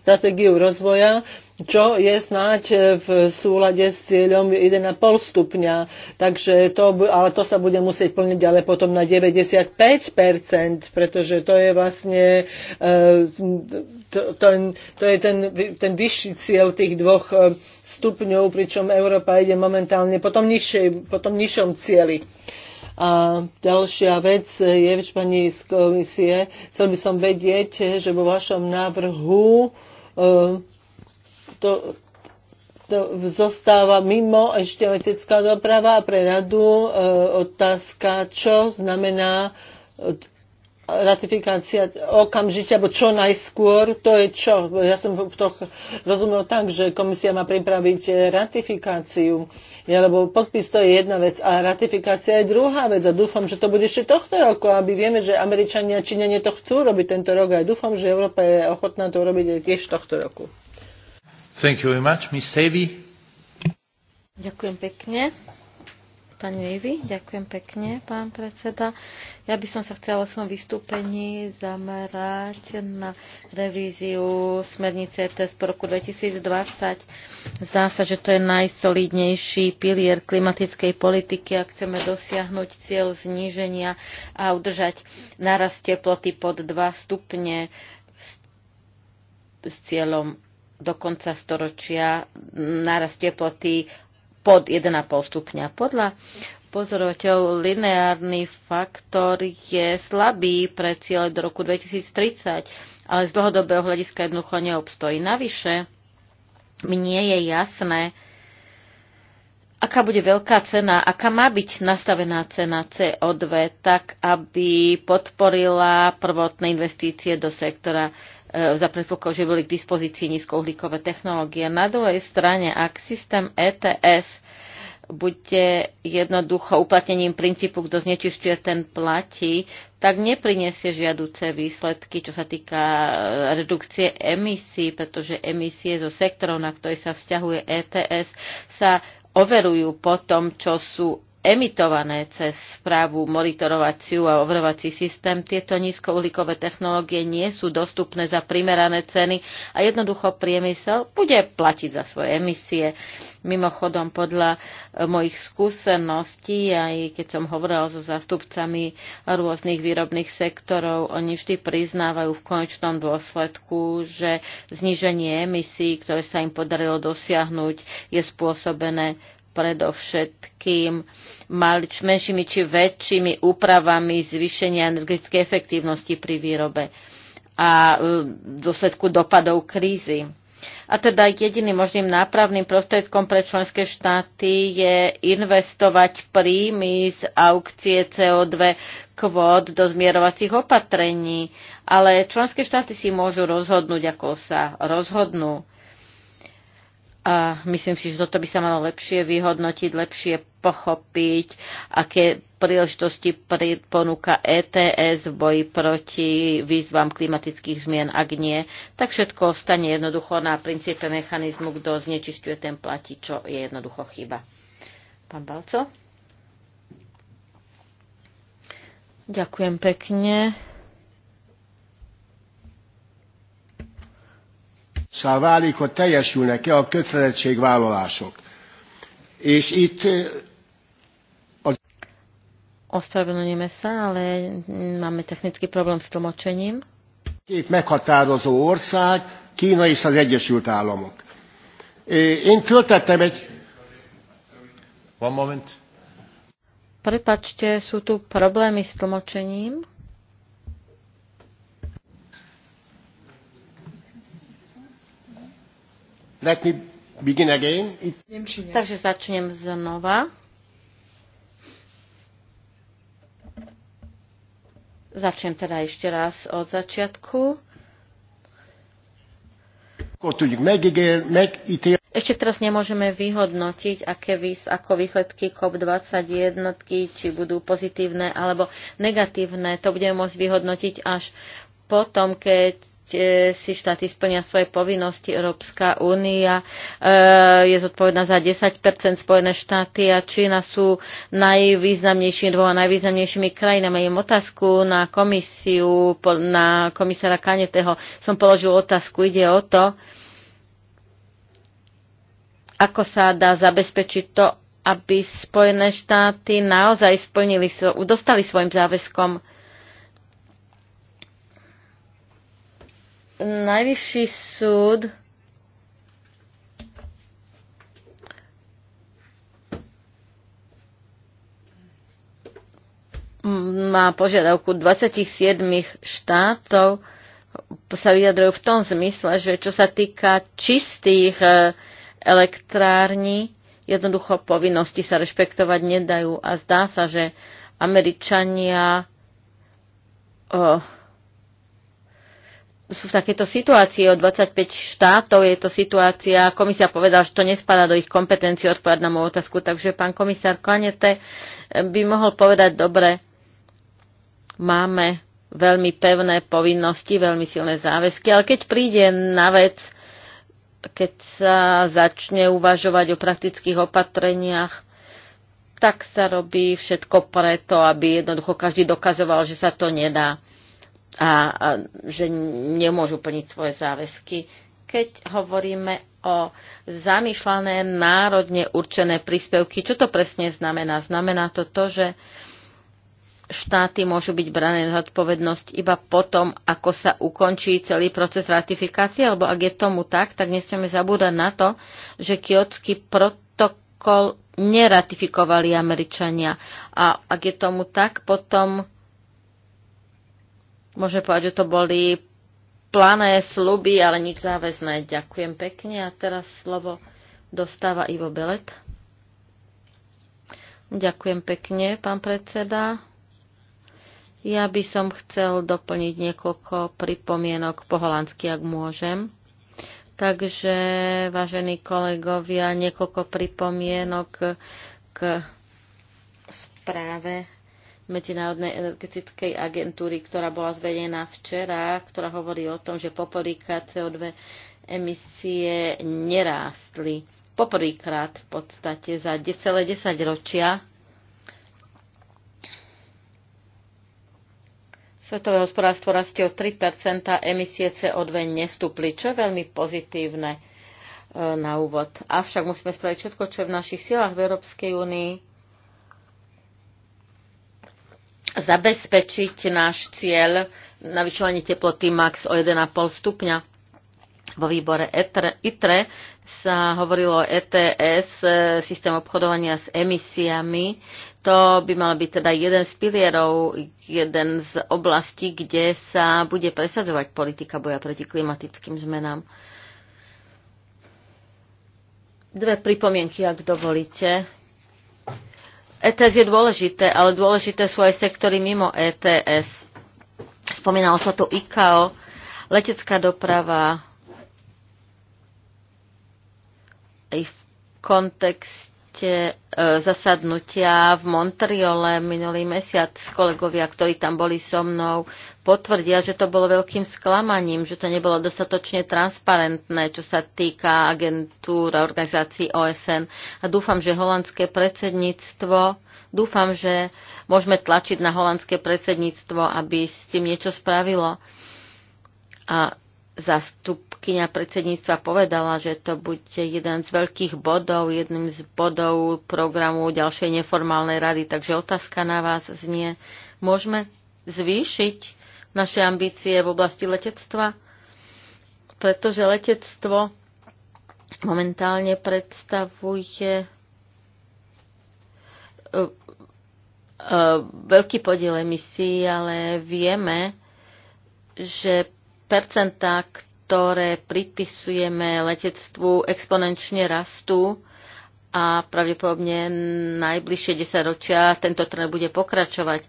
stratégiu rozvoja čo je snáď e, v súlade s cieľom 1,5 stupňa. Takže to, ale to sa bude musieť plniť ale potom na 95%, pretože to je vlastne e, to, ten, to je ten, ten vyšší cieľ tých dvoch e, stupňov, pričom Európa ide momentálne po tom, nižšej, po tom nižšom cieli. A ďalšia vec je, pani z komisie, chcel by som vedieť, že vo vašom návrhu to, to zostáva mimo ešte letecká doprava a pre radu e, otázka, čo znamená e, ratifikácia okamžite, alebo čo najskôr, to je čo? Ja som to rozumel tak, že komisia má pripraviť ratifikáciu, Lebo podpis to je jedna vec a ratifikácia je druhá vec a dúfam, že to bude ešte tohto roku, aby vieme, že Američania a Číňania to chcú robiť tento rok a dúfam, že Európa je ochotná to robiť tiež tohto roku. Thank you very much, Miss Sevi. Ďakujem pekne. Pani Evi, ďakujem pekne, pán predseda. Ja by som sa chcela v svojom vystúpení zamerať na revíziu smernice ETS po roku 2020. Zdá sa, že to je najsolidnejší pilier klimatickej politiky, ak chceme dosiahnuť cieľ zníženia a udržať nárast teploty pod 2 stupne s, s cieľom do konca storočia nárast teploty pod 1,5 stupňa. Podľa pozorovateľov lineárny faktor je slabý pre cieľe do roku 2030, ale z dlhodobého hľadiska jednoducho neobstojí. Navyše, mne je jasné, aká bude veľká cena, aká má byť nastavená cena CO2, tak aby podporila prvotné investície do sektora E, za predpoklad, že boli k dispozícii nízkouhlíkové technológie. Na druhej strane, ak systém ETS bude jednoducho uplatnením princípu, kto znečistuje, ten platí, tak neprinesie žiaduce výsledky, čo sa týka e, redukcie emisí, pretože emisie zo sektorov, na ktorý sa vzťahuje ETS, sa overujú po tom, čo sú emitované cez správu, monitorovaciu a overovací systém, tieto nízkouhlíkové technológie nie sú dostupné za primerané ceny a jednoducho priemysel bude platiť za svoje emisie. Mimochodom, podľa e, mojich skúseností, aj keď som hovoril so zástupcami rôznych výrobných sektorov, oni vždy priznávajú v konečnom dôsledku, že zníženie emisí, ktoré sa im podarilo dosiahnuť, je spôsobené predovšetkým menšími či väčšími úpravami zvýšenia energetickej efektívnosti pri výrobe a e, v dôsledku dopadov krízy. A teda jediným možným nápravným prostriedkom pre členské štáty je investovať príjmy z aukcie CO2 kvót do zmierovacích opatrení, ale členské štáty si môžu rozhodnúť, ako sa rozhodnú. A myslím si, že toto by sa malo lepšie vyhodnotiť, lepšie pochopiť, aké príležitosti ponúka ETS v boji proti výzvam klimatických zmien. Ak nie, tak všetko ostane jednoducho na princípe mechanizmu, kto znečistuje, ten platí, čo je jednoducho chyba. Pán Balco? Ďakujem pekne. szá válik, hogy teljesülnek-e a kötelezettségvállalások. És itt az... Ospravedlňujeme sa, ale máme technický problém s tlmočením. Két meghatározó ország, Kína és az Egyesült Államok. Én föltettem egy... One moment. Prepačte, sú tu problémy s tlmočením. Let me begin again. Takže začnem znova. Začnem teda ešte raz od začiatku. Ešte teraz nemôžeme vyhodnotiť, aké výs, ako výsledky COP21, či budú pozitívne alebo negatívne. To budeme môcť vyhodnotiť až potom, keď E, si štáty splnia svoje povinnosti. Európska únia e, je zodpovedná za 10 Spojené štáty a Čína sú najvýznamnejšími dvoma najvýznamnejšími krajinami. Mám otázku na komisiu, na komisára Kaneteho. Som položil otázku, ide o to, ako sa dá zabezpečiť to, aby Spojené štáty naozaj splnili, dostali svojim záväzkom Najvyšší súd má požiadavku 27 štátov, sa vyjadrujú v tom zmysle, že čo sa týka čistých e, elektrární, jednoducho povinnosti sa rešpektovať nedajú a zdá sa, že Američania oh, sú takéto situácie, od 25 štátov je to situácia. Komisia povedala, že to nespadá do ich kompetencií odpovedať na moju otázku. Takže pán komisár Kanete eh, by mohol povedať, dobre, máme veľmi pevné povinnosti, veľmi silné záväzky, ale keď príde na vec, keď sa začne uvažovať o praktických opatreniach, tak sa robí všetko preto, aby jednoducho každý dokazoval, že sa to nedá a, a že nemôžu plniť svoje záväzky. Keď hovoríme o zamýšľané národne určené príspevky, čo to presne znamená? Znamená to to, že štáty môžu byť brané na zodpovednosť iba potom, ako sa ukončí celý proces ratifikácie, alebo ak je tomu tak, tak nesmieme zabúdať na to, že kiotský protokol neratifikovali Američania. A ak je tomu tak, potom Môžeme povedať, že to boli plané sluby, ale nič záväzné. Ďakujem pekne a teraz slovo dostáva Ivo Belet. Ďakujem pekne, pán predseda. Ja by som chcel doplniť niekoľko pripomienok po holandsky, ak môžem. Takže, vážení kolegovia, niekoľko pripomienok k správe Medzinárodnej energetickej agentúry, ktorá bola zverejnená včera, ktorá hovorí o tom, že poprvýkrát CO2 emisie nerástli. Poprvýkrát v podstate za celé 10 ročia Svetové hospodárstvo rastie o 3 emisie CO2 nestúpli, čo je veľmi pozitívne e, na úvod. Avšak musíme spraviť všetko, čo je v našich silách v Európskej únii, zabezpečiť náš cieľ navyšovanie teploty max o 1,5 stupňa. Vo výbore ITRE sa hovorilo o ETS, e, systém obchodovania s emisiami. To by mal byť teda jeden z pilierov, jeden z oblastí, kde sa bude presadzovať politika boja proti klimatickým zmenám. Dve pripomienky, ak dovolíte. ETS je dôležité, ale dôležité sú aj sektory mimo ETS. Spomínalo sa tu ICAO, letecká doprava, aj v kontexte podstate e, zasadnutia v Montriole minulý mesiac. Kolegovia, ktorí tam boli so mnou, potvrdia, že to bolo veľkým sklamaním, že to nebolo dostatočne transparentné, čo sa týka agentúr a organizácií OSN. A dúfam, že holandské predsedníctvo, dúfam, že môžeme tlačiť na holandské predsedníctvo, aby s tým niečo spravilo. A zastupkynia predsedníctva povedala, že to bude jeden z veľkých bodov, jedným z bodov programu ďalšej neformálnej rady. Takže otázka na vás znie, môžeme zvýšiť naše ambície v oblasti letectva? Pretože letectvo momentálne predstavuje eh, eh, veľký podiel emisí, ale vieme, že percentá, ktoré pripisujeme letectvu, exponenčne rastú a pravdepodobne najbližšie 10 ročia tento trend bude pokračovať.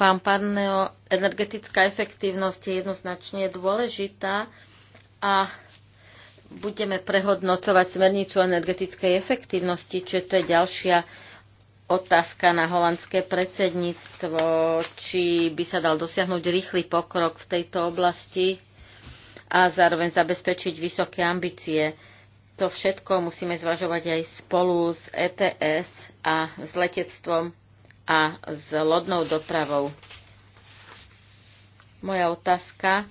Pán Parneo, energetická efektívnosť je jednoznačne dôležitá a budeme prehodnocovať smernicu energetickej efektívnosti, čiže to je ďalšia otázka na holandské predsedníctvo, či by sa dal dosiahnuť rýchly pokrok v tejto oblasti a zároveň zabezpečiť vysoké ambície. To všetko musíme zvažovať aj spolu s ETS a s letectvom a s lodnou dopravou. Moja otázka.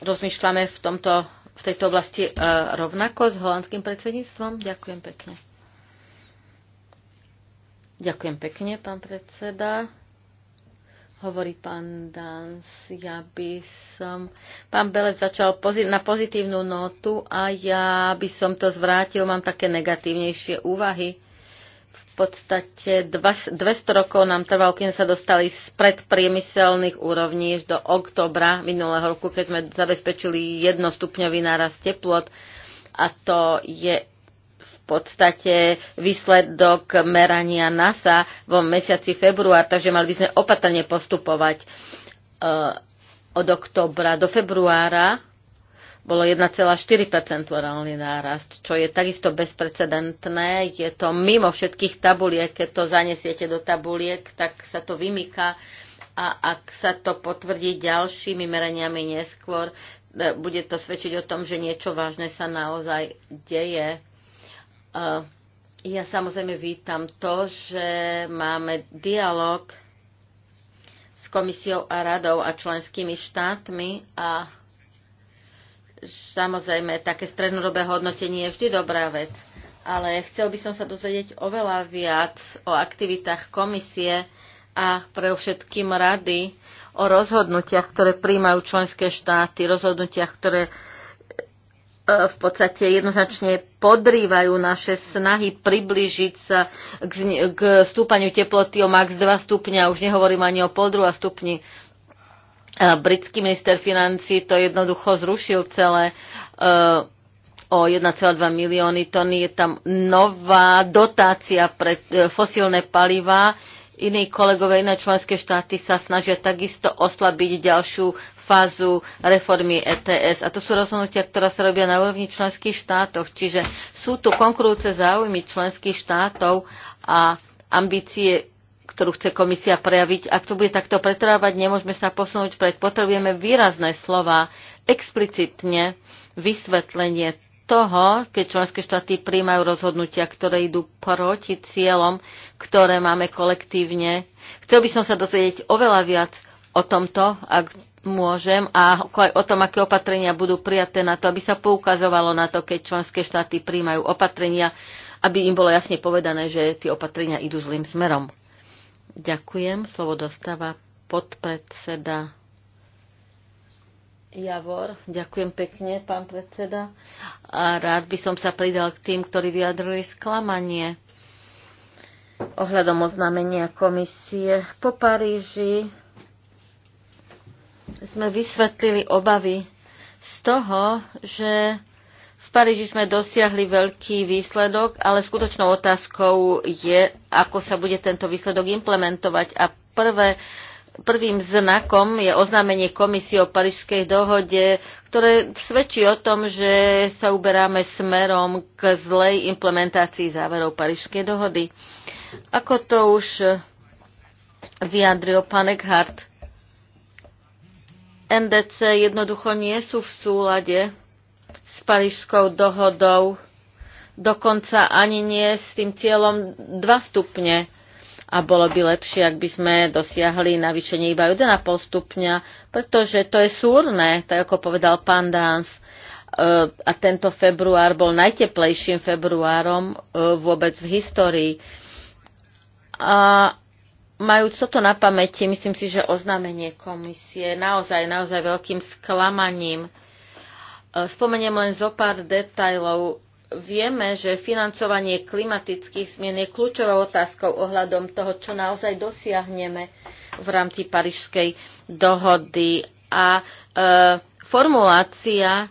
Rozmýšľame v, tomto, v tejto oblasti e, rovnako s holandským predsedníctvom? Ďakujem pekne. Ďakujem pekne, pán predseda hovorí pán Dans. Ja by som... Pán Belec začal pozit- na pozitívnu notu a ja by som to zvrátil. Mám také negatívnejšie úvahy. V podstate 200 rokov nám trvalo, kým sa dostali z predpriemyselných úrovní až do oktobra minulého roku, keď sme zabezpečili jednostupňový nárast teplot. A to je v podstate výsledok merania NASA vo mesiaci február, takže mali by sme opatrne postupovať eh, od oktobra do februára bolo 1,4 reálny nárast, čo je takisto bezprecedentné. Je to mimo všetkých tabuliek, keď to zanesiete do tabuliek, tak sa to vymýka a ak sa to potvrdí ďalšími meraniami neskôr, eh, bude to svedčiť o tom, že niečo vážne sa naozaj deje. Ja samozrejme vítam to, že máme dialog s komisiou a radou a členskými štátmi a samozrejme také strednodobé hodnotenie je vždy dobrá vec. Ale chcel by som sa dozvedieť oveľa viac o aktivitách komisie a pre všetkým rady o rozhodnutiach, ktoré príjmajú členské štáty, rozhodnutiach, ktoré v podstate jednoznačne podrývajú naše snahy priblížiť sa k, k stúpaniu teploty o max 2 stupňa, už nehovorím ani o pol 2 stupni. Britský minister financí to jednoducho zrušil celé e, o 1,2 milióny tón. Je tam nová dotácia pre e, fosílne palivá. Iní kolegové, iné členské štáty sa snažia takisto oslabiť ďalšiu fázu reformy ETS. A to sú rozhodnutia, ktoré sa robia na úrovni členských štátov. Čiže sú tu konkurujúce záujmy členských štátov a ambície ktorú chce komisia prejaviť. Ak to bude takto pretrávať, nemôžeme sa posunúť pred. Potrebujeme výrazné slova, explicitne vysvetlenie toho, keď členské štáty príjmajú rozhodnutia, ktoré idú proti cieľom, ktoré máme kolektívne. Chcel by som sa dozvedieť oveľa viac o tomto, ak môžem, a aj o tom, aké opatrenia budú prijaté na to, aby sa poukazovalo na to, keď členské štáty príjmajú opatrenia, aby im bolo jasne povedané, že tie opatrenia idú zlým smerom. Ďakujem. Slovo dostáva podpredseda Javor. Ďakujem pekne, pán predseda. A rád by som sa pridal k tým, ktorí vyjadrili sklamanie ohľadom oznámenia komisie po Paríži sme vysvetlili obavy z toho, že v Paríži sme dosiahli veľký výsledok, ale skutočnou otázkou je, ako sa bude tento výsledok implementovať. A prvé, prvým znakom je oznámenie komisie o Parížskej dohode, ktoré svedčí o tom, že sa uberáme smerom k zlej implementácii záverov Parížskej dohody. Ako to už vyjadril pán Eckhardt, NDC jednoducho nie sú v súlade s Parížskou dohodou, dokonca ani nie s tým cieľom 2 stupne. A bolo by lepšie, ak by sme dosiahli navýšenie iba 1,5 stupňa, pretože to je súrne, tak ako povedal pán Dáns. E, a tento február bol najteplejším februárom e, vôbec v histórii. A Majúc toto na pamäti, myslím si, že oznámenie komisie je naozaj, naozaj veľkým sklamaním. E, spomeniem len zo pár detajlov. Vieme, že financovanie klimatických zmien je kľúčovou otázkou ohľadom toho, čo naozaj dosiahneme v rámci Parížskej dohody. A e, formulácia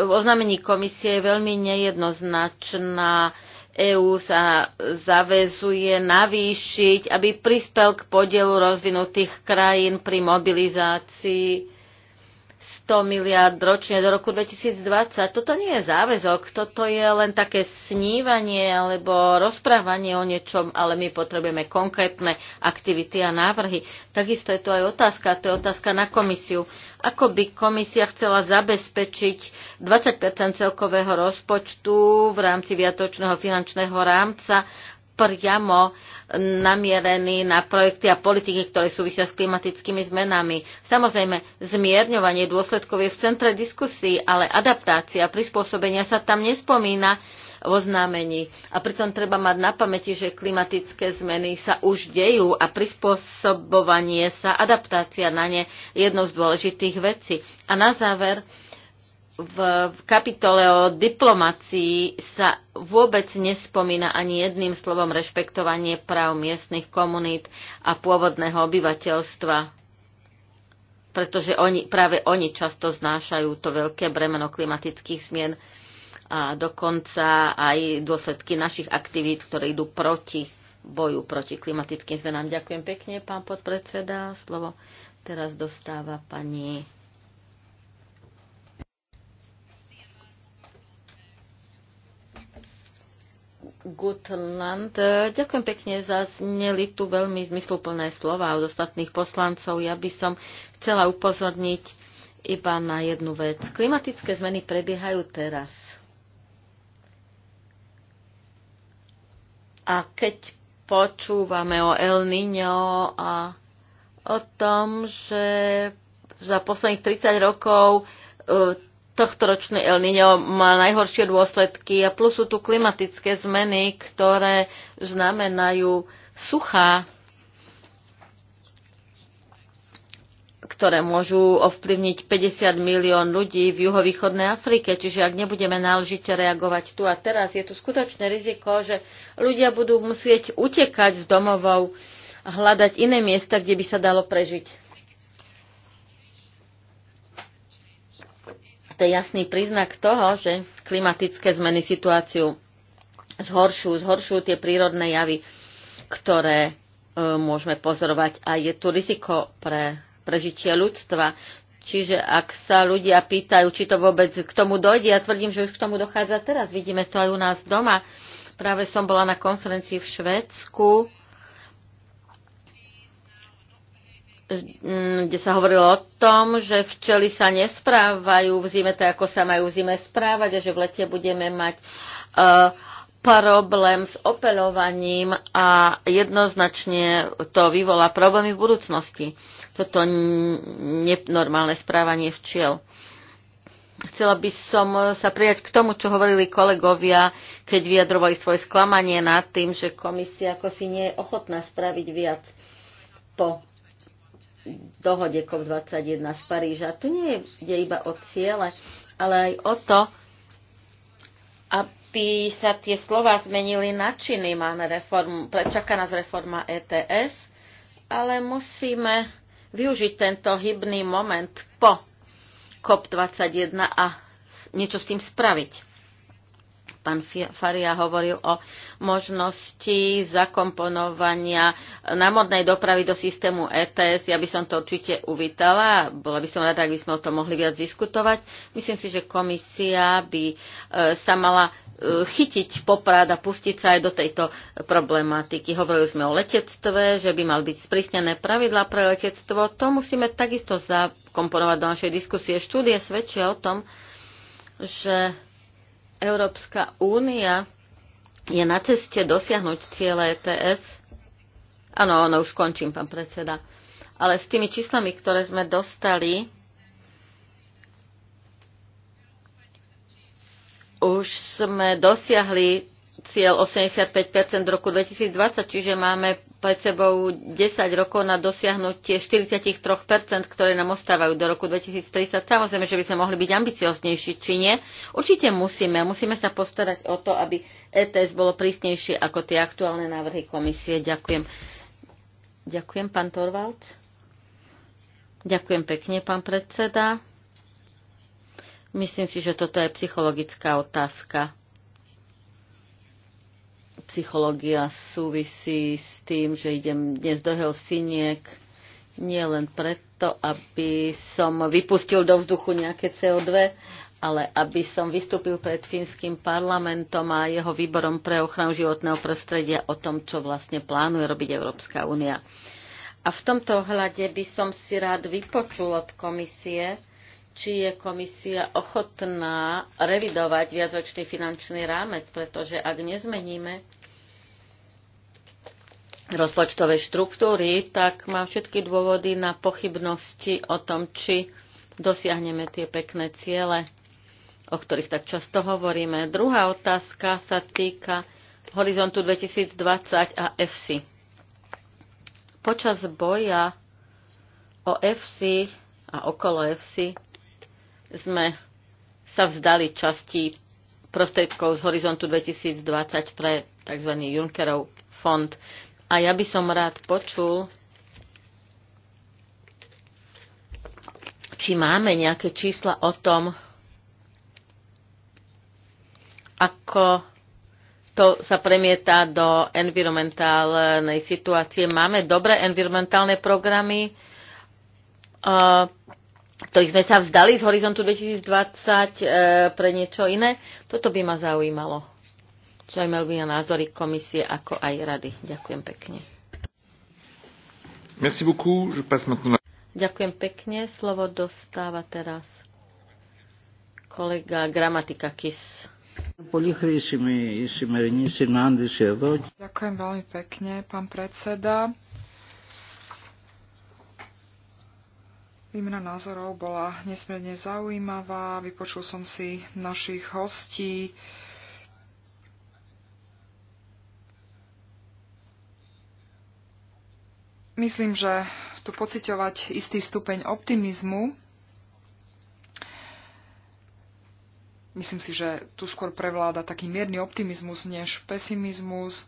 v oznámení komisie je veľmi nejednoznačná. E, EÚ sa zavezuje navýšiť, aby prispel k podielu rozvinutých krajín pri mobilizácii 100 miliard ročne do roku 2020. Toto nie je záväzok, toto je len také snívanie alebo rozprávanie o niečom, ale my potrebujeme konkrétne aktivity a návrhy. Takisto je to aj otázka, to je otázka na komisiu. Ako by komisia chcela zabezpečiť 20 celkového rozpočtu v rámci viatočného finančného rámca priamo namierený na projekty a politiky, ktoré súvisia s klimatickými zmenami. Samozrejme, zmierňovanie dôsledkov je v centre diskusí, ale adaptácia, prispôsobenia sa tam nespomína oznámení. A pritom treba mať na pamäti, že klimatické zmeny sa už dejú a prispôsobovanie sa, adaptácia na ne je jednou z dôležitých vecí. A na záver, v kapitole o diplomácii sa vôbec nespomína ani jedným slovom rešpektovanie práv miestnych komunít a pôvodného obyvateľstva, pretože oni, práve oni často znášajú to veľké bremeno klimatických zmien a dokonca aj dôsledky našich aktivít, ktoré idú proti boju proti klimatickým zmenám. Ďakujem pekne, pán podpredseda. Slovo teraz dostáva pani Gutland. Ďakujem pekne, zazneli tu veľmi zmysluplné slova od ostatných poslancov. Ja by som chcela upozorniť iba na jednu vec. Klimatické zmeny prebiehajú teraz A keď počúvame o El Niño a o tom, že za posledných 30 rokov e, tohto ročný El Niño má najhoršie dôsledky a plus sú tu klimatické zmeny, ktoré znamenajú suchá ktoré môžu ovplyvniť 50 milión ľudí v juhovýchodnej Afrike. Čiže ak nebudeme náležite reagovať tu a teraz, je tu skutočné riziko, že ľudia budú musieť utekať z domovov a hľadať iné miesta, kde by sa dalo prežiť. to je jasný príznak toho, že klimatické zmeny situáciu zhoršujú, zhoršujú tie prírodné javy, ktoré e, môžeme pozorovať a je tu riziko pre prežitie ľudstva. Čiže ak sa ľudia pýtajú, či to vôbec k tomu dojde, ja tvrdím, že už k tomu dochádza teraz. Vidíme to aj u nás doma. Práve som bola na konferencii v Švedsku, kde sa hovorilo o tom, že včely sa nesprávajú v zime tak, ako sa majú v zime správať a že v lete budeme mať uh, problém s opelovaním a jednoznačne to vyvolá problémy v budúcnosti. Uh, toto nenormálne správanie včiel. Chcela by som eh, sa prijať k tomu, čo hovorili kolegovia, keď vyjadrovali svoje sklamanie nad tým, že komisia ako si nie je ochotná spraviť viac po dohode COP21 z Paríža. Tu nie je iba o ciele, ale aj o to, aby sa tie slova zmenili na činy. Máme reformu, prečaká nás reforma ETS, ale musíme využiť tento hybný moment po COP21 a niečo s tým spraviť. Pán Faria hovoril o možnosti zakomponovania eh, námornej dopravy do systému ETS. Ja by som to určite uvítala. a Bola by som rada, ak by sme o tom mohli viac diskutovať. Myslím si, že komisia by eh, sa mala eh, chytiť poprad a pustiť sa aj do tejto problematiky. Hovorili sme o letectve, že by mal byť sprísnené pravidlá pre letectvo. To musíme takisto zakomponovať do našej diskusie. Štúdie svedčia o tom, že Európska únia je na ceste dosiahnuť ciele ETS. Áno, ono už končím, pán predseda. Ale s tými číslami, ktoré sme dostali, už sme dosiahli cieľ 85% v roku 2020, čiže máme pred sebou 10 rokov na dosiahnutie 43%, ktoré nám ostávajú do roku 2030. Samozrejme, že by sme mohli byť ambicioznejší, či nie. Určite musíme. Musíme sa postarať o to, aby ETS bolo prísnejšie ako tie aktuálne návrhy komisie. Ďakujem. Ďakujem, pán Torvald. Ďakujem pekne, pán predseda. Myslím si, že toto je psychologická otázka psychológia súvisí s tým, že idem dnes do Helsiniek len preto, aby som vypustil do vzduchu nejaké CO2, ale aby som vystúpil pred fínskym parlamentom a jeho výborom pre ochranu životného prostredia o tom, čo vlastne plánuje robiť Európska únia. A v tomto ohľade by som si rád vypočul od komisie, či je komisia ochotná revidovať viacročný finančný rámec, pretože ak nezmeníme rozpočtovej štruktúry, tak mám všetky dôvody na pochybnosti o tom, či dosiahneme tie pekné ciele, o ktorých tak často hovoríme. Druhá otázka sa týka Horizontu 2020 a EFSI. Počas boja o EFSI a okolo EFSI sme sa vzdali časti prostriedkov z Horizontu 2020 pre tzv. Junckerov fond. A ja by som rád počul, či máme nejaké čísla o tom, ako to sa premieta do environmentálnej situácie. Máme dobré environmentálne programy, ktorých sme sa vzdali z horizontu 2020 e, pre niečo iné. Toto by ma zaujímalo. Zaujímajú by názory komisie ako aj rady. Ďakujem pekne. Merci beaucoup. Je passe maintenant... Ďakujem pekne. Slovo dostáva teraz kolega Gramatika Kis. Ďakujem veľmi pekne, pán predseda. Výmena názorov bola nesmierne zaujímavá. Vypočul som si našich hostí. Myslím, že tu pociťovať istý stupeň optimizmu. Myslím si, že tu skôr prevláda taký mierny optimizmus než pesimizmus.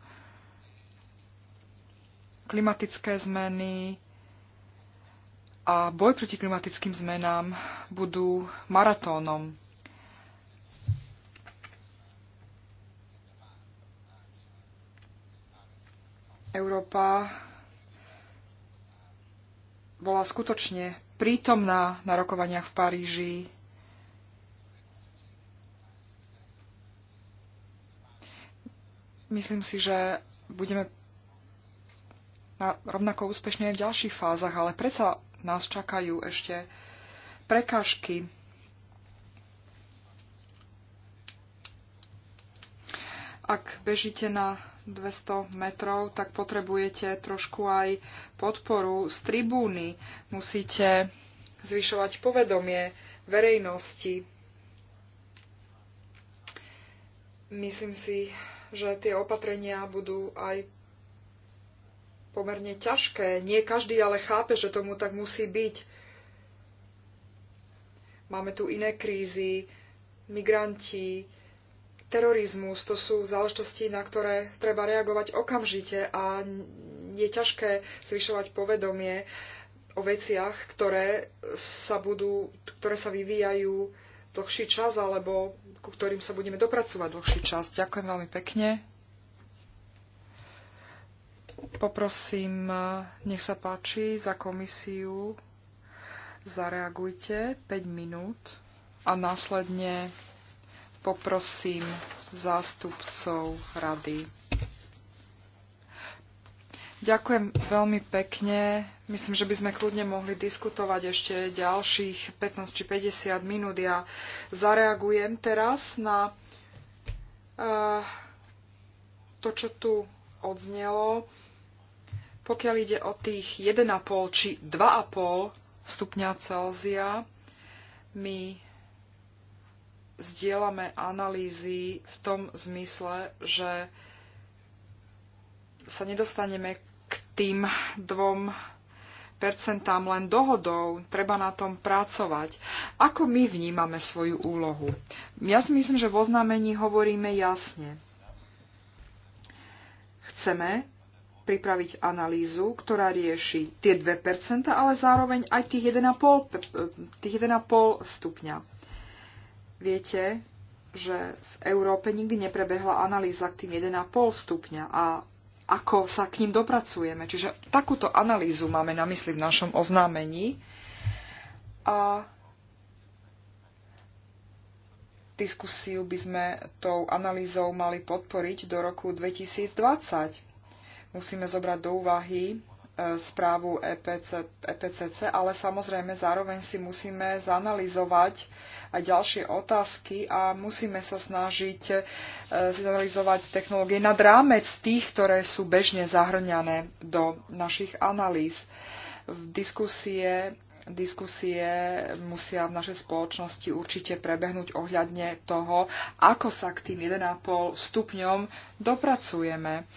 Klimatické zmeny a boj proti klimatickým zmenám budú maratónom. Európa bola skutočne prítomná na rokovaniach v Paríži. Myslím si, že budeme na rovnako úspešne aj v ďalších fázach, ale predsa nás čakajú ešte prekážky. Ak bežíte na 200 metrov, tak potrebujete trošku aj podporu z tribúny. Musíte zvyšovať povedomie verejnosti. Myslím si, že tie opatrenia budú aj pomerne ťažké. Nie každý ale chápe, že tomu tak musí byť. Máme tu iné krízy, migranti, terorizmus, to sú záležitosti, na ktoré treba reagovať okamžite a je ťažké zvyšovať povedomie o veciach, ktoré sa, budú, ktoré sa vyvíjajú dlhší čas alebo ku ktorým sa budeme dopracovať dlhší čas. Ďakujem veľmi pekne. Poprosím, nech sa páči, za komisiu zareagujte 5 minút a následne poprosím zástupcov rady. Ďakujem veľmi pekne. Myslím, že by sme kľudne mohli diskutovať ešte ďalších 15 či 50 minút. Ja zareagujem teraz na uh, to, čo tu odznelo. Pokiaľ ide o tých 1,5 či 2,5 stupňa Celzia, my zdieľame analýzy v tom zmysle, že sa nedostaneme k tým dvom percentám len dohodou, treba na tom pracovať. Ako my vnímame svoju úlohu? Ja si myslím, že v znamení hovoríme jasne. Chceme pripraviť analýzu, ktorá rieši tie 2%, ale zároveň aj tých 1,5, tých 1,5 stupňa. Viete, že v Európe nikdy neprebehla analýza k tým 1,5 stupňa a ako sa k ním dopracujeme. Čiže takúto analýzu máme na mysli v našom oznámení. A diskusiu by sme tou analýzou mali podporiť do roku 2020. Musíme zobrať do úvahy e, správu EPC, EPCC, ale samozrejme zároveň si musíme zanalizovať aj ďalšie otázky a musíme sa snažiť e, zanalizovať technológie nad rámec tých, ktoré sú bežne zahrňané do našich analýz. V diskusie diskusie musia v našej spoločnosti určite prebehnúť ohľadne toho, ako sa k tým 1,5 stupňom dopracujeme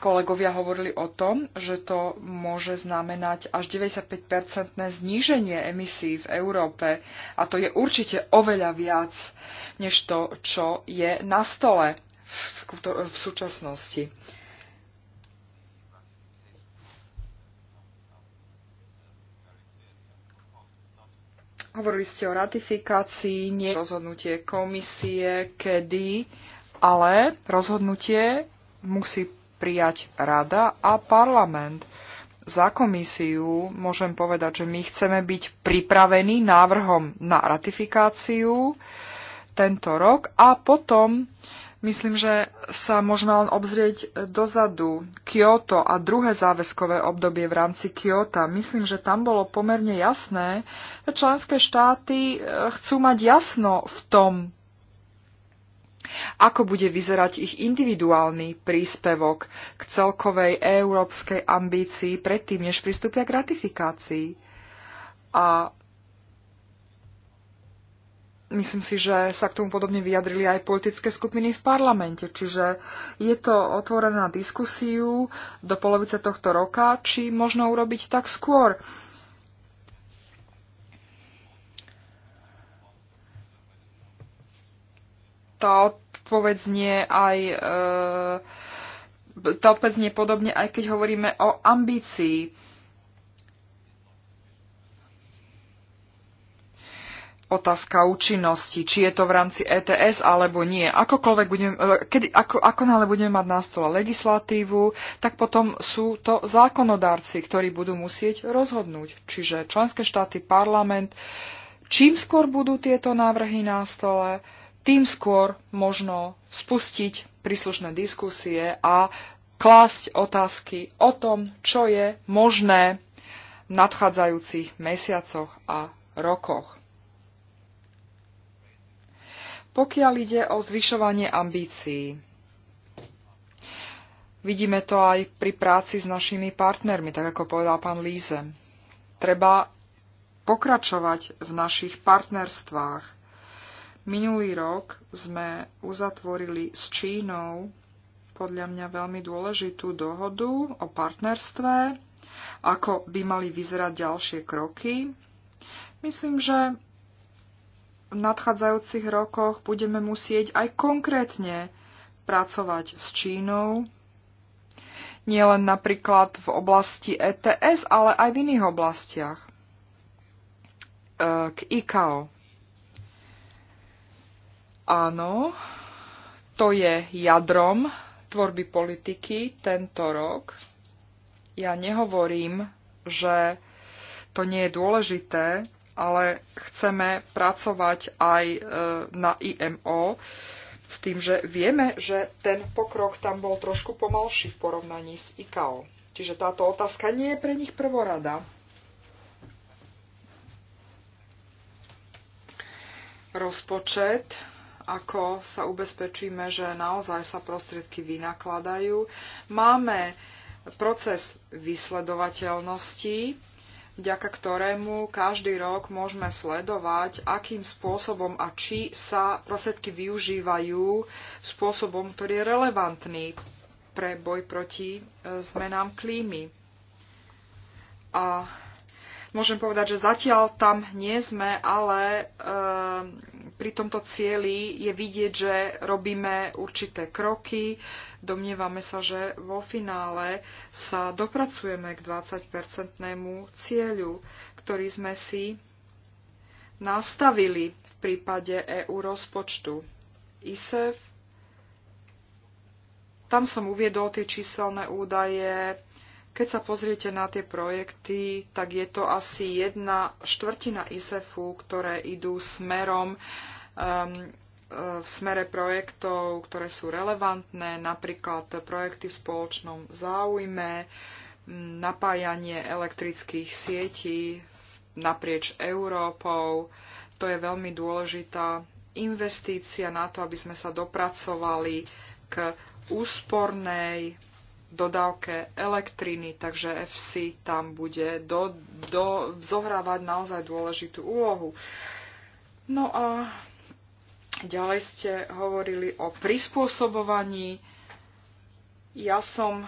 kolegovia hovorili o tom, že to môže znamenať až 95-percentné zníženie emisí v Európe a to je určite oveľa viac než to, čo je na stole v, súčasnosti. Hovorili ste o ratifikácii, nie rozhodnutie komisie, kedy, ale rozhodnutie musí prijať rada a parlament. Za komisiu môžem povedať, že my chceme byť pripravení návrhom na ratifikáciu tento rok a potom myslím, že sa môžeme len obzrieť dozadu. Kyoto a druhé záväzkové obdobie v rámci Kyoto. Myslím, že tam bolo pomerne jasné, že členské štáty e, chcú mať jasno v tom, ako bude vyzerať ich individuálny príspevok k celkovej európskej ambícii predtým, než pristúpia k ratifikácii? A myslím si, že sa k tomu podobne vyjadrili aj politické skupiny v parlamente. Čiže je to otvorené na diskusiu do polovice tohto roka, či možno urobiť tak skôr. Tá, odpoveď aj e, tá odpoveď znie podobne, aj keď hovoríme o ambícii. Otázka účinnosti, či je to v rámci ETS alebo nie. Akokoľvek budeme, e, kedy, ako, ako náhle budeme mať na stole legislatívu, tak potom sú to zákonodárci, ktorí budú musieť rozhodnúť. Čiže členské štáty, parlament, čím skôr budú tieto návrhy na stole, tým skôr možno spustiť príslušné diskusie a klásť otázky o tom, čo je možné v nadchádzajúcich mesiacoch a rokoch. Pokiaľ ide o zvyšovanie ambícií, vidíme to aj pri práci s našimi partnermi, tak ako povedal pán Líze. Treba pokračovať v našich partnerstvách Minulý rok sme uzatvorili s Čínou podľa mňa veľmi dôležitú dohodu o partnerstve, ako by mali vyzerať ďalšie kroky. Myslím, že v nadchádzajúcich rokoch budeme musieť aj konkrétne pracovať s Čínou, nielen napríklad v oblasti ETS, ale aj v iných oblastiach. E, k ICAO. Áno, to je jadrom tvorby politiky tento rok. Ja nehovorím, že to nie je dôležité, ale chceme pracovať aj e, na IMO s tým, že vieme, že ten pokrok tam bol trošku pomalší v porovnaní s IKO. Čiže táto otázka nie je pre nich prvorada. Rozpočet ako sa ubezpečíme, že naozaj sa prostriedky vynakladajú. Máme proces vysledovateľnosti, vďaka ktorému každý rok môžeme sledovať, akým spôsobom a či sa prostriedky využívajú spôsobom, ktorý je relevantný pre boj proti e, zmenám klímy. A môžem povedať, že zatiaľ tam nie sme, ale e, pri tomto cieli je vidieť, že robíme určité kroky. Domnievame sa, že vo finále sa dopracujeme k 20-percentnému cieľu, ktorý sme si nastavili v prípade EU rozpočtu. ISEF tam som uviedol tie číselné údaje, keď sa pozriete na tie projekty, tak je to asi jedna štvrtina ISEFu, ktoré idú smerom um, uh, v smere projektov, ktoré sú relevantné, napríklad projekty v spoločnom záujme, mm, napájanie elektrických sietí naprieč Európou. To je veľmi dôležitá investícia na to, aby sme sa dopracovali k úspornej dodávke elektriny, takže FC tam bude do, do, zohrávať naozaj dôležitú úlohu. No a ďalej ste hovorili o prispôsobovaní. Ja som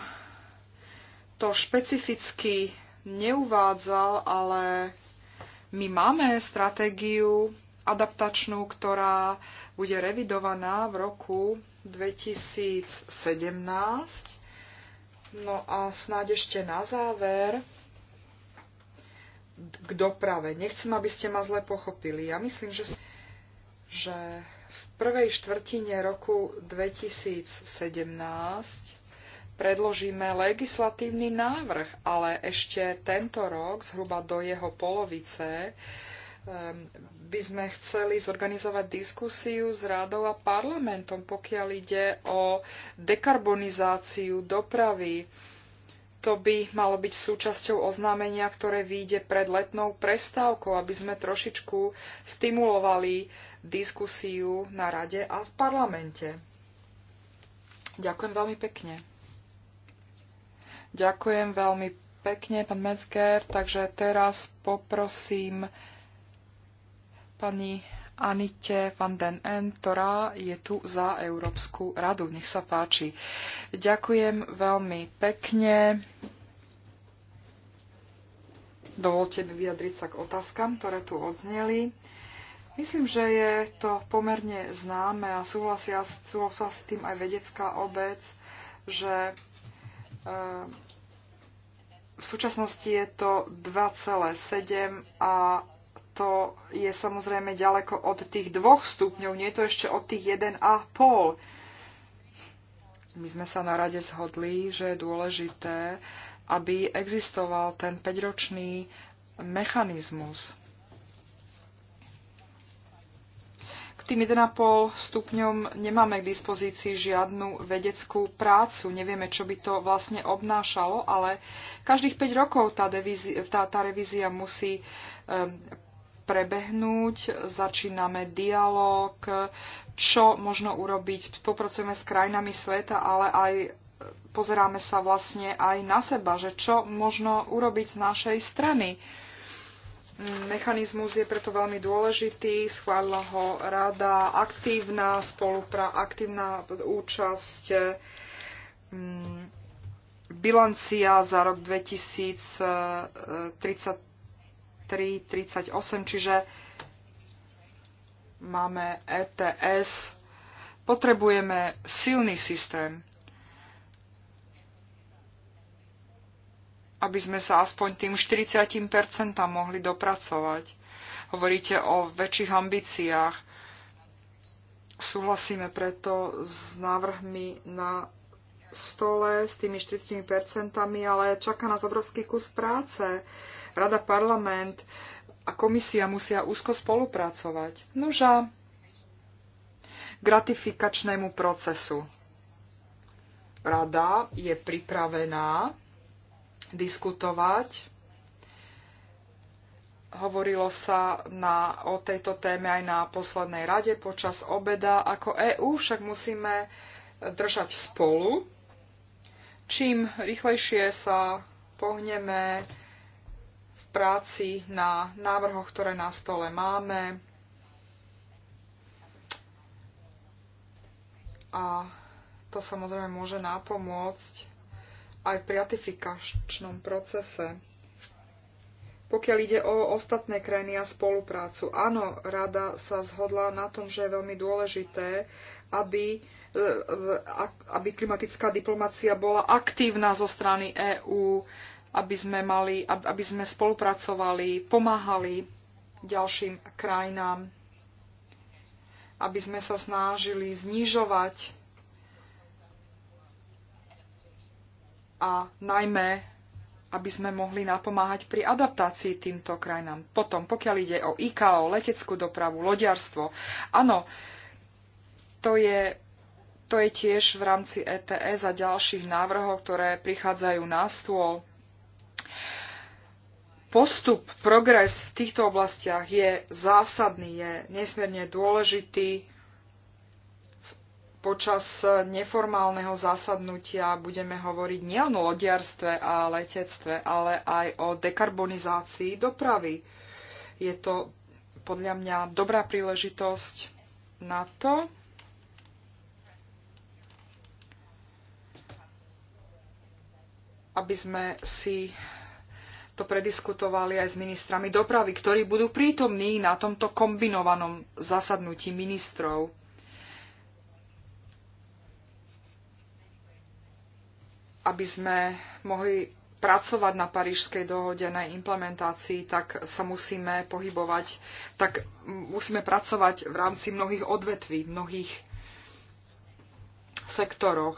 to špecificky neuvádzal, ale my máme stratégiu adaptačnú, ktorá bude revidovaná v roku 2017 No a snáď ešte na záver k doprave. Nechcem, aby ste ma zle pochopili. Ja myslím, že, že v prvej štvrtine roku 2017 predložíme legislatívny návrh, ale ešte tento rok, zhruba do jeho polovice, Ehm, by sme chceli zorganizovať diskusiu s rádou a parlamentom, pokiaľ ide o dekarbonizáciu dopravy. To by malo byť súčasťou oznámenia, ktoré vyjde pred letnou prestávkou, aby sme trošičku stimulovali diskusiu na rade a v parlamente. Ďakujem veľmi pekne. Ďakujem veľmi pekne, pán Metzger. Takže teraz poprosím pani Anite van den En, ktorá je tu za Európsku radu. Nech sa páči. Ďakujem veľmi pekne. Dovolte mi vyjadriť sa k otázkam, ktoré tu odzneli. Myslím, že je to pomerne známe a súhlasia, súhlasia s tým aj vedecká obec, že eh, v súčasnosti je to 2,7 a to je samozrejme ďaleko od tých dvoch stupňov, nie je to ešte od tých 1,5. My sme sa na rade zhodli, že je dôležité, aby existoval ten 5-ročný mechanizmus. K tým 1,5 stupňom nemáme k dispozícii žiadnu vedeckú prácu. Nevieme, čo by to vlastne obnášalo, ale každých 5 rokov tá, devizi- tá, tá revízia musí um, prebehnúť, začíname dialog, čo možno urobiť, spolupracujeme s krajinami sveta, ale aj pozeráme sa vlastne aj na seba, že čo možno urobiť z našej strany. Mechanizmus je preto veľmi dôležitý, schválila ho rada, aktívna spolupra, aktívna účasť, mm, bilancia za rok 2030 3,38, čiže máme ETS. Potrebujeme silný systém, aby sme sa aspoň tým 40% mohli dopracovať. Hovoríte o väčších ambíciách. Súhlasíme preto s návrhmi na stole s tými 40%, ale čaká nás obrovský kus práce Rada, parlament a komisia musia úzko spolupracovať. Noža gratifikačnému procesu. Rada je pripravená diskutovať. Hovorilo sa na, o tejto téme aj na poslednej rade počas obeda. Ako EÚ však musíme držať spolu. Čím rýchlejšie sa pohneme, práci na návrhoch, ktoré na stole máme. A to samozrejme môže nápomôcť aj v priatifikačnom procese. Pokiaľ ide o ostatné krajiny a spoluprácu, áno, rada sa zhodla na tom, že je veľmi dôležité, aby, e, e, aby klimatická diplomacia bola aktívna zo strany EÚ, aby sme, mali, aby sme spolupracovali, pomáhali ďalším krajinám, aby sme sa snažili znižovať a najmä, aby sme mohli napomáhať pri adaptácii týmto krajinám. Potom, pokiaľ ide o IKO, leteckú dopravu, lodiarstvo, áno, to je to je tiež v rámci ETS a ďalších návrhov, ktoré prichádzajú na stôl postup, progres v týchto oblastiach je zásadný, je nesmierne dôležitý. Počas neformálneho zasadnutia budeme hovoriť nielen o lodiarstve a letectve, ale aj o dekarbonizácii dopravy. Je to podľa mňa dobrá príležitosť na to, aby sme si to prediskutovali aj s ministrami dopravy, ktorí budú prítomní na tomto kombinovanom zasadnutí ministrov. Aby sme mohli pracovať na Parížskej dohode, na implementácii, tak sa musíme pohybovať, tak musíme pracovať v rámci mnohých odvetví, mnohých sektoroch.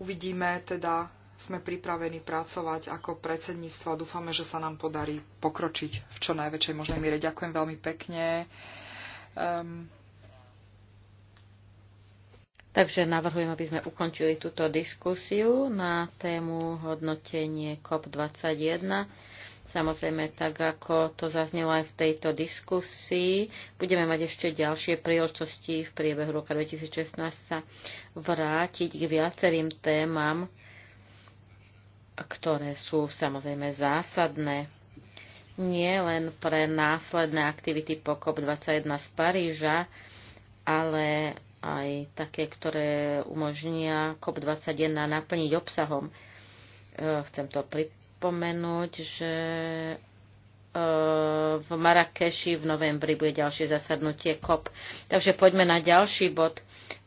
Uvidíme teda, sme pripravení pracovať ako predsedníctvo a dúfame, že sa nám podarí pokročiť v čo najväčšej možnej miere. Ďakujem veľmi pekne. Um... Takže navrhujem, aby sme ukončili túto diskusiu na tému hodnotenie COP21. Samozrejme, tak ako to zaznelo aj v tejto diskusii, budeme mať ešte ďalšie príležitosti v priebehu roka 2016 sa vrátiť k viacerým témam, ktoré sú samozrejme zásadné nie len pre následné aktivity po COP21 z Paríža, ale aj také, ktoré umožnia COP21 naplniť obsahom. E, chcem to pripomenúť, že e, v Marrakeši v novembri bude ďalšie zasadnutie COP. Takže poďme na ďalší bod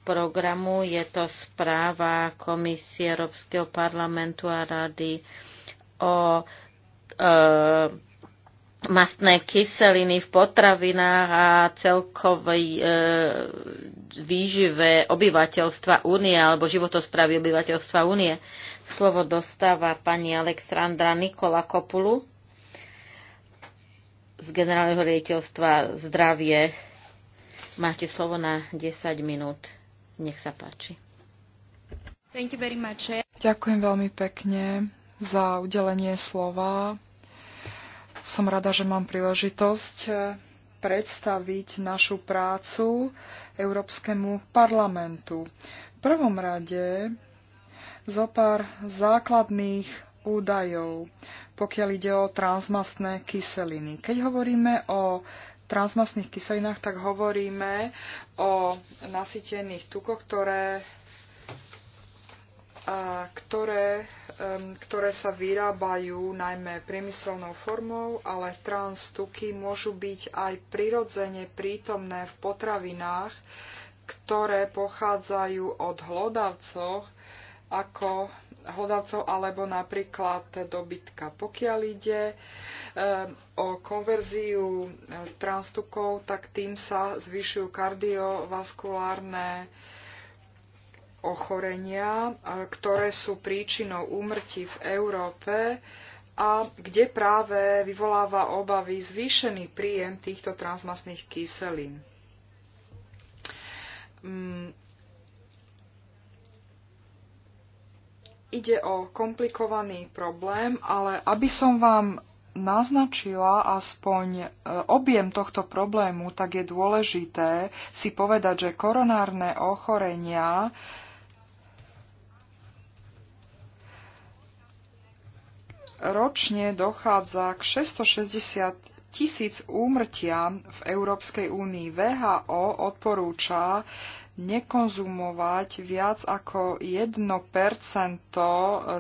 programu. Je to správa Komisie Európskeho parlamentu a rady o e, mastné kyseliny v potravinách a celkovej e, výžive obyvateľstva únie alebo životosprávy obyvateľstva únie. Slovo dostáva pani Aleksandra Nikola Kopulu z generálneho riaditeľstva zdravie. Máte slovo na 10 minút. Nech sa páči. Thank you very much. Ďakujem veľmi pekne za udelenie slova. Som rada, že mám príležitosť eh, predstaviť našu prácu Európskemu parlamentu. V prvom rade zo pár základných údajov, pokiaľ ide o transmastné kyseliny. Keď hovoríme o transmastných kyselinách, tak hovoríme o nasýtených tukoch, ktoré, a ktoré, um, ktoré sa vyrábajú najmä priemyselnou formou, ale trans tuky môžu byť aj prirodzene prítomné v potravinách, ktoré pochádzajú od hlodavcov, ako hlodavcov alebo napríklad dobytka. Pokiaľ ide o konverziu e, transtukov, tak tým sa zvyšujú kardiovaskulárne ochorenia, e, ktoré sú príčinou úmrtí v Európe a kde práve vyvoláva obavy zvýšený príjem týchto transmasných kyselín. Mm, ide o komplikovaný problém, ale aby som vám naznačila aspoň e, objem tohto problému, tak je dôležité si povedať, že koronárne ochorenia ročne dochádza k 660 tisíc úmrtiam v Európskej únii. VHO odporúča nekonzumovať viac ako 1 e,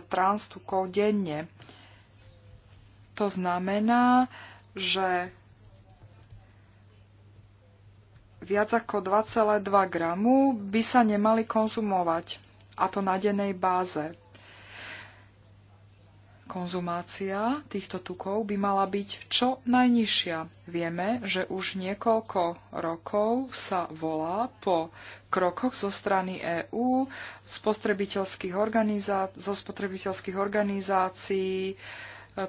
transtukov denne. To znamená, že viac ako 2,2 gramu by sa nemali konzumovať, a to na dennej báze. Konzumácia týchto tukov by mala byť čo najnižšia. Vieme, že už niekoľko rokov sa volá po krokoch zo strany EÚ, zo spotrebiteľských organizácií,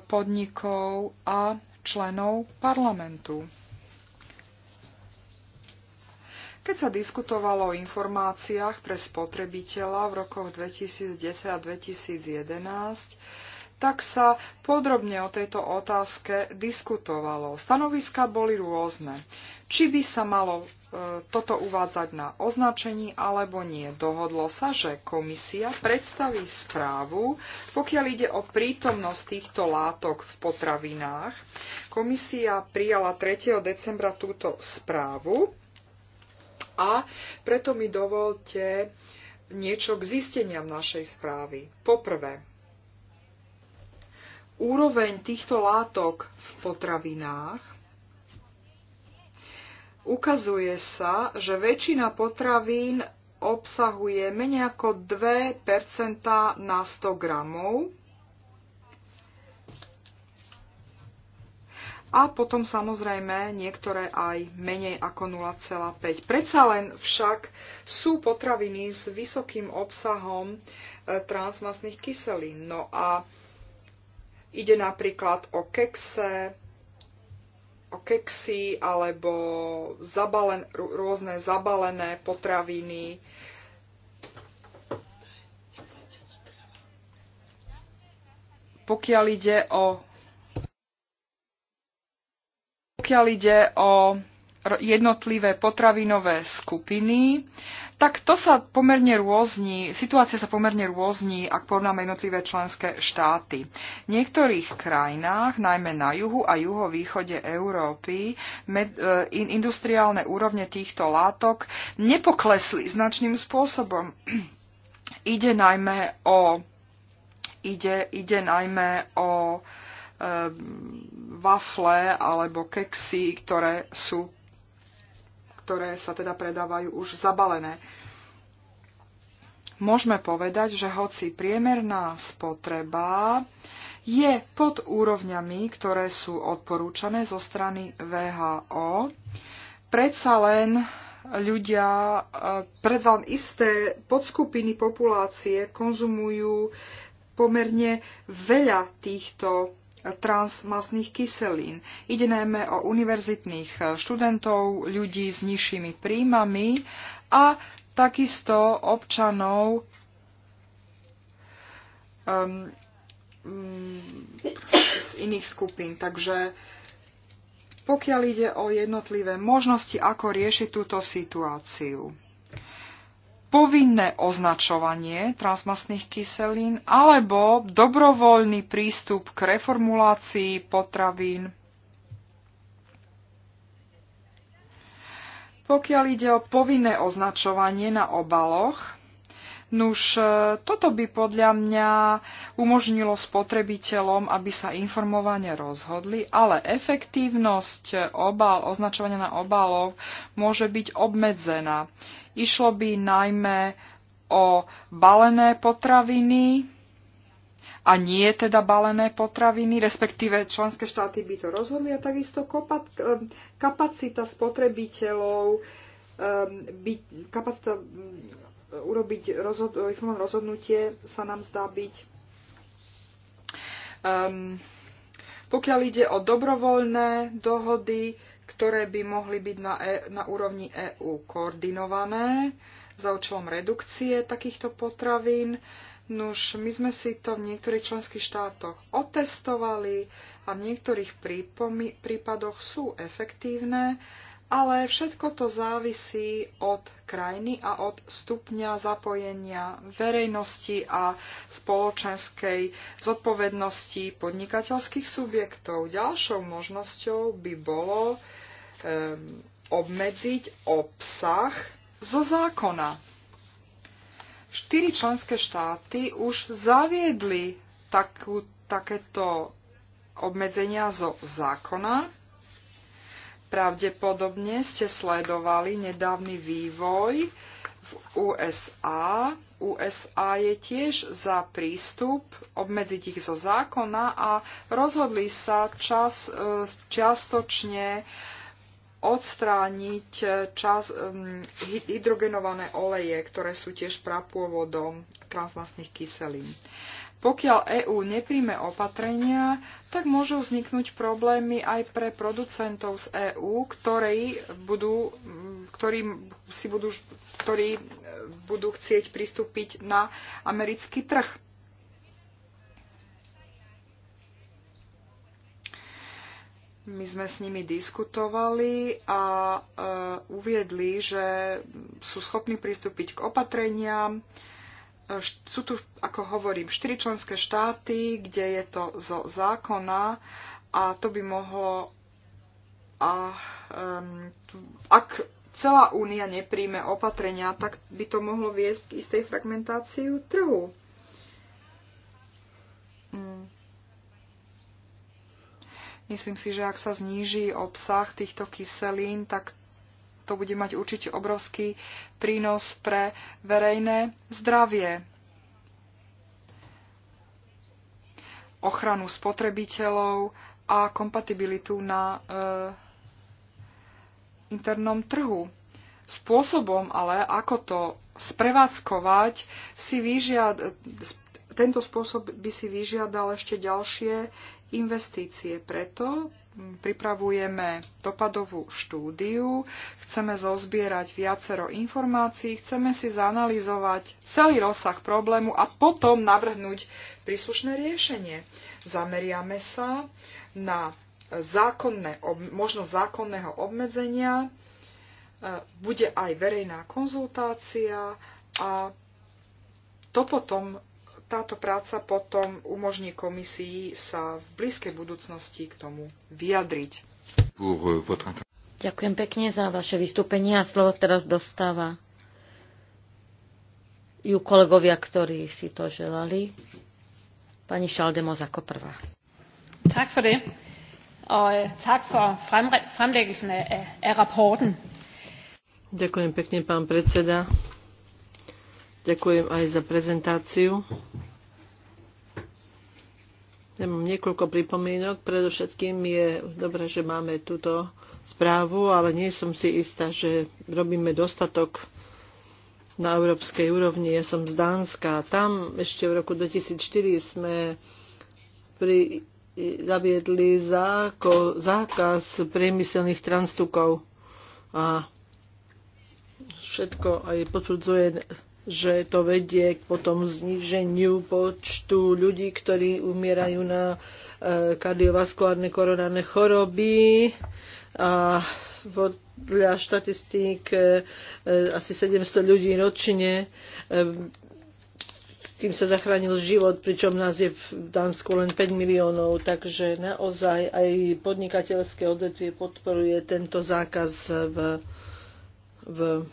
podnikov a členov parlamentu. Keď sa diskutovalo o informáciách pre spotrebiteľa v rokoch 2010 a 2011, tak sa podrobne o tejto otázke diskutovalo. Stanoviska boli rôzne. Či by sa malo e, toto uvádzať na označení alebo nie. Dohodlo sa, že komisia predstaví správu, pokiaľ ide o prítomnosť týchto látok v potravinách. Komisia prijala 3. decembra túto správu a preto mi dovolte niečo k zisteniam našej správy. Poprvé, úroveň týchto látok v potravinách, ukazuje sa, že väčšina potravín obsahuje menej ako 2 na 100 gramov. A potom samozrejme niektoré aj menej ako 0,5. Predsa len však sú potraviny s vysokým obsahom eh, transmastných kyselín. No a Ide napríklad o kekse, o keksy alebo zabalen, rôzne zabalené potraviny. Pokiaľ ide o pokiaľ ide o jednotlivé potravinové skupiny, tak to sa pomerne rôzni, situácia sa pomerne rôzni, ak porovnáme jednotlivé členské štáty. V niektorých krajinách, najmä na juhu a juhovýchode Európy, med, e, in, industriálne úrovne týchto látok nepoklesli značným spôsobom. ide najmä o ide, ide najmä o e, wafle alebo keksy, ktoré sú ktoré sa teda predávajú už zabalené. Môžeme povedať, že hoci priemerná spotreba je pod úrovňami, ktoré sú odporúčané zo strany VHO, predsa len ľudia, e, predsa len isté podskupiny populácie konzumujú pomerne veľa týchto transmasných kyselín. Ide najmä o univerzitných eh, študentov, ľudí s nižšími príjmami a takisto občanov um, um, z iných skupín. Takže pokiaľ ide o jednotlivé možnosti, ako riešiť túto situáciu povinné označovanie transmastných kyselín alebo dobrovoľný prístup k reformulácii potravín. Pokiaľ ide o povinné označovanie na obaloch, Nuž, e, toto by podľa mňa umožnilo spotrebiteľom, aby sa informovane rozhodli, ale efektívnosť obal, označovania na obalov môže byť obmedzená. Išlo by najmä o balené potraviny, a nie teda balené potraviny, respektíve členské štáty by to rozhodli a takisto e, kapacita spotrebiteľov e, by, kapacita urobiť rozhod- informované rozhodnutie sa nám zdá byť. Um, pokiaľ ide o dobrovoľné dohody, ktoré by mohli byť na, e- na úrovni EÚ koordinované za účelom redukcie takýchto potravín, Nuž, my sme si to v niektorých členských štátoch otestovali a v niektorých prípadoch sú efektívne ale všetko to závisí od krajiny a od stupňa zapojenia verejnosti a spoločenskej zodpovednosti podnikateľských subjektov. Ďalšou možnosťou by bolo um, obmedziť obsah zo zákona. Štyri členské štáty už zaviedli takú, takéto obmedzenia zo zákona Pravdepodobne ste sledovali nedávny vývoj v USA. USA je tiež za prístup obmedziť ich zo zákona a rozhodli sa čas, e, čiastočne odstrániť e, čas, um, hydrogenované oleje, ktoré sú tiež prapôvodom transmastných kyselín. Pokiaľ EÚ nepríjme opatrenia, tak môžu vzniknúť problémy aj pre producentov z EÚ, ktorí budú, ktorí, si budú, ktorí budú chcieť pristúpiť na americký trh. My sme s nimi diskutovali a uh, uviedli, že sú schopní pristúpiť k opatreniam, Uh, E, sú tu, ako hovorím, štyri členské štáty, kde je to zo zákona a to by mohlo a um, ak celá únia nepríjme opatrenia, tak by to mohlo viesť k istej fragmentáciu trhu. Hmm. Myslím si, že ak sa zníži obsah týchto kyselín, tak to bude mať určite obrovský prínos pre verejné zdravie. ochranu spotrebiteľov a kompatibilitu na e, internom trhu. Spôsobom ale, ako to sprevádzkovať, si vyžiad, tento spôsob by si vyžiadal ešte ďalšie investície. Preto pripravujeme dopadovú štúdiu, chceme zozbierať viacero informácií, chceme si zanalizovať celý rozsah problému a potom navrhnúť príslušné riešenie. Zameriame sa na zákonné, možnosť zákonného obmedzenia, e, bude aj verejná konzultácia a to potom táto práca potom umožní komisii sa v blízkej budúcnosti k tomu vyjadriť. Euh, Ďakujem pekne za vaše vystúpenie a slovo teraz dostáva ju kolegovia, ktorí si to želali. Pani Šaldemos ako prvá. Tak for det. Og øh, tak for fremlæggelsen af, af rapporten. Ďakujem pekne, pán predseda. Ďakujem aj za prezentáciu. Ja mám niekoľko pripomienok. Predovšetkým je dobré, že máme túto správu, ale nie som si istá, že robíme dostatok na európskej úrovni. Ja som z Dánska. Tam ešte v roku 2004 sme pri, zaviedli záko, zákaz priemyselných transtukov a všetko aj potvrdzuje že to vedie k potom zniženiu počtu ľudí, ktorí umierajú na e, kardiovaskulárne koronárne choroby. A podľa štatistík e, e, asi 700 ľudí ročne tým sa zachránil život, pričom nás je v Dánsku len 5 miliónov, takže naozaj aj podnikateľské odvetvie podporuje tento zákaz v, v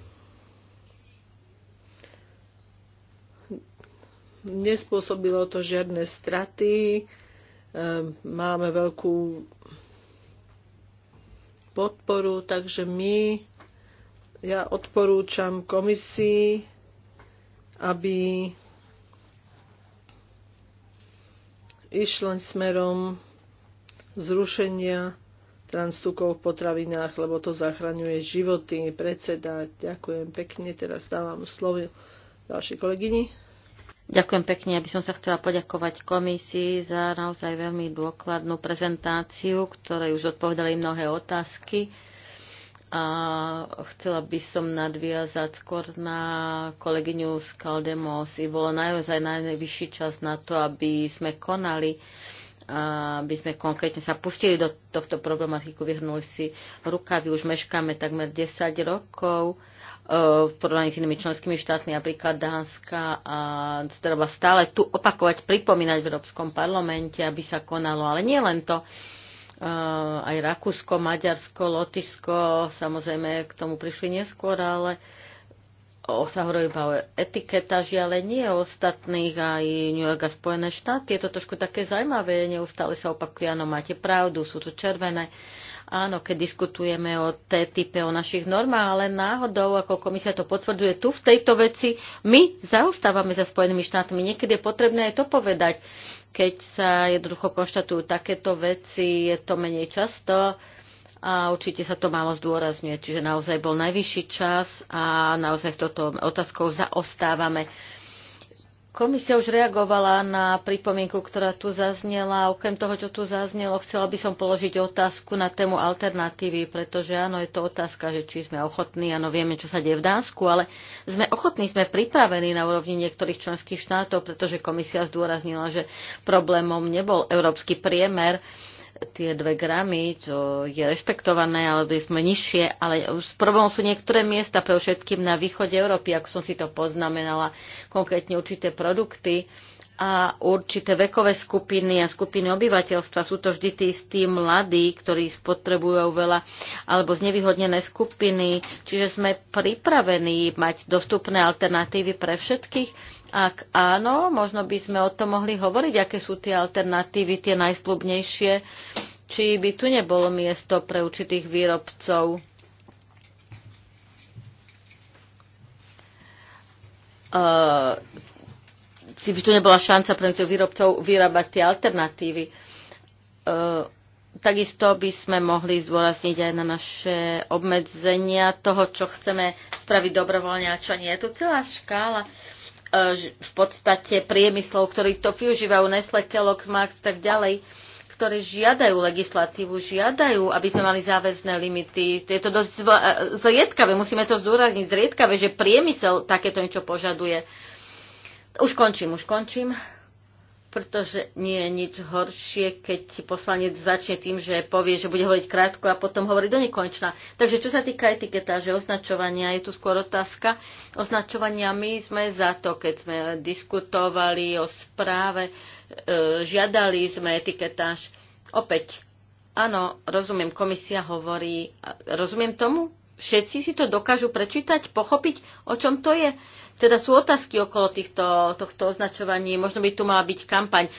nespôsobilo to žiadne straty. Ehm, máme veľkú podporu, takže my, ja odporúčam komisii, aby išla smerom zrušenia transtukov v potravinách, lebo to zachraňuje životy. Predseda, ďakujem pekne, teraz dávam slovo ďalšej kolegyni. Ďakujem pekne, aby som sa chcela poďakovať komisii za naozaj veľmi dôkladnú prezentáciu, ktorej už odpovedali mnohé otázky. A chcela by som nadviazať skôr na kolegyňu z Kaldemos. I bolo naozaj najvyšší čas na to, aby sme konali aby sme konkrétne sa pustili do tohto problematiku, vyhrnuli si rukavy. Už meškáme takmer 10 rokov. E, v porovnaní s inými členskými štátmi, napríklad Dánska, a teda treba stále tu opakovať, pripomínať v Európskom parlamente, aby sa konalo. Ale nie len to, e, aj Rakúsko, Maďarsko, Lotyšsko, samozrejme k tomu prišli neskôr, ale sa hovorí iba o etiketa, žiaľ nie o ostatných, aj New York a Spojené štáty. Je to trošku také zaujímavé, neustále sa opakuje, áno, máte pravdu, sú tu červené Áno, keď diskutujeme o TTIP, o našich normách, ale náhodou, ako komisia to potvrduje tu v tejto veci, my zaostávame za Spojenými štátmi. Niekedy je potrebné aj to povedať. Keď sa jednoducho konštatujú takéto veci, je to menej často a určite sa to málo zdôrazňuje. Čiže naozaj bol najvyšší čas a naozaj v toto otázkou zaostávame Komisia už reagovala na pripomienku, ktorá tu zaznela. Okrem toho, čo tu zaznelo, chcela by som položiť otázku na tému alternatívy, pretože áno, je to otázka, že či sme ochotní, áno, vieme, čo sa deje v Dánsku, ale sme ochotní, sme pripravení na úrovni niektorých členských štátov, pretože komisia zdôraznila, že problémom nebol európsky priemer, tie dve gramy, to je rešpektované, ale by sme nižšie, ale s problémom sú niektoré miesta, pre všetkým na východe Európy, ako som si to poznamenala, konkrétne určité produkty a určité vekové skupiny a skupiny obyvateľstva. Sú to vždy tí istí mladí, ktorí spotrebujú veľa, alebo znevýhodnené skupiny. Čiže sme pripravení mať dostupné alternatívy pre všetkých ak áno, možno by sme o tom mohli hovoriť, aké sú tie alternatívy, tie najslubnejšie, či by tu nebolo miesto pre určitých výrobcov. Uh, eh, si by tu nebola šanca pre tých výrobcov vyrábať tie alternatívy. Uh, Takisto by sme mohli zdôrazniť aj na naše obmedzenia toho, čo chceme spraviť dobrovoľne a čo nie. Je to celá škála Eh, v podstate priemyslov, ktorí to využívajú, Nestle, Kellogg, Max, tak ďalej, ktoré žiadajú legislatívu, žiadajú, aby sme mali záväzné limity. Je to dosť eh, zriedkavé, musíme to zdôrazniť, zriedkavé, že priemysel takéto niečo požaduje. Už končím, už končím pretože nie je nič horšie, keď poslanec začne tým, že povie, že bude hovoriť krátko a potom hovorí do nekonečna. Takže čo sa týka etiketáže, označovania, je tu skôr otázka. Označovania my sme za to, keď sme diskutovali o správe, e, žiadali sme etiketáž. Opäť, áno, rozumiem, komisia hovorí, rozumiem tomu? Všetci si to dokážu prečítať, pochopiť, o čom to je? Teda sú otázky okolo týchto, tohto označovaní. Možno by tu mala byť kampaň,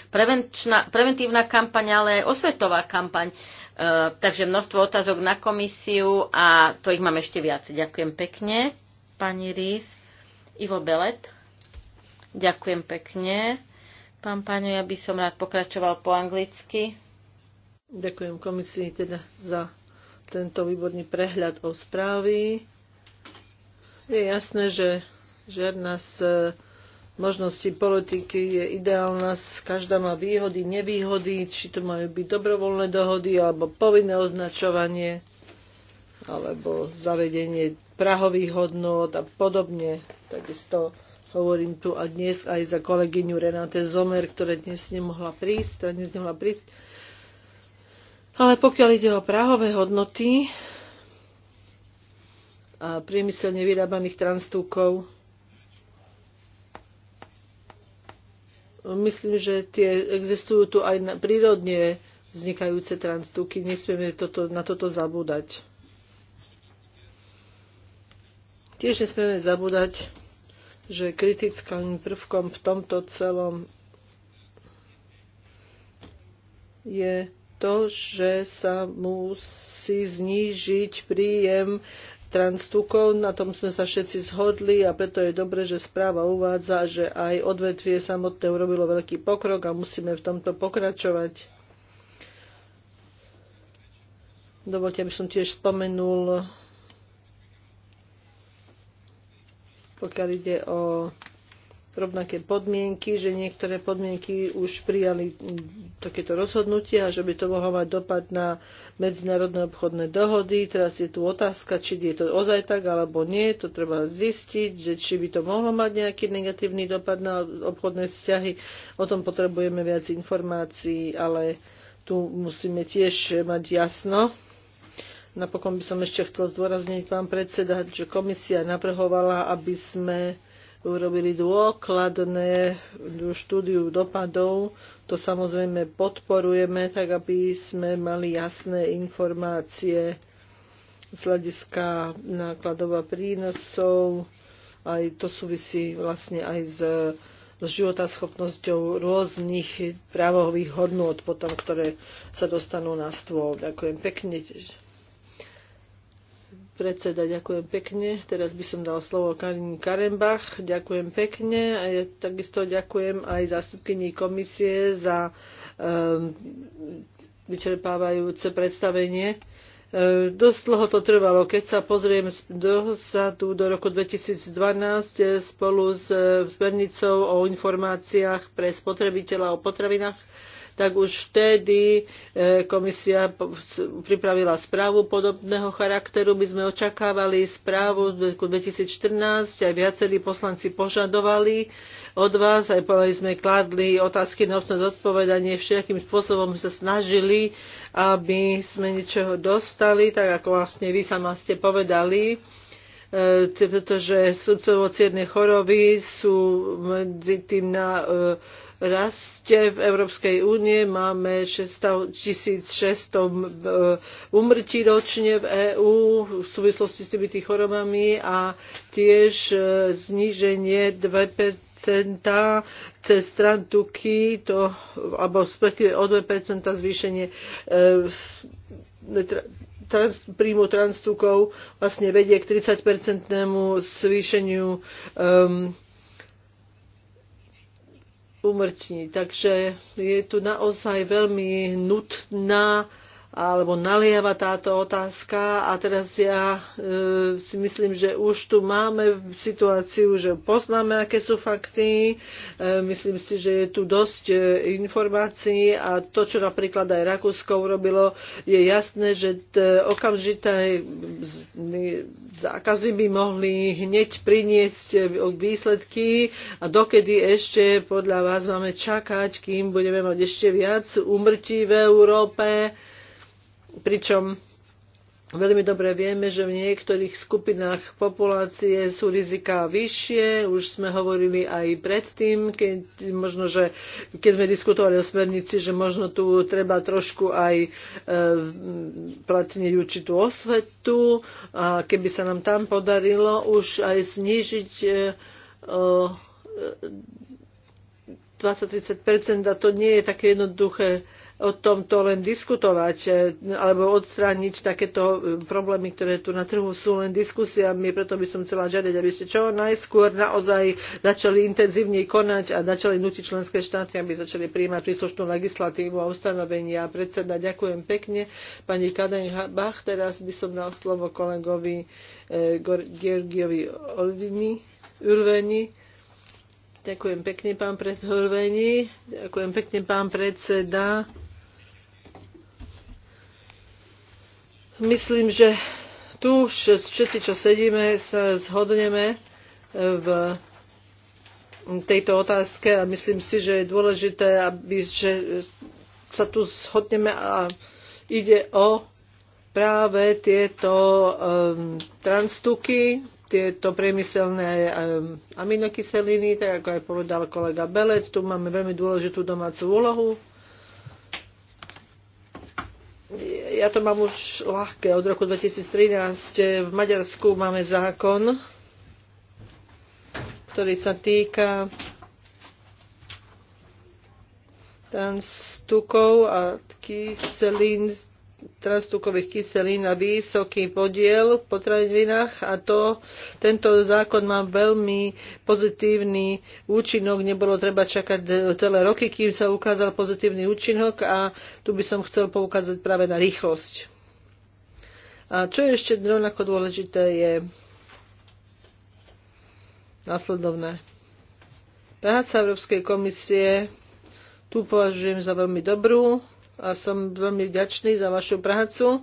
preventívna kampaň, ale aj osvetová kampaň. E, takže množstvo otázok na komisiu a to ich mám ešte viac. Ďakujem pekne, pani Rís. Ivo Belet. Ďakujem pekne. Pán Páňo, ja by som rád pokračoval po anglicky. Ďakujem komisii teda za tento výborný prehľad o správy. Je jasné, že Žiadna z e, možností politiky je ideálna, každá má výhody, nevýhody, či to majú byť dobrovoľné dohody alebo povinné označovanie alebo zavedenie prahových hodnot a podobne. Takisto hovorím tu a dnes aj za kolegyňu Renate Zomer, ktorá dnes nemohla prísť, a dnes nemohla prísť. Ale pokiaľ ide o prahové hodnoty a priemyselne vyrábaných transtúkov, Myslím, že tie existujú tu aj na prírodne vznikajúce transtuky. Nesmieme toto, na toto zabúdať. Tiež nesmieme zabúdať, že kritickým prvkom v tomto celom je to, že sa musí znížiť príjem transtukov. Na tom sme sa všetci zhodli a preto je dobre, že správa uvádza, že aj odvetvie samotné urobilo veľký pokrok a musíme v tomto pokračovať. Dovolte, aby som tiež spomenul, pokiaľ ide o rovnaké podmienky, že niektoré podmienky už prijali mm, takéto rozhodnutia, že by to mohlo mať dopad na medzinárodné obchodné dohody. Teraz je tu otázka, či je to ozaj tak alebo nie. To treba zistiť, že či by to mohlo mať nejaký negatívny dopad na obchodné vzťahy. O tom potrebujeme viac informácií, ale tu musíme tiež mať jasno. Napokon by som ešte chcel zdôrazniť pán predseda, že komisia navrhovala, aby sme urobili dôkladné štúdiu dopadov. To samozrejme podporujeme, tak aby sme mali jasné informácie z hľadiska nákladov a prínosov. Aj to súvisí vlastne aj s, s životaschopnosťou rôznych právových hodnôt, potom, ktoré sa dostanú na stôl. Ďakujem pekne predseda, ďakujem pekne. Teraz by som dal slovo Karin Karembach. Ďakujem pekne a ja takisto ďakujem aj zástupkyni komisie za um, vyčerpávajúce predstavenie. Ehm, dosť dlho to trvalo. Keď sa pozriem tu do roku 2012 eh, spolu s eh, smernicou o informáciách pre spotrebiteľa o potravinách, tak už vtedy e, komisia pripravila správu podobného charakteru. My sme očakávali správu v roku 2014, aj viacerí poslanci požadovali od vás, aj povedali sme, kladli otázky na obsné zodpovedanie, všetkým spôsobom sa snažili, aby sme niečoho dostali, tak ako vlastne vy sama ste povedali e, pretože srdcovo-cievne choroby sú medzi tým na e, raste v Európskej únie. Máme 1600 e, umrtí ročne v EÚ v súvislosti s týmito chorobami a tiež e, zníženie 2 percenta cez stran tuky, to, alebo respektíve o 2 percenta zvýšenie e, trans, príjmu transtukov vlastne vedie k 30-percentnému zvýšeniu e, umrtní. Takže je tu naozaj veľmi nutná alebo nalieva táto otázka a teraz ja e, si myslím, že už tu máme situáciu, že poznáme, aké sú fakty, e, myslím si, že je tu dosť e, informácií a to, čo napríklad aj Rakúsko urobilo, je jasné, že t, okamžité zákazy by mohli hneď priniesť e, výsledky a dokedy ešte podľa vás máme čakať, kým budeme mať ešte viac umrtí v Európe pričom Veľmi dobre vieme, že v niektorých skupinách populácie sú rizika vyššie. Už sme hovorili aj predtým, keď, možno, že, keď sme diskutovali o smernici, že možno tu treba trošku aj e, platniť určitú osvetu. A keby sa nám tam podarilo už aj znížiť e, e, 20-30 a to nie je také jednoduché o tomto len diskutovať e, alebo odstrániť takéto e, problémy, ktoré tu na trhu sú len diskusiami. Preto by som chcela žiadať, aby ste čo najskôr naozaj začali intenzívne konať a začali nutiť členské štáty, aby začali príjmať príslušnú legislatívu a ustanovenia. Predseda, ďakujem pekne. Pani Bach. teraz by som dal slovo kolegovi e, Georgiovi Olvini, Urveni. Ďakujem pekne, pán predhorvení. Ďakujem pekne, pán predseda. Myslím, že tu všetci, čo sedíme, sa zhodneme e, v tejto otázke a myslím si, že je dôležité, aby že sa tu zhodneme a ide o práve tieto um, transtuky, tieto priemyselné um, aminokyseliny, tak ako aj povedal kolega Belet, tu máme veľmi dôležitú domácu úlohu. ja to mám už ľahké. Od roku 2013 v Maďarsku máme zákon, ktorý sa týka tanstukov a kyselín z transtukových kyselín na vysoký podiel v potravinách a to, tento zákon má veľmi pozitívny účinok. Nebolo treba čakať celé roky, kým sa ukázal pozitívny účinok a tu by som chcel poukázať práve na rýchlosť. A čo je ešte rovnako dôležité je následovné. Práca Európskej komisie tu považujem za veľmi dobrú a som veľmi vďačný za vašu prácu. E,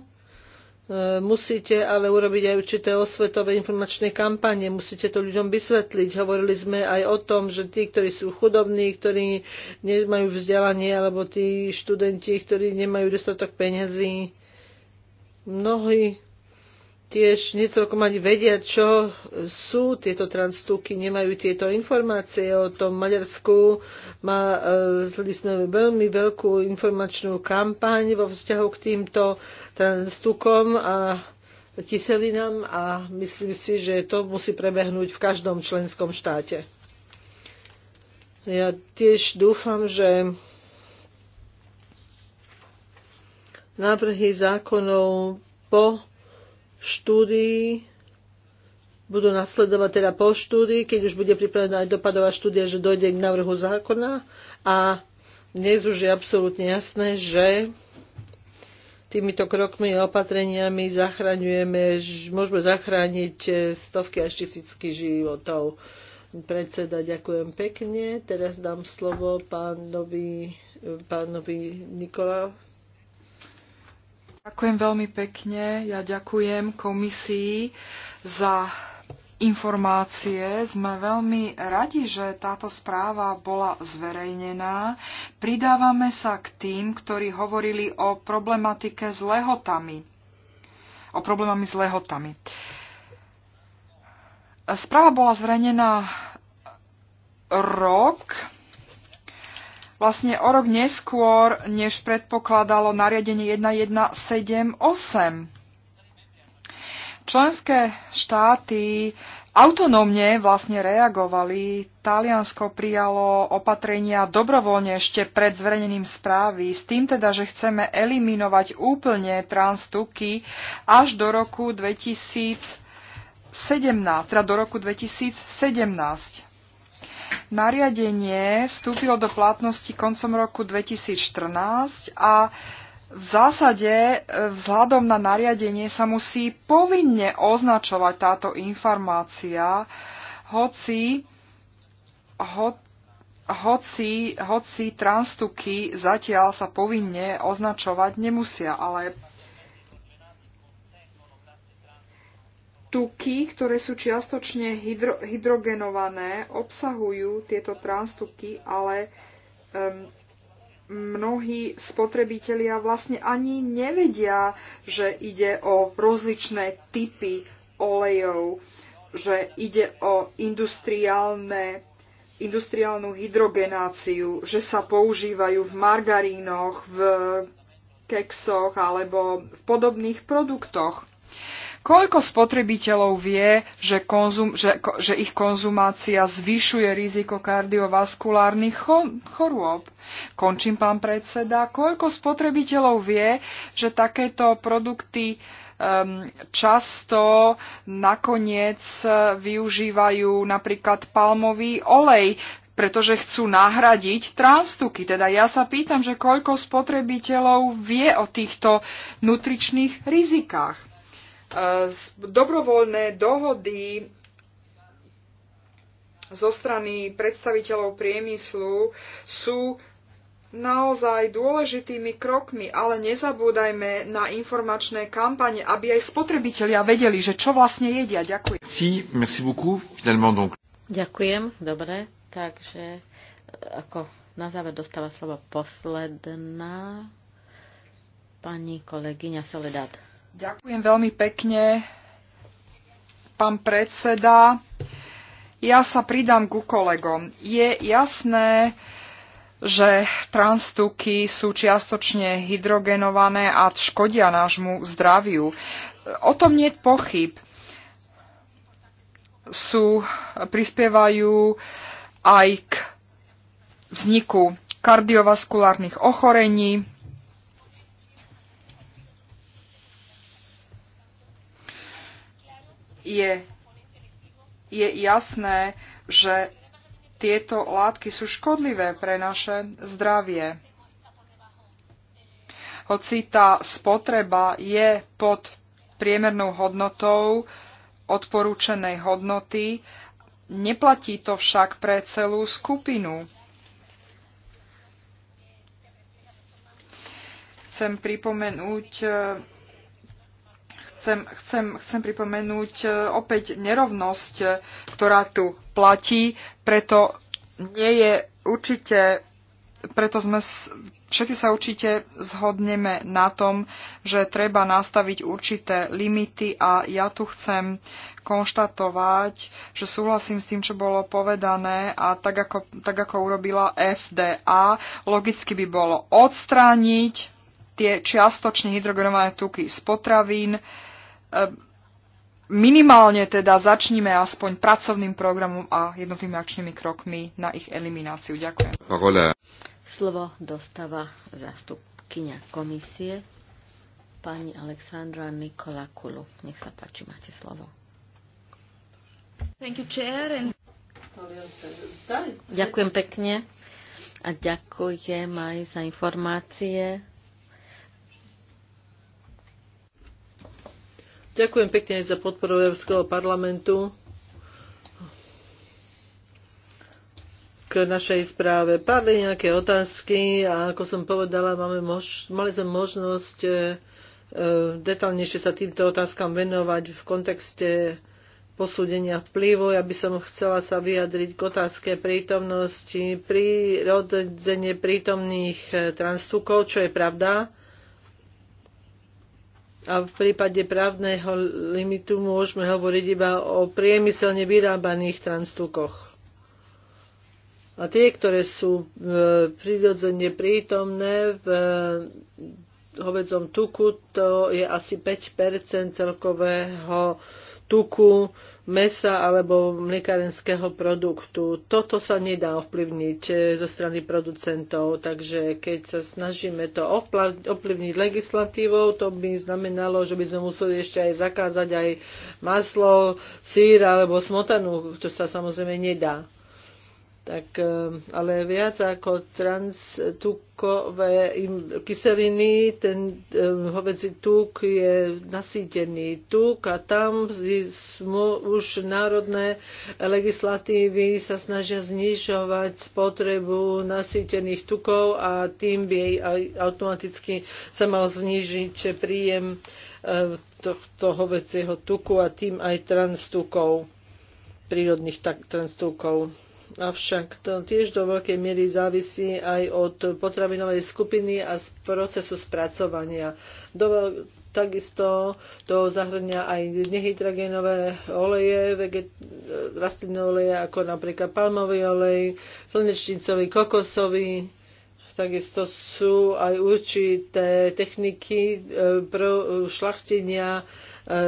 musíte ale urobiť aj určité osvetové informačné kampanie, musíte to ľuďom vysvetliť. Hovorili sme aj o tom, že tí, ktorí sú chudobní, ktorí nemajú vzdelanie, alebo tí študenti, ktorí nemajú dostatok peňazí, mnohí tiež necelkom ani vedia, čo sú tieto transtúky, nemajú tieto informácie o tom Maďarsku. Má, zli sme veľmi veľkú informačnú kampaň vo vzťahu k týmto transtúkom a kyselinám a myslím si, že to musí prebehnúť v každom členskom štáte. Ja tiež dúfam, že návrhy zákonov po štúdii, budú nasledovať teda po štúdii, keď už bude pripravená aj dopadová štúdia, že dojde k návrhu zákona. A dnes už je absolútne jasné, že týmito krokmi a opatreniami zachraňujeme, môžeme zachrániť stovky až tisícky životov. Predseda, ďakujem pekne. Teraz dám slovo pánovi, pánovi Nikola Ďakujem veľmi pekne. Ja ďakujem komisii za informácie. Sme veľmi radi, že táto správa bola zverejnená. Pridávame sa k tým, ktorí hovorili o problematike s lehotami. O problémami s lehotami. Správa bola zverejnená rok vlastne o rok neskôr, než predpokladalo nariadenie 1178. Členské štáty Autonómne vlastne reagovali. Taliansko prijalo opatrenia dobrovoľne ešte pred zverejnením správy, s tým teda, že chceme eliminovať úplne transtuky až do roku 2017, teda do roku 2017. Nariadenie vstúpilo do platnosti koncom roku 2014 a v zásade e, vzhľadom na nariadenie sa musí povinne označovať táto informácia, hoci, ho, hoci, hoci transtuky zatiaľ sa povinne označovať nemusia, ale tuky, ktoré sú čiastočne hydro, hydrogenované, obsahujú tieto transtuky, ale um, mnohí spotrebitelia vlastne ani nevedia, že ide o rozličné typy olejov, že ide o industriálne industriálnu hydrogenáciu, že sa používajú v margarínoch, v keksoch alebo v podobných produktoch. Koľko spotrebiteľov vie, že, konzum, že, že ich konzumácia zvyšuje riziko kardiovaskulárnych chorôb? Končím, pán predseda. Koľko spotrebiteľov vie, že takéto produkty um, často nakoniec e, využívajú napríklad palmový olej, pretože chcú nahradiť transtuky. Teda ja sa pýtam, že koľko spotrebiteľov vie o týchto nutričných rizikách dobrovoľné dohody zo strany predstaviteľov priemyslu sú naozaj dôležitými krokmi, ale nezabúdajme na informačné kampane, aby aj spotrebitelia vedeli, že čo vlastne jedia. Ďakujem. Si, merci beaucoup. Finalement, donc. Ďakujem, dobre. Takže ako na záver dostáva slovo posledná pani kolegyňa Soledad. Ďakujem veľmi pekne, pán predseda. Ja sa pridám ku kolegom. Je jasné, že transtuky sú čiastočne hydrogenované a škodia nášmu zdraviu. O tom nie je pochyb. Sú, prispievajú aj k vzniku kardiovaskulárnych ochorení, je, je jasné, že tieto látky sú škodlivé pre naše zdravie. Hoci tá spotreba je pod priemernou hodnotou odporúčenej hodnoty, neplatí to však pre celú skupinu. Chcem pripomenúť chcem, chcem, chcem pripomenúť e, opäť nerovnosť, e, ktorá tu platí, preto nie je určite, preto sme, všetci sa určite zhodneme na tom, že treba nastaviť určité limity a ja tu chcem konštatovať, že súhlasím s tým, čo bolo povedané a tak ako, tak ako urobila FDA, logicky by bolo odstrániť tie čiastočne hydrogenované tuky z potravín, minimálne teda začníme aspoň pracovným programom a jednotými akčnými krokmi na ich elimináciu. Ďakujem. Parole. Slovo dostáva zastupkynia komisie pani Aleksandra Kulu. Nech sa páči, máte slovo. Thank you, chair, and... Ďakujem pekne a ďakujem aj za informácie Ďakujem pekne aj za podporu Európskeho parlamentu k našej správe. Padli nejaké otázky a ako som povedala, máme mož- mali sme možnosť e, e detálnejšie sa týmto otázkam venovať v kontexte posúdenia vplyvu. Ja by som chcela sa vyjadriť k otázke prítomnosti, prirodzene prítomných e, transtukov, čo je pravda a v prípade právneho limitu môžeme hovoriť iba o priemyselne vyrábaných transtukoch. A tie, ktoré sú e, prirodzene prítomné v e, hovedzom tuku, to je asi 5 celkového tuku mesa alebo mliekarenského produktu. Toto sa nedá ovplyvniť eh, zo strany producentov, takže keď sa snažíme to ovplyvniť legislatívou, to by znamenalo, že by sme museli ešte aj zakázať aj maslo, sír alebo smotanu. To sa samozrejme nedá tak, eh, ale viac ako transtukové kyseliny, ten eh, hovedzí tuk je nasýtený tuk a tam už národné legislatívy sa snažia znižovať spotrebu nasýtených tukov a tým by aj automaticky sa mal znižiť príjem eh, tohto hovedzieho tuku a tým aj transtukov, prírodných transtukov. Avšak to tiež do veľkej miery závisí aj od potravinovej skupiny a z procesu spracovania. Do, takisto to zahrňa aj nehydrogénové oleje, veget, rastlinné oleje ako napríklad palmový olej, slnečnicový, kokosový. Takisto sú aj určité techniky e, pro šlachtenia e,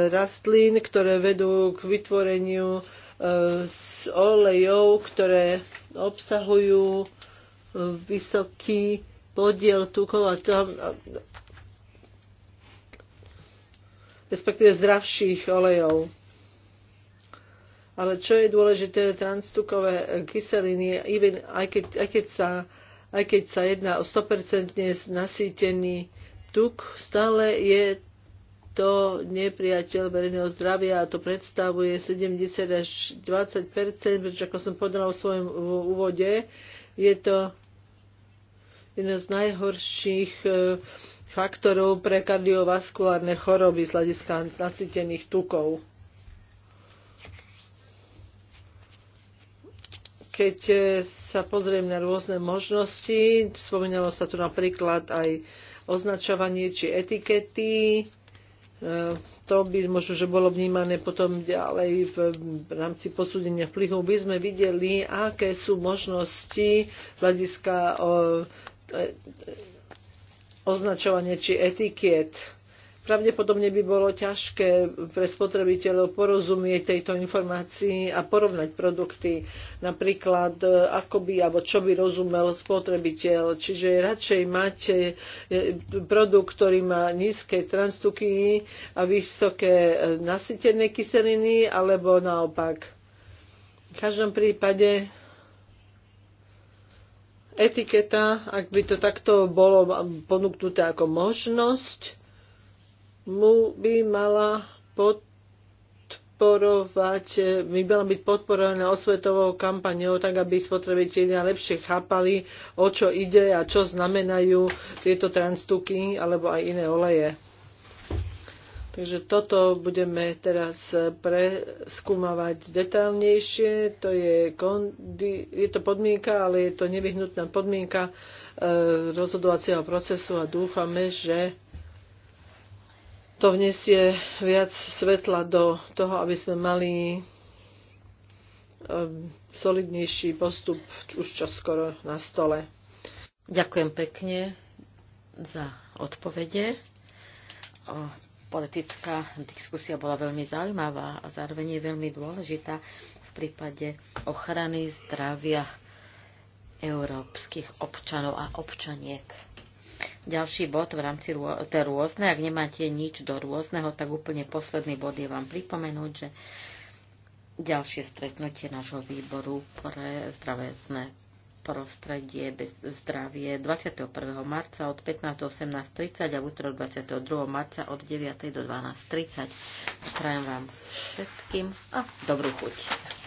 rastlín, ktoré vedú k vytvoreniu s olejov, ktoré obsahujú e, vysoký podiel tukov a tam respektíve zdravších olejov. Ale čo je dôležité, transtukové kyseliny, even, aj, keď, aj, keď sa, aj keď sa jedná o 100% nasýtený tuk, stále je to nepriateľ verejného zdravia a to predstavuje 70 až 20 pretože ako som povedala v svojom úvode, je to jeden z najhorších e, faktorov pre kardiovaskulárne choroby z hľadiska nacitených tukov. Keď e, sa pozriem na rôzne možnosti, spomínalo sa tu napríklad aj označovanie či etikety, E, to by možno, že bolo vnímané potom ďalej v, rámci posúdenia vplyvu, by sme videli, aké sú možnosti hľadiska e, e, označovania či etikiet Pravdepodobne by bolo ťažké pre spotrebiteľov porozumieť tejto informácii a porovnať produkty, napríklad e, ako by alebo čo by rozumel spotrebiteľ. Čiže radšej máte e, produkt, ktorý má nízke transtuky a vysoké e, nasytené kyseliny, alebo naopak. V každom prípade etiketa, ak by to takto bolo ponúknuté ako možnosť, mu by mala podporovať, by mala byť podporovaná osvetovou kampaňou, tak aby spotrebitelia lepšie chápali, o čo ide a čo znamenajú tieto transtuky alebo aj iné oleje. Takže toto budeme teraz preskúmavať detailnejšie. To je, kondi- je to podmienka, ale je to nevyhnutná podmienka e, rozhodovacieho procesu a dúfame, že to vniesie viac svetla do toho, aby sme mali eh, solidnejší postup už čo skoro na stole. Ďakujem pekne za odpovede. Politická diskusia bola veľmi zaujímavá a zároveň je veľmi dôležitá v prípade ochrany zdravia európskych občanov a občaniek. Ďalší bod v rámci rô, rôzne, ak nemáte nič do rôzneho, tak úplne posledný bod je vám pripomenúť, že ďalšie stretnutie nášho výboru pre zdravotné prostredie, bez, zdravie 21. marca od 15. do 18.30 a v útorok 22. marca od 9. do 12.30. Prajem vám všetkým a dobrú chuť.